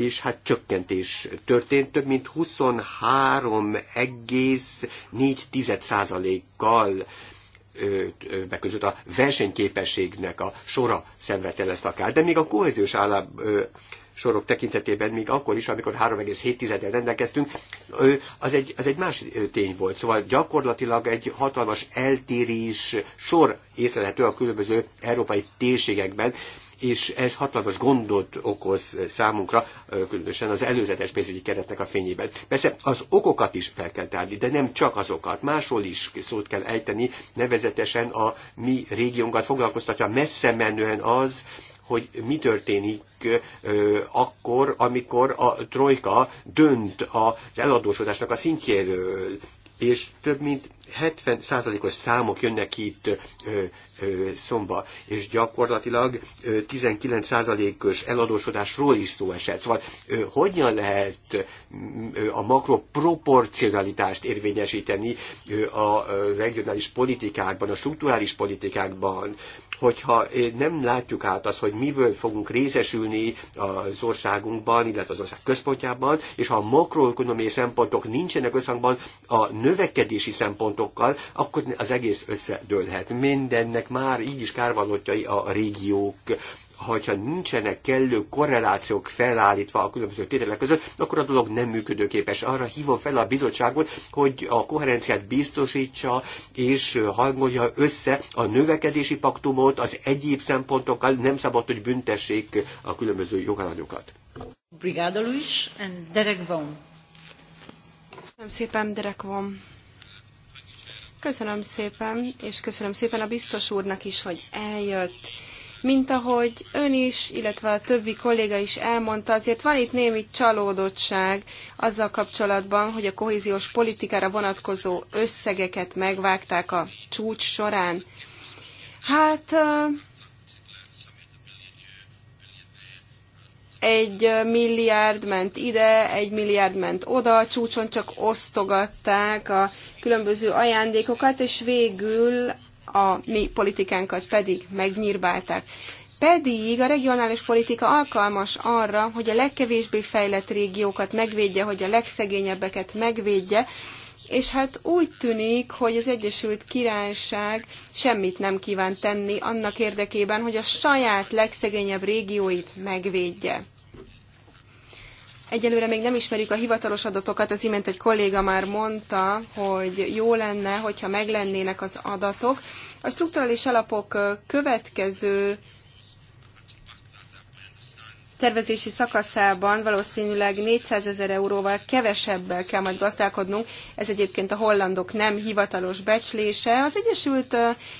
és hát csökkentés történt, több mint 23,4%-kal beközött a versenyképességnek a sora szenvedte lesz akár, de még a kohéziós állap sorok tekintetében, még akkor is, amikor 3,7-el rendelkeztünk, az egy, az egy más tény volt. Szóval gyakorlatilag egy hatalmas eltérés sor észlelhető a különböző európai térségekben, és ez hatalmas gondot okoz számunkra, különösen az előzetes pénzügyi keretnek a fényében. Persze az okokat is fel kell tárni, de nem csak azokat. Másról is szót kell ejteni, nevezetesen a mi régiónkat foglalkoztatja messze menően az, hogy mi történik akkor, amikor a trojka dönt az eladósodásnak a szintjéről, és több mint 70%-os számok jönnek ki itt ö, ö, szomba, és gyakorlatilag 19%-os eladósodásról is szó esett. Szóval ö, hogyan lehet ö, a makroproporcionalitást érvényesíteni ö, a regionális politikákban, a strukturális politikákban, hogyha nem látjuk át azt, hogy miből fogunk részesülni az országunkban, illetve az ország központjában, és ha a makroökonomiai szempontok nincsenek összhangban a növekedési szempontok, javaslatokkal, akkor az egész összedőlhet. Mindennek már így is kárvalótjai a régiók, hogyha nincsenek kellő korrelációk felállítva a különböző tételek között, akkor a dolog nem működőképes. Arra hívom fel a bizottságot, hogy a koherenciát biztosítsa és hangolja össze a növekedési paktumot az egyéb szempontokkal, nem szabad, hogy büntessék a különböző jogalanyokat. Brigada Luis and Derek Vaughan. Köszönöm szépen, Derek Vaughan. Köszönöm szépen, és köszönöm szépen a biztos úrnak is, hogy eljött. Mint ahogy ön is, illetve a többi kolléga is elmondta, azért van itt némi csalódottság azzal kapcsolatban, hogy a kohéziós politikára vonatkozó összegeket megvágták a csúcs során. Hát egy milliárd ment ide, egy milliárd ment oda, a csúcson csak osztogatták a különböző ajándékokat, és végül a mi politikánkat pedig megnyírbálták. Pedig a regionális politika alkalmas arra, hogy a legkevésbé fejlett régiókat megvédje, hogy a legszegényebbeket megvédje, és hát úgy tűnik, hogy az Egyesült Királyság semmit nem kíván tenni annak érdekében, hogy a saját legszegényebb régióit megvédje. Egyelőre még nem ismerjük a hivatalos adatokat, az imént egy kolléga már mondta, hogy jó lenne, hogyha meglennének az adatok. A strukturális alapok következő tervezési szakaszában valószínűleg 400 ezer euróval kevesebbel kell majd gazdálkodnunk. Ez egyébként a hollandok nem hivatalos becslése. Az Egyesült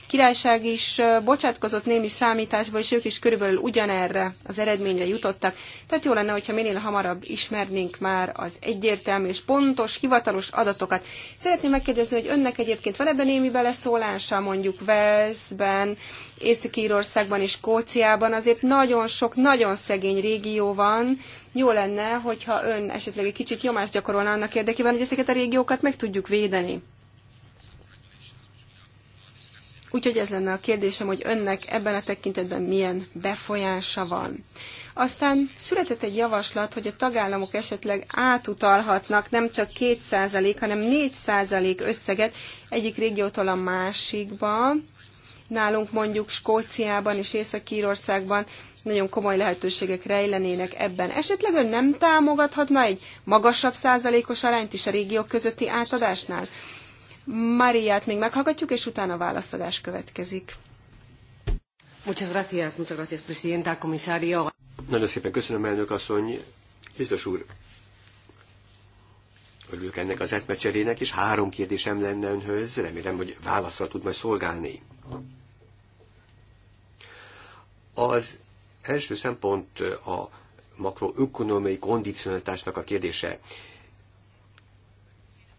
Királyság is bocsátkozott némi számításba, és ők is körülbelül ugyanerre az eredményre jutottak. Tehát jó lenne, hogyha minél hamarabb ismernénk már az egyértelmű és pontos, hivatalos adatokat. Szeretném megkérdezni, hogy önnek egyébként van ebben némi beleszólása mondjuk Velszben, Észak-Írországban és Skóciában azért nagyon sok, nagyon szegény régió van. Jó lenne, hogyha ön esetleg egy kicsit nyomást gyakorolna annak érdekében, hogy ezeket a régiókat meg tudjuk védeni. Úgyhogy ez lenne a kérdésem, hogy önnek ebben a tekintetben milyen befolyása van. Aztán született egy javaslat, hogy a tagállamok esetleg átutalhatnak nem csak 2%, hanem 4% összeget egyik régiótól a másikba, Nálunk mondjuk Skóciában és Észak-Írországban nagyon komoly lehetőségek rejlenének ebben. Esetleg ön nem támogathatna egy magasabb százalékos arányt is a régiók közötti átadásnál? Mariát még meghallgatjuk, és utána válaszadás következik. Muchas gracias, muchas gracias, presidenta, comisario. Nagyon szépen köszönöm, elnök asszony. Biztos úr, örülök ennek az eszmecserének, és három kérdésem lenne önhöz, remélem, hogy válaszol tud majd szolgálni. Az első szempont a makroökonomiai kondicionalitásnak a kérdése.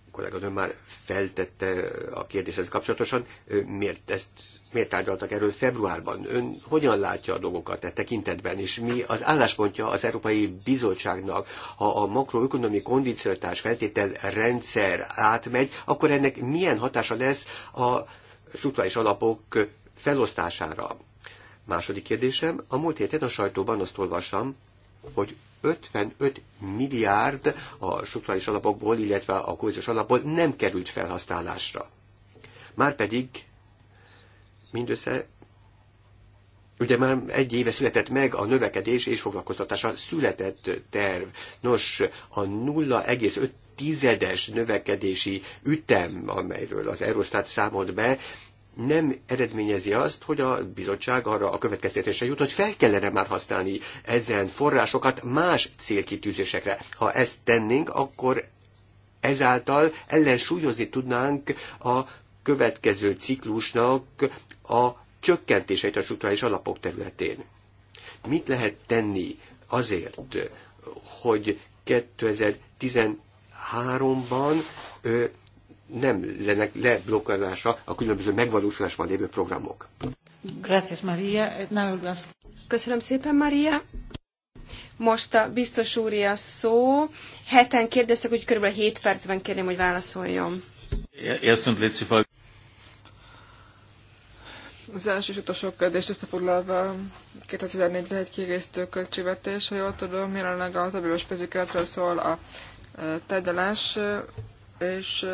A kolléganőm már feltette a kérdéshez kapcsolatosan, miért ezt miért tárgyaltak erről februárban? Ön hogyan látja a dolgokat e tekintetben, és mi az álláspontja az Európai Bizottságnak, ha a makroökonomi kondicionalitás feltétel rendszer átmegy, akkor ennek milyen hatása lesz a struktúrális alapok felosztására? Második kérdésem, a múlt héten a sajtóban azt olvastam, hogy 55 milliárd a struktúrális alapokból, illetve a kohéziós alapból nem került felhasználásra. Márpedig mindössze Ugye már egy éve született meg a növekedés és foglalkoztatása született terv. Nos, a 0,5 tizedes növekedési ütem, amelyről az Eurostat számolt be, nem eredményezi azt, hogy a bizottság arra a következtetésre jut, hogy fel kellene már használni ezen forrásokat más célkitűzésekre. Ha ezt tennénk, akkor ezáltal ellensúlyozni tudnánk a következő ciklusnak a csökkentéseit a struktúrális alapok területén. Mit lehet tenni azért, hogy 2013-ban nem lennek leblokkázása a különböző megvalósulásban lévő programok. Gracias, Maria. Köszönöm szépen, Maria. Most a biztos úr a szó. Heten kérdeztek, hogy körülbelül 7 percben kérném, hogy válaszoljon. Az első és utolsó kérdést összefoglalva 2014-re egy kiegészítő költségvetés, ha jól tudom, jelenleg a többi pénzügyi pedig szól a tárgyalás, és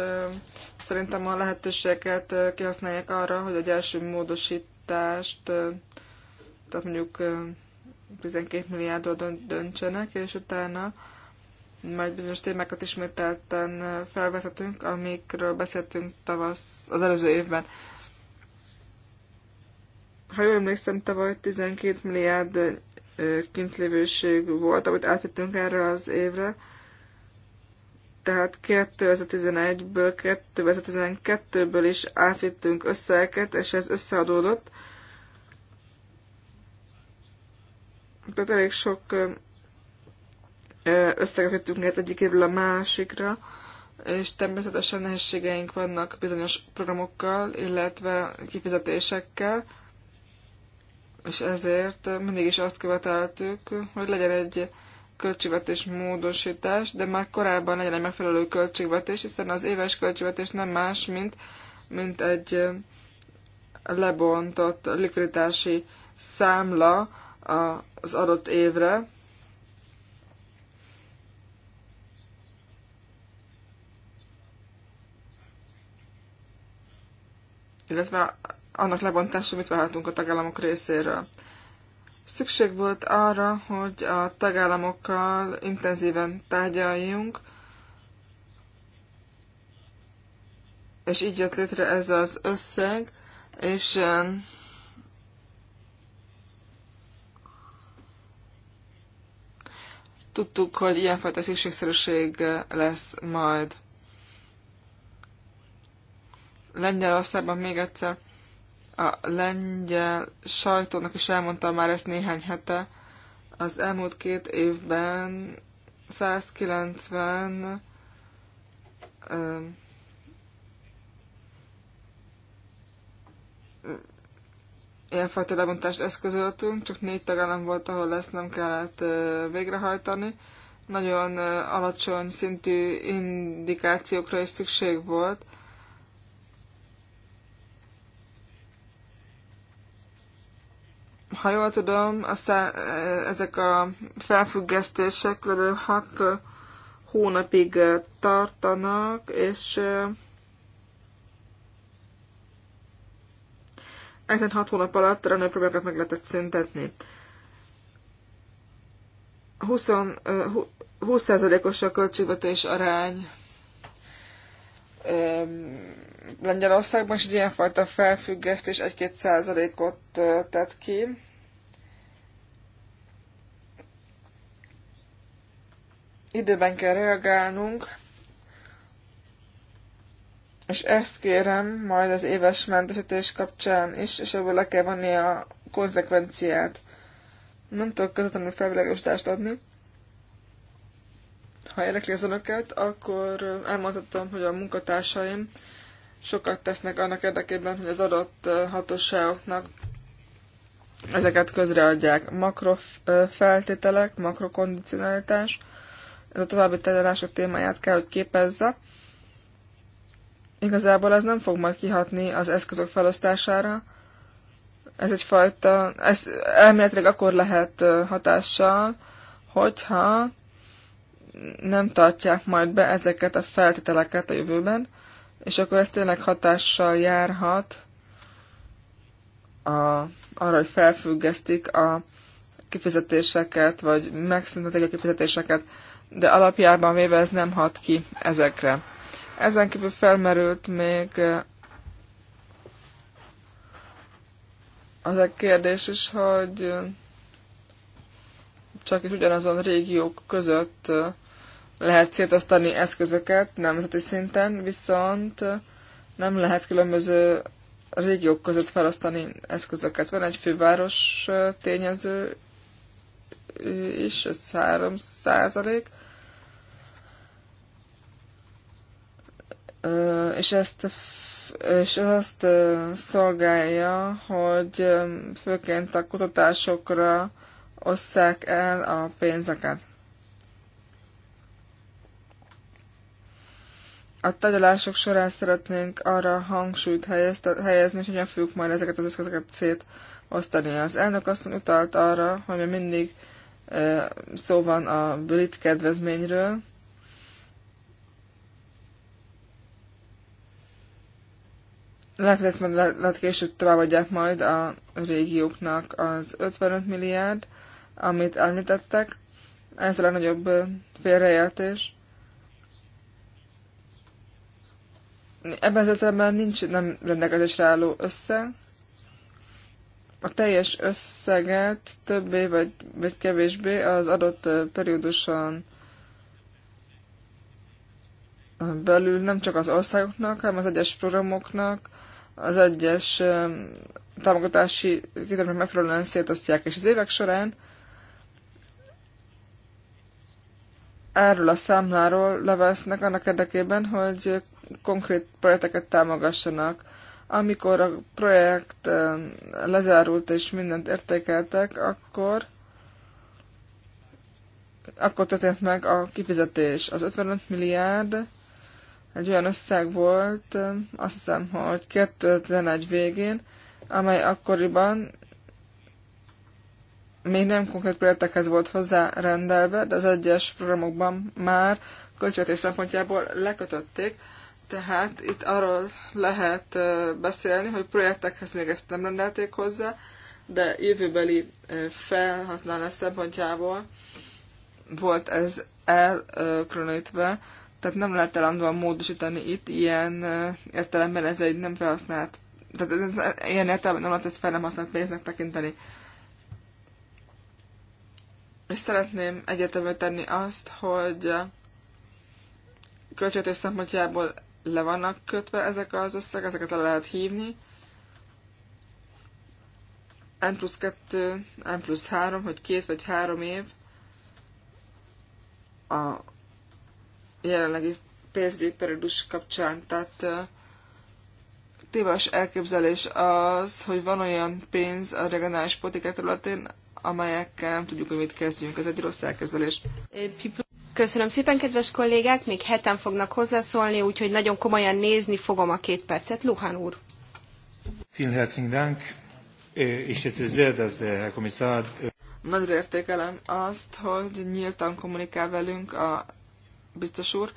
szerintem a lehetőséget kihasználják arra, hogy egy első módosítást, tehát mondjuk 12 milliárdról döntsenek, és utána majd bizonyos témákat ismételten felvethetünk, amikről beszéltünk tavasz, az előző évben. Ha jól emlékszem, tavaly 12 milliárd kintlévőség volt, amit átvettünk erre az évre, tehát 2011-ből, 2012-ből is átvittünk összeeket, és ez összeadódott. Tehát elég sok összeget vittünk egy egyik évről a másikra, és természetesen nehézségeink vannak bizonyos programokkal, illetve kifizetésekkel, és ezért mindig is azt követeltük, hogy legyen egy költségvetés módosítás, de már korábban legyen egy megfelelő költségvetés, hiszen az éves költségvetés nem más, mint, mint egy lebontott likviditási számla az adott évre. illetve annak lebontása, amit várhatunk a tagállamok részéről. Szükség volt arra, hogy a tagállamokkal intenzíven tárgyaljunk, és így jött létre ez az összeg, és um, tudtuk, hogy ilyenfajta szükségszerűség lesz majd. Lengyelországban még egyszer a lengyel sajtónak is elmondtam már ezt néhány hete, az elmúlt két évben 190 um, ilyenfajta lebontást eszközöltünk, csak négy tagállam volt, ahol ezt nem kellett végrehajtani. Nagyon alacsony szintű indikációkra is szükség volt, Ha jól tudom, aztán eh, ezek a felfüggesztések kb. 6 eh, hónapig eh, tartanak, és ezen 6 hónap alatt a problémákat meg lehetett szüntetni. 20%-os a költségvetés arány Lengyelországban, is egy ilyenfajta felfüggesztés 1-2 ot tett ki. időben kell reagálnunk, és ezt kérem majd az éves mentesítés kapcsán is, és ebből le kell vonni a konzekvenciát. Nem tudok közvetlenül felvilágosítást adni. Ha érdekli az önöket, akkor elmondhatom, hogy a munkatársaim sokat tesznek annak érdekében, hogy az adott hatóságoknak ezeket közreadják. Makrofeltételek, makrokondicionalitás, ez a további tárgyalások témáját kell, hogy képezze. Igazából ez nem fog majd kihatni az eszközök felosztására. Ez egyfajta, ez elméletileg akkor lehet hatással, hogyha nem tartják majd be ezeket a feltételeket a jövőben, és akkor ez tényleg hatással járhat a, arra, hogy felfüggesztik a kifizetéseket, vagy megszüntetik a kifizetéseket de alapjában véve ez nem hat ki ezekre. Ezen kívül felmerült még eh, az a kérdés is, hogy eh, csak is ugyanazon régiók között eh, lehet szétosztani eszközöket nemzeti szinten, viszont nem lehet különböző régiók között felosztani eszközöket. Van egy főváros tényező is, ez 3 százalék, és ezt és azt szolgálja, hogy főként a kutatásokra osszák el a pénzeket. A tárgyalások során szeretnénk arra hangsúlyt helyezni, hogy hogyan fogjuk majd ezeket az eszközöket szétosztani. Az elnök azt utalt arra, hogy mindig szó van a brit kedvezményről, lehet, hogy ezt majd lehet, később továbbadják majd a régióknak az 55 milliárd, amit említettek. Ez a legnagyobb félreértés. Ebben az esetben nincs nem rendelkezésre álló összeg. A teljes összeget többé vagy, vagy kevésbé az adott periódusan belül nem csak az országoknak, hanem az egyes programoknak, az egyes támogatási kritériumok megfelelően szétosztják, és az évek során erről a számláról levesznek annak érdekében, hogy konkrét projekteket támogassanak. Amikor a projekt lezárult és mindent értékeltek, akkor akkor történt meg a kifizetés. Az 55 milliárd egy olyan összeg volt, azt hiszem, hogy 2011 végén, amely akkoriban még nem konkrét projektekhez volt hozzá rendelve, de az egyes programokban már költségvetés szempontjából lekötötték, tehát itt arról lehet beszélni, hogy projektekhez még ezt nem rendelték hozzá, de jövőbeli felhasználás szempontjából volt ez elkülönítve tehát nem lehet állandóan módosítani itt ilyen értelemben, ez egy nem felhasznált, tehát ez, ilyen értelemben nem lehet ezt fel nem használt pénznek tekinteni. És szeretném egyértelmű tenni azt, hogy költségvetés szempontjából le vannak kötve ezek az összeg, ezeket le lehet hívni. N plusz 2, N plusz 3, hogy két vagy három év a jelenlegi pénzügyi periódus kapcsán. Tehát téves elképzelés az, hogy van olyan pénz a regionális politikák területén, amelyekkel nem tudjuk, hogy mit kezdjünk. Ez egy rossz elképzelés. Köszönöm szépen, kedves kollégák! Még heten fognak hozzászólni, úgyhogy nagyon komolyan nézni fogom a két percet. Luhán úr! Vielen herzlichen Dank, és ez sehr, dass der Herr Kommissar... Nagyra értékelem azt, hogy nyíltan kommunikál velünk a biztos úr.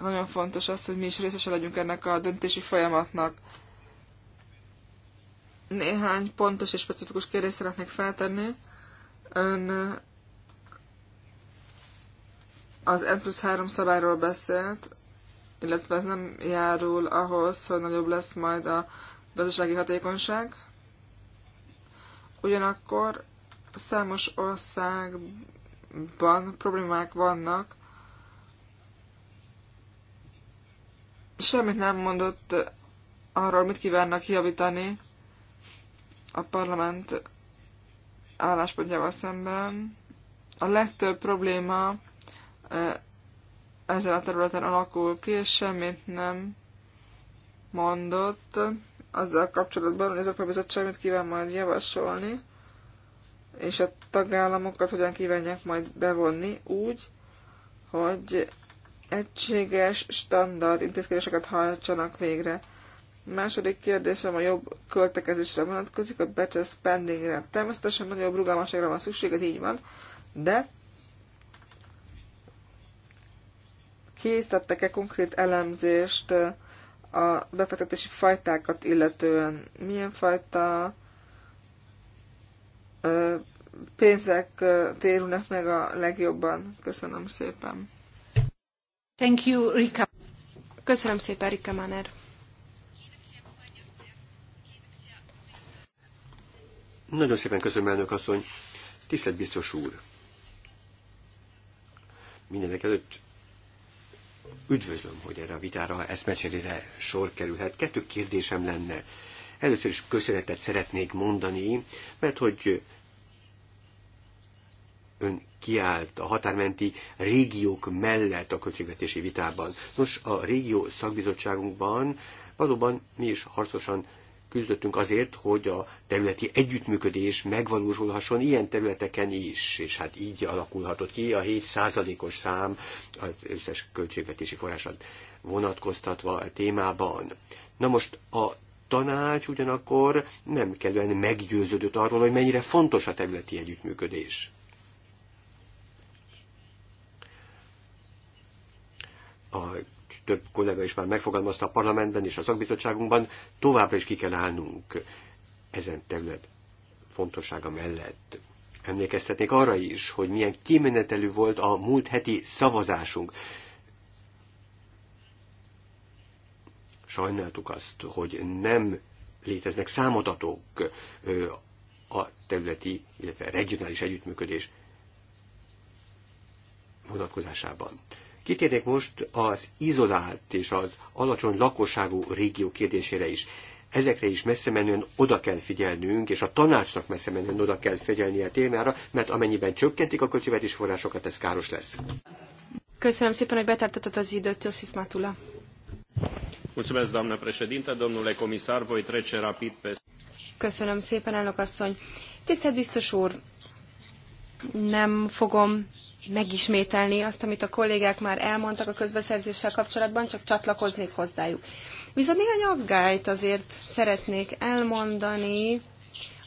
Nagyon fontos az, hogy mi is részese legyünk ennek a döntési folyamatnak. Néhány pontos és specifikus kérdést szeretnék feltenni. Ön eh, az N plusz 3 szabályról beszélt, illetve ez nem járul ahhoz, hogy nagyobb lesz majd a gazdasági hatékonyság. Ugyanakkor számos országban problémák vannak semmit nem mondott arról, mit kívánnak javítani a parlament álláspontjával szemben. A legtöbb probléma ezzel a területen alakul ki, és semmit nem mondott azzal kapcsolatban, hogy az a Bizottság mit kíván majd javasolni, és a tagállamokat hogyan kívánják majd bevonni úgy, hogy egységes, standard intézkedéseket hajtsanak végre. A második kérdésem a jobb költekezésre vonatkozik, a better spendingre. Természetesen nagyobb rugalmasságra van szükség, ez így van, de készítettek-e konkrét elemzést a befektetési fajtákat illetően? Milyen fajta pénzek térülnek meg a legjobban? Köszönöm szépen. Thank you, Rika. Köszönöm szépen, Rika Manner. Nagyon szépen köszönöm, elnök asszony. Tisztelt biztos úr! Mindenek előtt üdvözlöm, hogy erre a vitára, eszmecserére sor kerülhet. Kettő kérdésem lenne. Először is köszönetet szeretnék mondani, mert hogy ön kiállt a határmenti régiók mellett a költségvetési vitában. Nos, a régió szakbizottságunkban valóban mi is harcosan küzdöttünk azért, hogy a területi együttműködés megvalósulhasson ilyen területeken is, és hát így alakulhatott ki a 7%-os szám az összes költségvetési forrásat vonatkoztatva a témában. Na most a tanács ugyanakkor nem kellően meggyőződött arról, hogy mennyire fontos a területi együttműködés. a több kollega is már megfogalmazta a parlamentben és a szakbizottságunkban, továbbra is ki kell állnunk ezen terület fontossága mellett. Emlékeztetnék arra is, hogy milyen kimenetelű volt a múlt heti szavazásunk. Sajnáltuk azt, hogy nem léteznek számadatok a területi, illetve regionális együttműködés vonatkozásában. Kitérnék most az izolált és az alacsony lakosságú régió kérdésére is. Ezekre is messze menően oda kell figyelnünk, és a tanácsnak messze menően oda kell figyelnie a témára, mert amennyiben csökkentik a költségvetés forrásokat, ez káros lesz. Köszönöm szépen, hogy betartottad az időt, Josif Matula. Köszönöm szépen, elnök asszony. Tisztelt biztos úr, nem fogom megismételni azt, amit a kollégák már elmondtak a közbeszerzéssel kapcsolatban, csak csatlakoznék hozzájuk. Viszont néhány aggályt azért szeretnék elmondani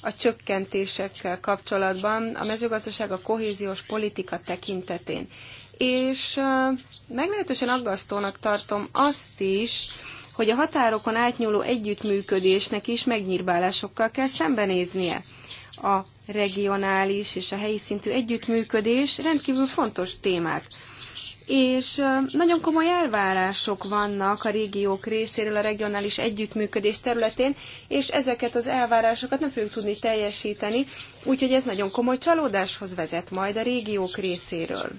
a csökkentésekkel kapcsolatban a mezőgazdaság a kohéziós politika tekintetén. És meglehetősen aggasztónak tartom azt is, hogy a határokon átnyúló együttműködésnek is megnyírbálásokkal kell szembenéznie. A regionális és a helyi szintű együttműködés rendkívül fontos témák. És nagyon komoly elvárások vannak a régiók részéről a regionális együttműködés területén, és ezeket az elvárásokat nem fogjuk tudni teljesíteni, úgyhogy ez nagyon komoly csalódáshoz vezet majd a régiók részéről.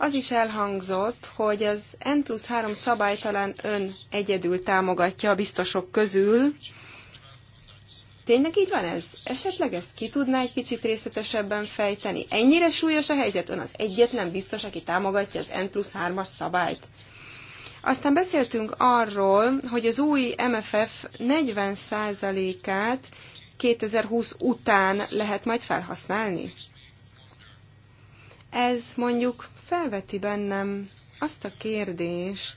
Az is elhangzott, hogy az N plusz 3 szabály talán ön egyedül támogatja a biztosok közül. Tényleg így van ez? Esetleg ezt ki tudná egy kicsit részletesebben fejteni? Ennyire súlyos a helyzet? Ön az egyetlen biztos, aki támogatja az N plusz 3-as szabályt? Aztán beszéltünk arról, hogy az új MFF 40%-át 2020 után lehet majd felhasználni. Ez mondjuk felveti bennem azt a kérdést,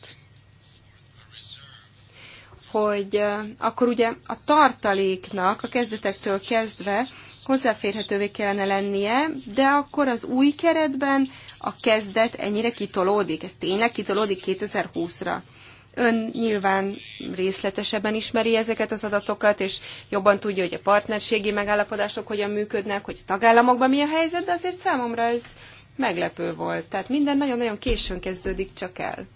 hogy akkor ugye a tartaléknak a kezdetektől kezdve hozzáférhetővé kellene lennie, de akkor az új keretben a kezdet ennyire kitolódik, ez tényleg kitolódik 2020-ra. Ön nyilván részletesebben ismeri ezeket az adatokat, és jobban tudja, hogy a partnerségi megállapodások hogyan működnek, hogy a tagállamokban mi a helyzet, de azért számomra ez meglepő volt. Tehát minden nagyon-nagyon későn kezdődik csak el.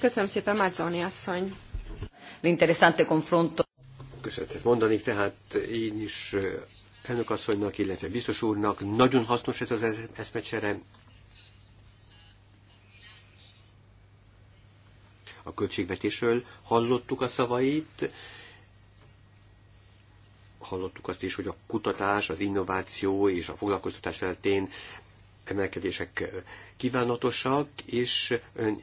Köszönöm szépen, Mazzoni asszony. L'interessante confronto. Köszönetet Mondani tehát én is elnök asszonynak, illetve biztos úrnak nagyon hasznos ez az eszmecsere. A költségvetésről hallottuk a szavait, hallottuk azt is, hogy a kutatás, az innováció és a foglalkoztatás eltén emelkedések kívánatosak, és ön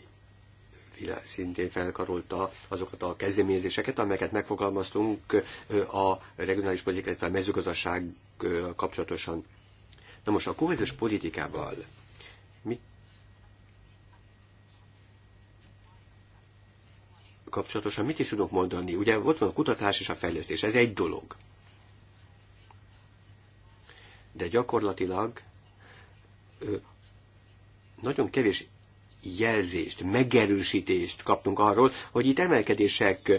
szintén felkarolta azokat a kezdeményezéseket, amelyeket megfogalmaztunk a regionális politikát, illetve a mezőgazdaság kapcsolatosan. Na most a kohezős politikával mit kapcsolatosan mit is tudunk mondani? Ugye ott van a kutatás és a fejlesztés, ez egy dolog de gyakorlatilag nagyon kevés jelzést, megerősítést kaptunk arról, hogy itt emelkedések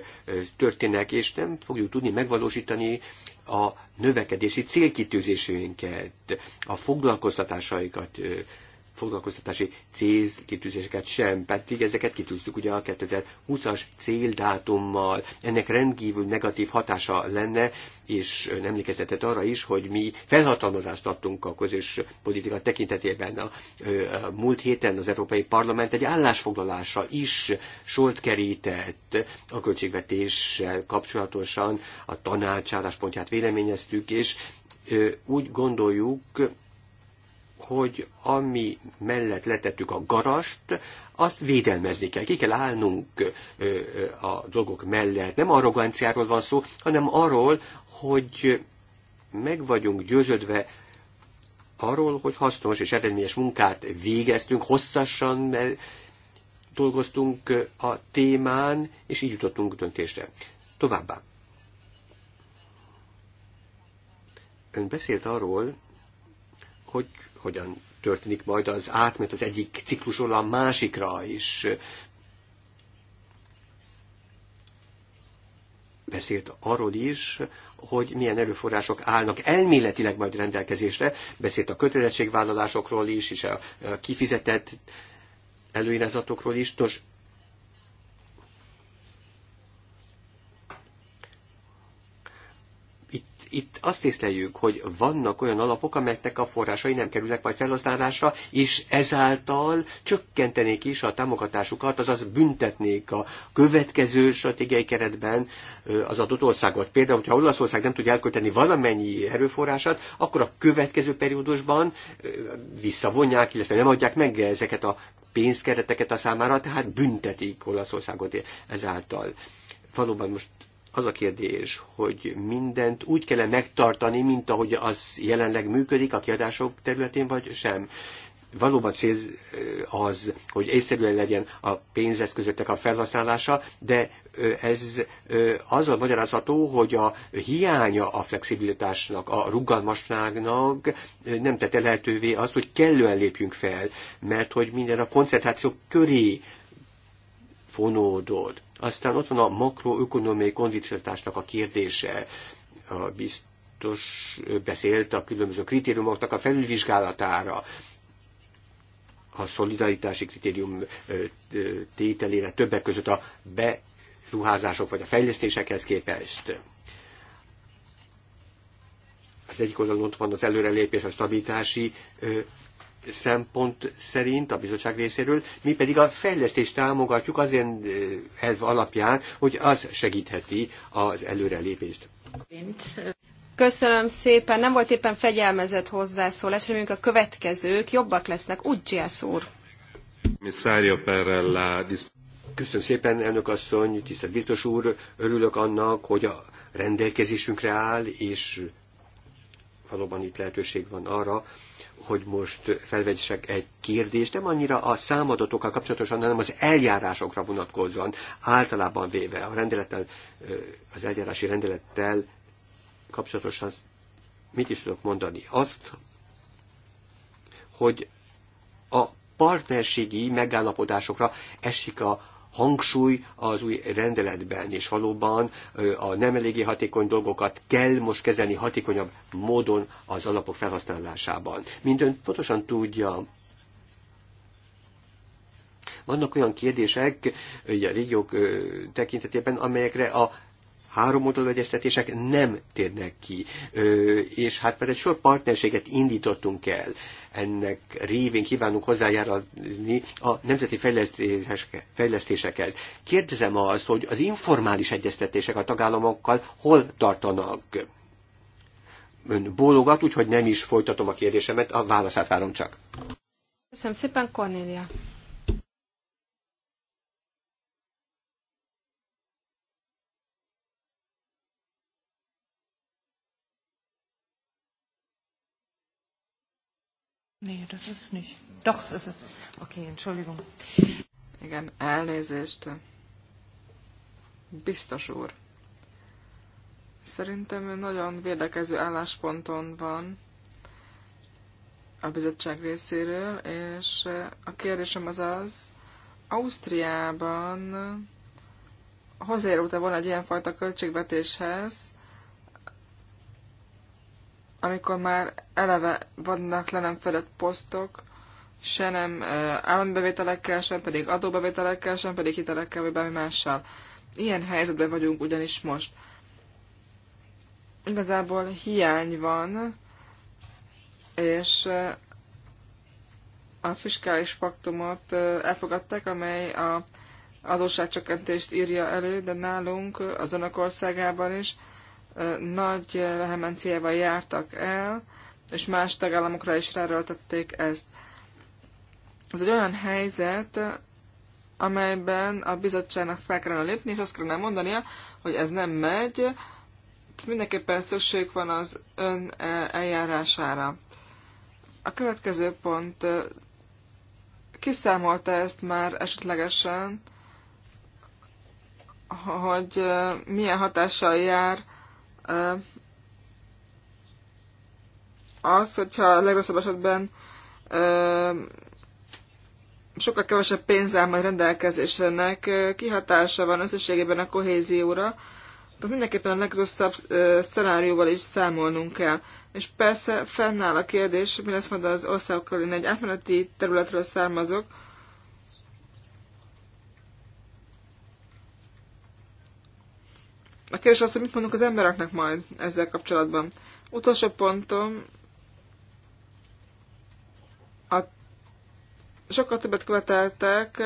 történnek, és nem fogjuk tudni megvalósítani a növekedési célkitűzésünket, a Ö, foglalkoztatási célkitűzéseket sem, pedig ezeket kitűztük ugye a 2020-as céldátummal. Ennek rendkívül negatív hatása lenne, és emlékezetet arra is, hogy mi felhatalmazást adtunk a közös politika tekintetében. A, a múlt héten az Európai Parlament egy állásfoglalása is sort kerített a költségvetéssel kapcsolatosan, a tanács álláspontját véleményeztük, és úgy gondoljuk, hogy ami mellett letettük a garast, azt védelmezni kell. Ki kell állnunk a dolgok mellett. Nem arroganciáról van szó, hanem arról, hogy meg vagyunk győződve arról, hogy hasznos és eredményes munkát végeztünk, hosszasan dolgoztunk a témán, és így jutottunk döntésre. Továbbá. Ön beszélt arról, hogy hogyan történik majd az átmenet az egyik ciklusról a másikra is. Beszélt arról is, hogy milyen erőforrások állnak elméletileg majd rendelkezésre, beszélt a kötelezettségvállalásokról is, és a kifizetett előirányzatokról is. Nos, itt azt észleljük, hogy vannak olyan alapok, amelyeknek a forrásai nem kerülnek majd felhasználásra, és ezáltal csökkentenék is a támogatásukat, azaz büntetnék a következő stratégiai keretben az adott országot. Például, hogyha Olaszország nem tudja elkölteni valamennyi erőforrását, akkor a következő periódusban visszavonják, illetve nem adják meg ezeket a pénzkereteket a számára, tehát büntetik Olaszországot ezáltal valóban most az a kérdés, hogy mindent úgy kellene megtartani, mint ahogy az jelenleg működik a kiadások területén, vagy sem. Valóban cél az, hogy észszerűen legyen a pénzeszközöknek a felhasználása, de ez azzal magyarázható, hogy a hiánya a flexibilitásnak, a rugalmasságnak nem tette lehetővé azt, hogy kellően lépjünk fel, mert hogy minden a koncentráció köré fonódott aztán ott van a makroökonomiai kondicionitásnak a kérdése. A biztos beszélt a különböző kritériumoknak a felülvizsgálatára a szolidaritási kritérium tételére többek között a beruházások vagy a fejlesztésekhez képest. Az egyik oldalon ott van az előrelépés a stabilitási szempont szerint a bizottság részéről, mi pedig a fejlesztést támogatjuk az ilyen elv alapján, hogy az segítheti az előrelépést. Köszönöm szépen, nem volt éppen fegyelmezett hozzászólás, reméljük a következők jobbak lesznek. Ugyjász úr! Köszönöm szépen, elnök asszony, tisztelt biztos úr, örülök annak, hogy a rendelkezésünkre áll, és valóban itt lehetőség van arra, hogy most felvegyesek egy kérdést, nem annyira a számadatokkal kapcsolatosan, hanem az eljárásokra vonatkozóan általában véve a rendelettel, az eljárási rendelettel kapcsolatosan mit is tudok mondani? Azt, hogy a partnerségi megállapodásokra esik a hangsúly az új rendeletben, és valóban a nem eléggé hatékony dolgokat kell most kezelni hatékonyabb módon az alapok felhasználásában. ön pontosan tudja, vannak olyan kérdések a régiók tekintetében, amelyekre a három oldalú egyeztetések nem térnek ki, és hát pedig sor partnerséget indítottunk el. Ennek révén kívánunk hozzájárulni a nemzeti fejlesztésekhez. Kérdezem azt, hogy az informális egyeztetések a tagállamokkal hol tartanak? Ön bólogat, úgyhogy nem is folytatom a kérdésemet, a válaszát várom csak. Köszönöm szépen, Cornélia. Nee, das ist nicht. Doch, es ist es. Okay, Entschuldigung. Igen, elnézést. Biztos úr. Szerintem ő nagyon védekező állásponton van a bizottság részéről, és a kérdésem az az, Ausztriában hozzájárult-e volna egy ilyenfajta költségvetéshez, amikor már eleve vannak le nem fedett posztok, se nem állami bevételekkel, sem pedig adóbevételekkel, sem pedig hitelekkel, vagy bármi mással. Ilyen helyzetben vagyunk ugyanis most. Igazából hiány van, és a fiskális paktumot elfogadták, amely a adósságcsökkentést írja elő, de nálunk az önök országában is nagy vehemenciával jártak el, és más tagállamokra is ráröltették ezt. Ez egy olyan helyzet, amelyben a bizottságnak fel kellene lépni, és azt kellene mondania, hogy ez nem megy, mindenképpen szükség van az ön e, eljárására. A következő pont, kiszámolta ezt már esetlegesen, hogy milyen hatással jár az, hogyha a legrosszabb esetben sokkal kevesebb pénz áll majd rendelkezésrenek, kihatása van összességében a kohézióra, tehát mindenképpen a legrosszabb szenárióval is számolnunk kell. És persze fennáll a kérdés, mi lesz majd az országokkal, én egy átmeneti területről származok, A kérdés az, hogy mit mondunk az embereknek majd ezzel kapcsolatban. Utolsó pontom, a sokkal többet követeltek,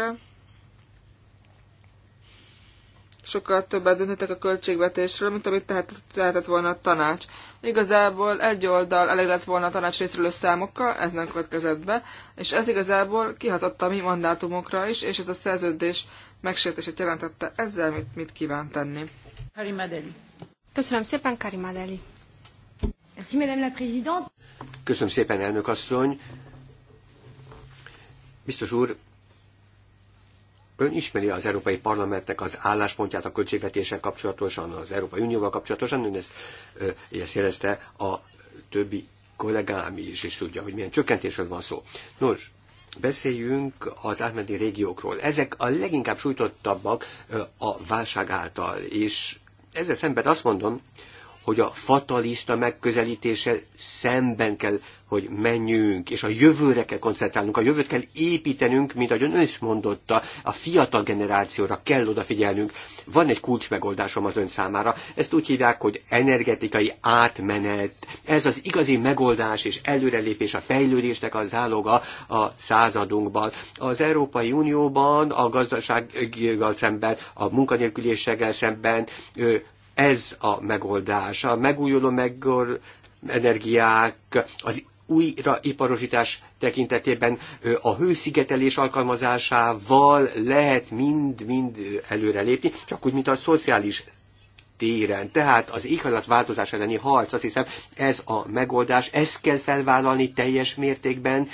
sokkal többet döntöttek a költségvetésről, mint amit tehetett, tehetett volna a tanács. Igazából egy oldal elég lett volna a tanács részről számokkal, ez nem következett be, és ez igazából kihatott a mi mandátumokra is, és ez a szerződés megsértését jelentette. Ezzel mit, mit kíván tenni? Karimadeli. Köszönöm szépen, Karimadeli. Merci, Madame la Présidente. Köszönöm szépen, elnök asszony. Biztos úr, Ön ismeri az Európai Parlamentnek az álláspontját a költségvetéssel kapcsolatosan, az Európai Unióval kapcsolatosan, ön ezt, ezt jelezte a többi kollégám is, és tudja, hogy milyen csökkentésről van szó. Nos, beszéljünk az átmeneti régiókról. Ezek a leginkább sújtottabbak a válság által, és ezzel szemben azt mondom, hogy a fatalista megközelítéssel szemben kell, hogy menjünk, és a jövőre kell koncentrálnunk, a jövőt kell építenünk, mint ahogy ön is mondotta, a fiatal generációra kell odafigyelnünk. Van egy kulcsmegoldásom megoldásom az ön számára, ezt úgy hívják, hogy energetikai átmenet. Ez az igazi megoldás és előrelépés, a fejlődésnek a záloga a századunkban. Az Európai Unióban a gazdasággal szemben, a munkanélküliséggel szemben ez a megoldás. A megújuló megor energiák, az újraiparosítás tekintetében a hőszigetelés alkalmazásával lehet mind-mind előrelépni, csak úgy, mint a szociális téren. Tehát az változás elleni harc, azt hiszem, ez a megoldás, ezt kell felvállalni teljes mértékben,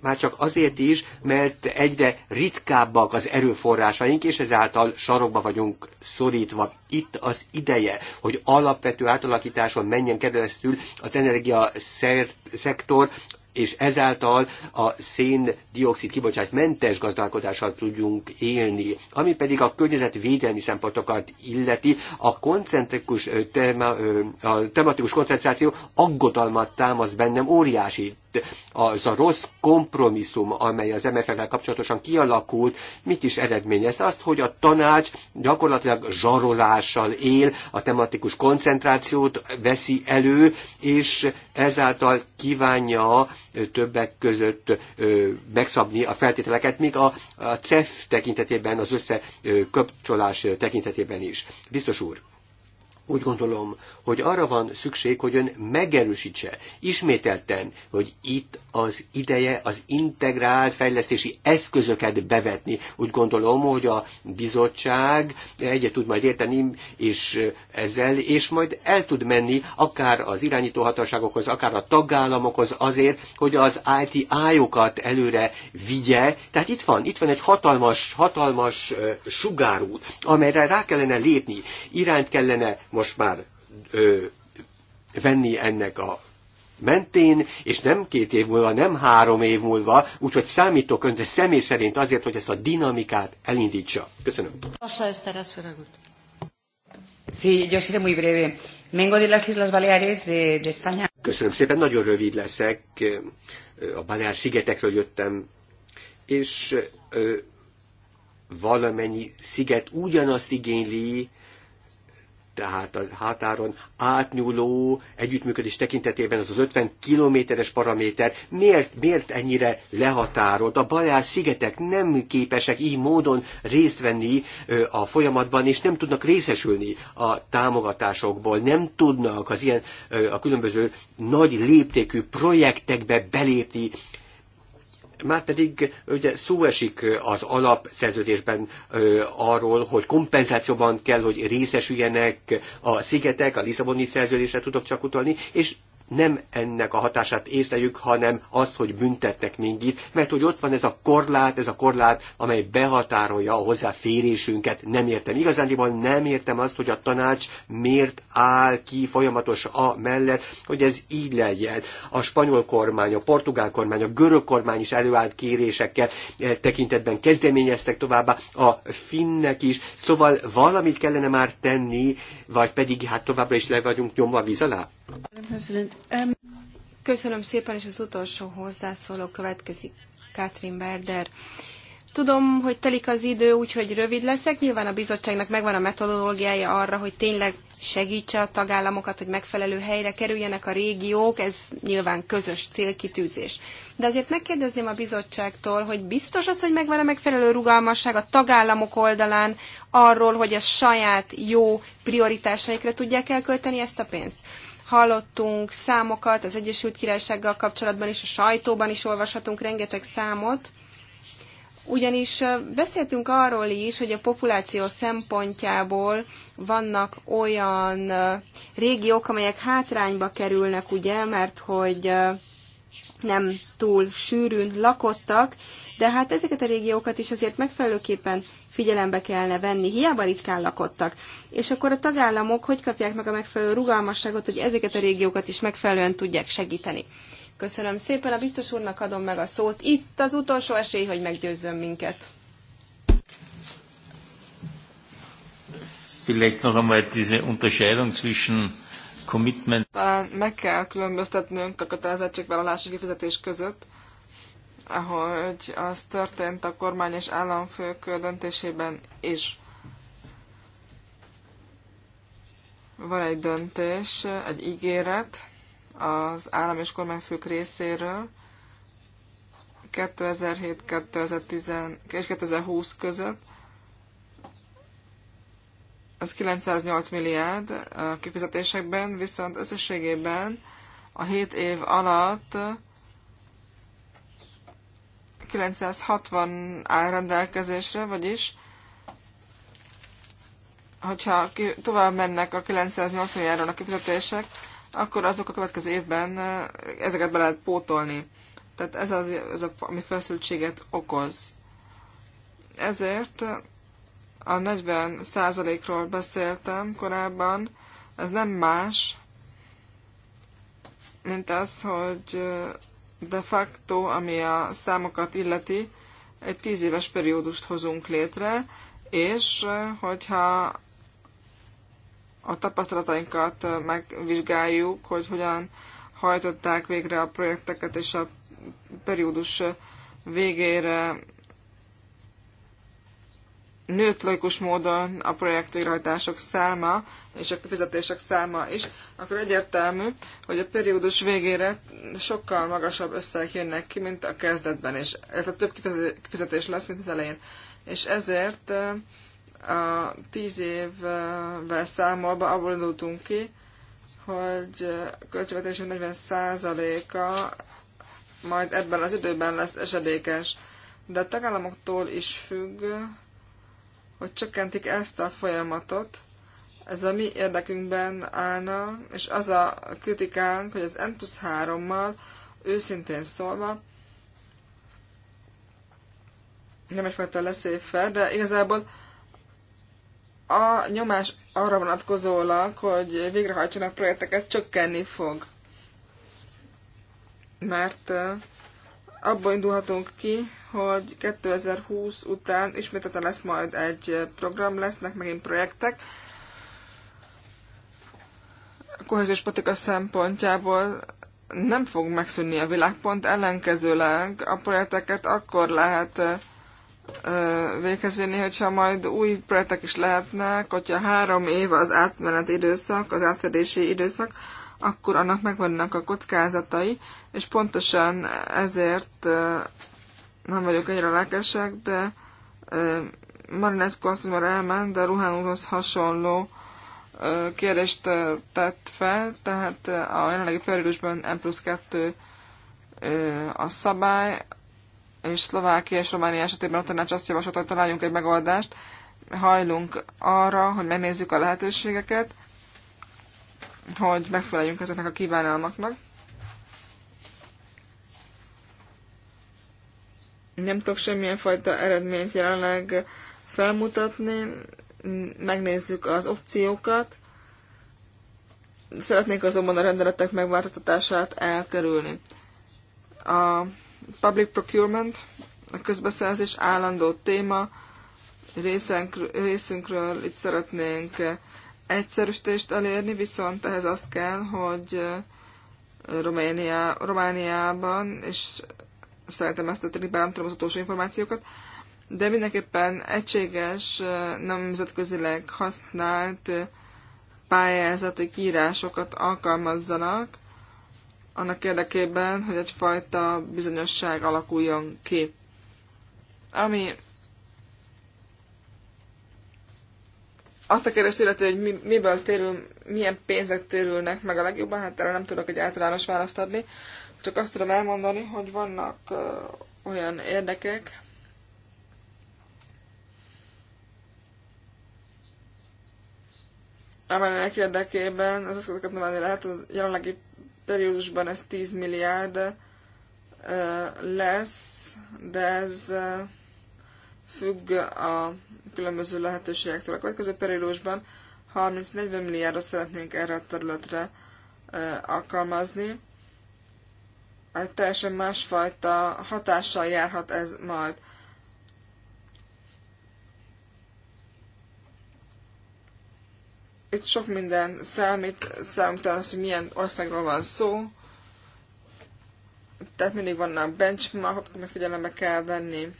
már csak azért is, mert egyre ritkábbak az erőforrásaink, és ezáltal sarokba vagyunk szorítva. Itt az ideje, hogy alapvető átalakításon menjen keresztül az energiaszektor szektor és ezáltal a szén-dioxid mentes gazdálkodással tudjunk élni. Ami pedig a környezetvédelmi szempontokat illeti, a, koncentrikus tema, a tematikus koncentráció aggodalmat támaszt bennem óriási az a rossz kompromisszum, amely az MFF-vel kapcsolatosan kialakult, mit is eredményez? Azt, hogy a tanács gyakorlatilag zsarolással él, a tematikus koncentrációt veszi elő, és ezáltal kívánja többek között megszabni a feltételeket, még a, a CEF tekintetében, az összekapcsolás tekintetében is. Biztos úr! Úgy gondolom, hogy arra van szükség, hogy ön megerősítse ismételten, hogy itt az ideje az integrált fejlesztési eszközöket bevetni. Úgy gondolom, hogy a bizottság egyet tud majd érteni, és ezzel, és majd el tud menni akár az irányító hatóságokhoz, akár a tagállamokhoz azért, hogy az IT-ájokat előre vigye. Tehát itt van, itt van egy hatalmas, hatalmas sugárút, amelyre rá kellene lépni, irányt kellene most már ö, venni ennek a mentén, és nem két év múlva, nem három év múlva, úgyhogy számítok önre személy szerint azért, hogy ezt a dinamikát elindítsa. Köszönöm. Sí, yo seré muy breve. Vengo de las Islas Baleares de, de España. Köszönöm szépen, nagyon rövid leszek. A Balear szigetekről jöttem, és ö, valamennyi sziget ugyanazt igényli, tehát a határon átnyúló együttműködés tekintetében az az 50 kilométeres paraméter miért, miért ennyire lehatárolt? A Balear szigetek nem képesek így módon részt venni a folyamatban, és nem tudnak részesülni a támogatásokból, nem tudnak az ilyen a különböző nagy léptékű projektekbe belépni Márpedig ugye szó esik az alapszerződésben ö, arról, hogy kompenzációban kell, hogy részesüljenek a szigetek, a Lisszaboni szerződésre tudok csak utalni, és nem ennek a hatását észleljük, hanem azt, hogy büntetnek mindig, mert hogy ott van ez a korlát, ez a korlát, amely behatárolja a hozzáférésünket. Nem értem. Igazándiból nem értem azt, hogy a tanács miért áll ki folyamatos a mellett, hogy ez így legyen. A spanyol kormány, a portugál kormány, a görög kormány is előállt kérésekkel e, tekintetben kezdeményeztek továbbá a finnek is. Szóval valamit kellene már tenni, vagy pedig hát továbbra is le vagyunk nyomva víz alá. President. Köszönöm szépen, és az utolsó hozzászóló következik, Katrin Berder. Tudom, hogy telik az idő, úgyhogy rövid leszek. Nyilván a bizottságnak megvan a metodológiája arra, hogy tényleg segítse a tagállamokat, hogy megfelelő helyre kerüljenek a régiók, ez nyilván közös célkitűzés. De azért megkérdezném a bizottságtól, hogy biztos az, hogy megvan a megfelelő rugalmasság a tagállamok oldalán arról, hogy a saját jó prioritásaikra tudják elkölteni ezt a pénzt hallottunk számokat, az Egyesült Királysággal kapcsolatban is, a sajtóban is olvashatunk rengeteg számot, ugyanis beszéltünk arról is, hogy a populáció szempontjából vannak olyan régiók, amelyek hátrányba kerülnek, ugye, mert hogy nem túl sűrűn lakottak, de hát ezeket a régiókat is azért megfelelőképpen figyelembe kellene venni, hiába ritkán lakottak. És akkor a tagállamok hogy kapják meg a megfelelő rugalmasságot, hogy ezeket a régiókat is megfelelően tudják segíteni. Köszönöm szépen, a biztos úrnak adom meg a szót. Itt az utolsó esély, hogy meggyőzzön minket. Vielleicht noch einmal diese Unterscheidung zwischen Commitment. Meg kell különböztetnünk a kötelezettségvállalási kifizetés között ahogy az történt a kormány és államfők döntésében is. Van egy döntés, egy ígéret az állam és kormányfők részéről 2007 -2010 és 2020 között. Az 908 milliárd a kifizetésekben, viszont összességében a 7 év alatt 960 áll rendelkezésre, vagyis hogyha ki, tovább mennek a 980 járon a kifizetések, akkor azok a következő évben ezeket be lehet pótolni. Tehát ez az, ez a, ami feszültséget okoz. Ezért a 40%-ról beszéltem korábban, ez nem más, mint az, hogy de facto, ami a számokat illeti, egy tíz éves periódust hozunk létre, és hogyha a tapasztalatainkat megvizsgáljuk, hogy hogyan hajtották végre a projekteket, és a periódus végére nőtt logikus módon a projektirajtások száma és a kifizetések száma is, akkor egyértelmű, hogy a periódus végére sokkal magasabb összegek jönnek ki, mint a kezdetben, és ez a több kifizetés lesz, mint az elején. És ezért eh, a tíz évvel számolva abból indultunk ki, hogy a költségvetésünk 40%-a majd ebben az időben lesz esedékes, de a tagállamoktól is függ, hogy csökkentik ezt a folyamatot, ez a mi érdekünkben állna, és az a kritikánk, hogy az N plusz 3-mal őszintén szólva nem egyfajta leszél fel, de igazából a nyomás arra vonatkozólag, hogy végrehajtsanak projekteket, csökkenni fog. Mert abból indulhatunk ki, hogy 2020 után ismételten lesz majd egy program, lesznek megint projektek. A kohéziós politika szempontjából nem fog megszűnni a világpont, ellenkezőleg a projekteket akkor lehet véghez vinni, hogyha majd új projektek is lehetnek, hogyha három év az átmeneti időszak, az átfedési időszak, akkor annak megvannak a kockázatai, és pontosan ezért nem vagyok egyre lelkesek, de Marinescu azt már elment, de Ruhán úrhoz hasonló kérdést tett fel, tehát a jelenlegi periódusban M plusz 2 a szabály, és Szlovákia és Románia esetében a tanács azt javasolta, hogy találjunk egy megoldást, hajlunk arra, hogy megnézzük a lehetőségeket, hogy megfeleljünk ezeknek a kívánalmaknak. Nem tudok semmilyen fajta eredményt jelenleg felmutatni, megnézzük az opciókat. Szeretnék azonban a rendeletek megváltoztatását elkerülni. A public procurement, a közbeszerzés állandó téma, részünkről itt szeretnénk egyszerűsítést elérni, viszont ehhez az kell, hogy Románia, Romániában, és szeretem ezt a tribán tudom információkat, de mindenképpen egységes, nemzetközileg használt pályázati kiírásokat alkalmazzanak, annak érdekében, hogy egyfajta bizonyosság alakuljon ki. Ami azt a kérdést illeti, hogy mi, miből térül, milyen pénzek térülnek meg a legjobban, hát erre nem tudok egy általános választ adni, csak azt tudom elmondani, hogy vannak ö, olyan érdekek, amelynek érdekében az eszközöket nem lehet, az jelenlegi periódusban ez 10 milliárd lesz, de ez függ a különböző lehetőségektől. A következő periódusban 30-40 milliárdot szeretnénk erre a területre alkalmazni. Egy teljesen másfajta hatással járhat ez majd. Itt sok minden számít, számítan az, hogy milyen országról van szó. Tehát mindig vannak benchmarkok, amit figyelembe kell venni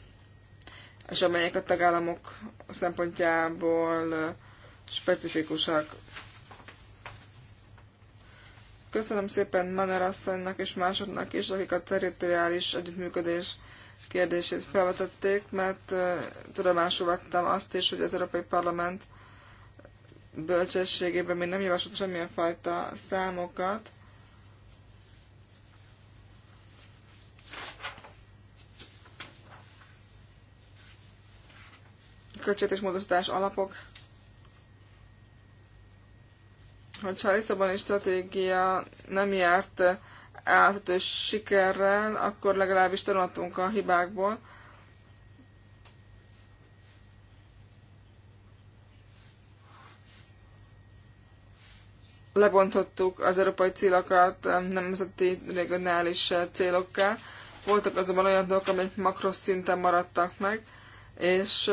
és amelyek a tagállamok szempontjából specifikusak. Köszönöm szépen Manner asszonynak és másoknak is, akik a territoriális együttműködés kérdését felvetették, mert tudomásul vettem azt is, hogy az Európai Parlament bölcsességében még nem javasolt semmilyen fajta számokat, és módosítás alapok. Hogyha a Lisszaboni stratégia nem járt állható sikerrel, akkor legalábbis tanultunk a hibákból. lebontottuk az európai célokat nemzeti regionális célokká. Voltak azonban olyan dolgok, amik makrosz szinten maradtak meg, és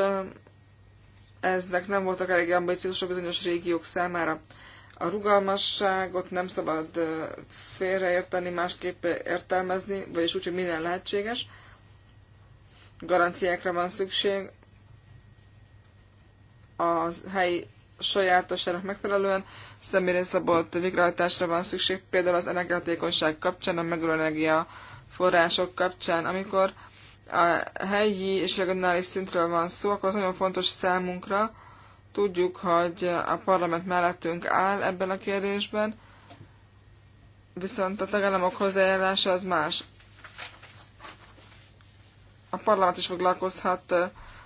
eznek nem voltak elég ambiciósak bizonyos régiók számára. A rugalmasságot nem szabad félreérteni, másképp értelmezni, vagyis úgy, hogy minden lehetséges. Garanciákra van szükség a helyi sajátosságnak megfelelően, személyre szabott végrehajtásra van szükség, például az energiatékonyság kapcsán, a megújuló energia források kapcsán, amikor a helyi és regionális szintről van szó, akkor az nagyon fontos számunkra. Tudjuk, hogy a parlament mellettünk áll ebben a kérdésben, viszont a tagállamok hozzájárulása az más. A parlament is foglalkozhat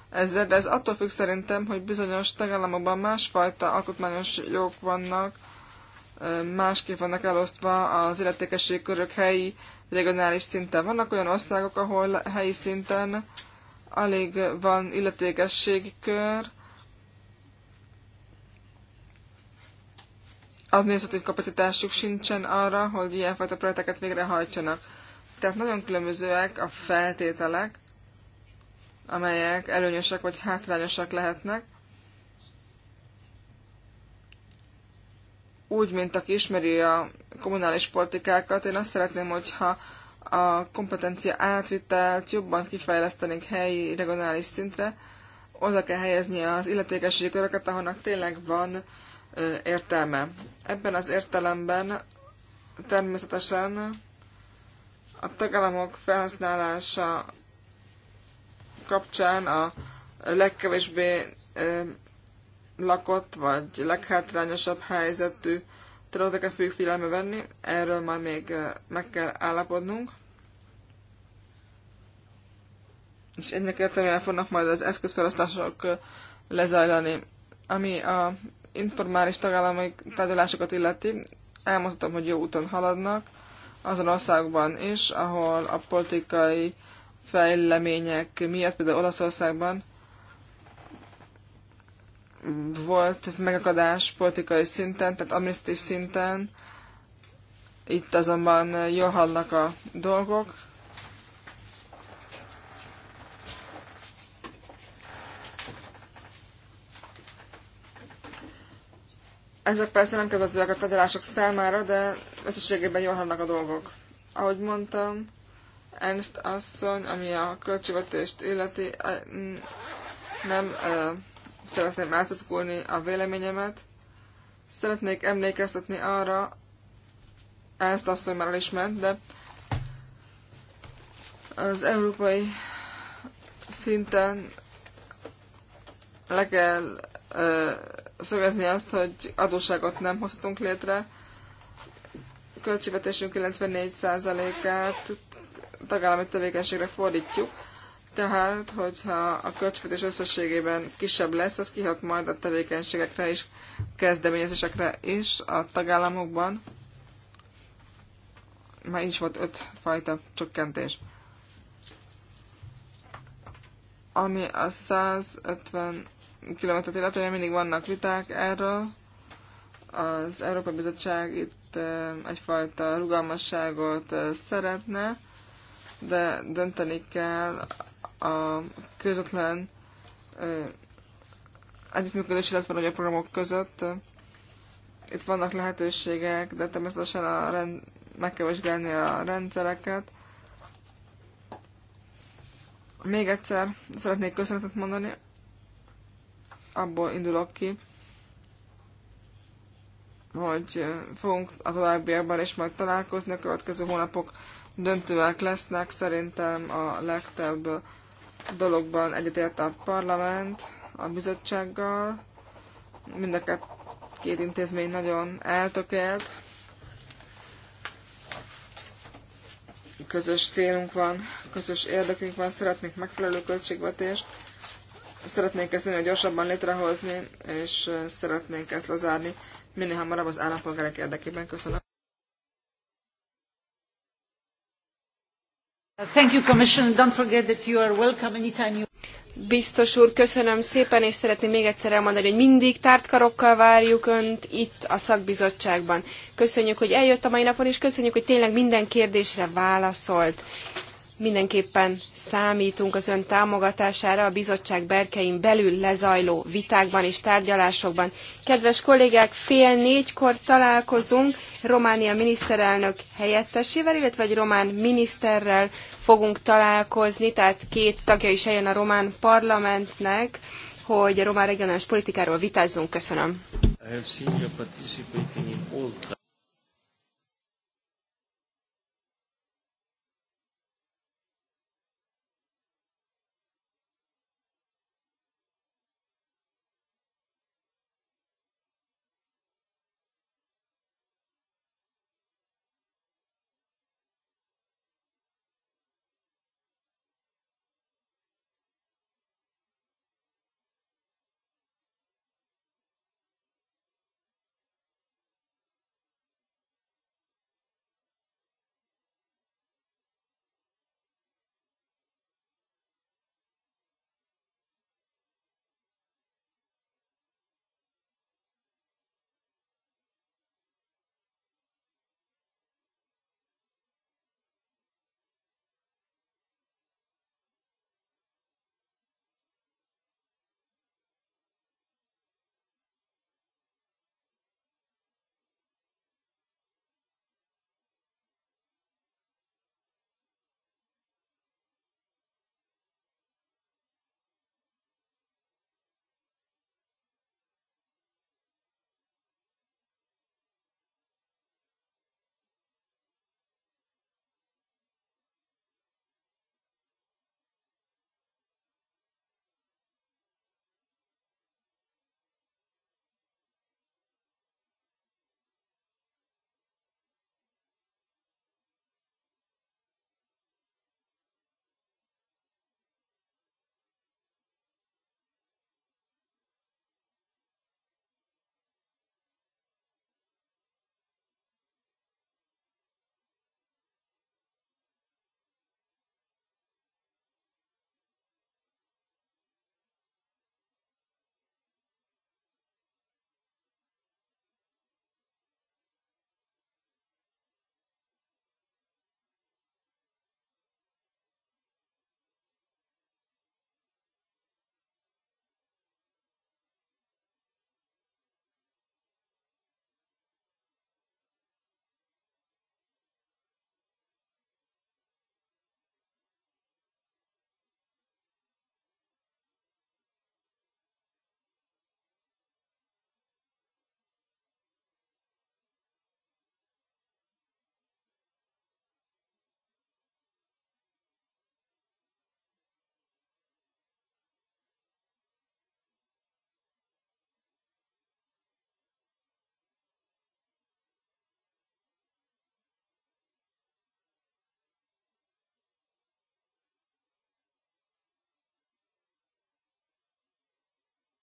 ezzel, de ez attól függ szerintem, hogy bizonyos tagállamokban másfajta alkotmányos jogok vannak, másképp vannak elosztva az illetékesség körök helyi regionális szinten. Vannak olyan országok, ahol helyi szinten alig van illetékességi kör, administratív kapacitásuk sincsen arra, hogy ilyenfajta projekteket végrehajtsanak. Tehát nagyon különbözőek a feltételek, amelyek előnyösek vagy hátrányosak lehetnek. Úgy, mint aki ismeri a kommunális politikákat. Én azt szeretném, hogyha a kompetencia átvitelt jobban kifejlesztenénk helyi, regionális szintre, oda kell helyezni az illetékességi köröket, ahonnak tényleg van ö, értelme. Ebben az értelemben természetesen a tagállamok felhasználása kapcsán a legkevésbé ö, lakott vagy leghátrányosabb helyzetű területeket fogjuk figyelembe venni, erről majd még meg kell állapodnunk. És ennek értelmében fognak majd az eszközfelosztások lezajlani. Ami a informális tagállami tárgyalásokat illeti, elmondhatom, hogy jó úton haladnak, azon országban is, ahol a politikai fejlemények miatt, például Olaszországban volt megakadás politikai szinten, tehát administratív szinten. Itt azonban jól hallnak a dolgok. Ezek persze nem kedvezőek a tárgyalások számára, de összességében jól hallnak a dolgok. Ahogy mondtam, Ernst asszony, ami a költségvetést illeti, eh, mm, nem eh, szeretném eltutkulni a véleményemet. Szeretnék emlékeztetni arra, ezt asszony már el is ment, de az európai szinten le kell ö, szögezni azt, hogy adósságot nem hoztunk létre. Költségvetésünk 94%-át tagállami tevékenységre fordítjuk. Tehát, hogyha a költségvetés összességében kisebb lesz, az kihat majd a tevékenységekre és kezdeményezésekre is a tagállamokban. Már is volt öt fajta csökkentés. Ami a 150 kilométert illetően mindig vannak viták erről. Az Európai Bizottság itt egyfajta rugalmasságot szeretne, de dönteni kell a közvetlen együttműködés, illetve a programok között. Itt vannak lehetőségek, de természetesen a rend, meg kell vizsgálni a rendszereket. Még egyszer szeretnék köszönetet mondani, abból indulok ki, hogy fogunk a továbbiakban is majd találkozni, a következő hónapok döntőek lesznek, szerintem a legtöbb dologban egyetért a parlament, a bizottsággal, mind a két intézmény nagyon eltökélt. Közös célunk van, közös érdekünk van, szeretnénk megfelelő költségvetést, szeretnénk ezt minél gyorsabban létrehozni, és szeretnénk ezt lezárni minél hamarabb az állampolgárok érdekében. Köszönöm. Biztos úr, köszönöm szépen, és szeretném még egyszer elmondani, hogy mindig tártkarokkal várjuk Önt itt a szakbizottságban. Köszönjük, hogy eljött a mai napon, és köszönjük, hogy tényleg minden kérdésre válaszolt. Mindenképpen számítunk az ön támogatására a bizottság berkein belül lezajló vitákban és tárgyalásokban. Kedves kollégák, fél négykor találkozunk Románia miniszterelnök helyettesével, illetve egy román miniszterrel fogunk találkozni, tehát két tagja is eljön a román parlamentnek, hogy a román regionális politikáról vitázzunk. Köszönöm.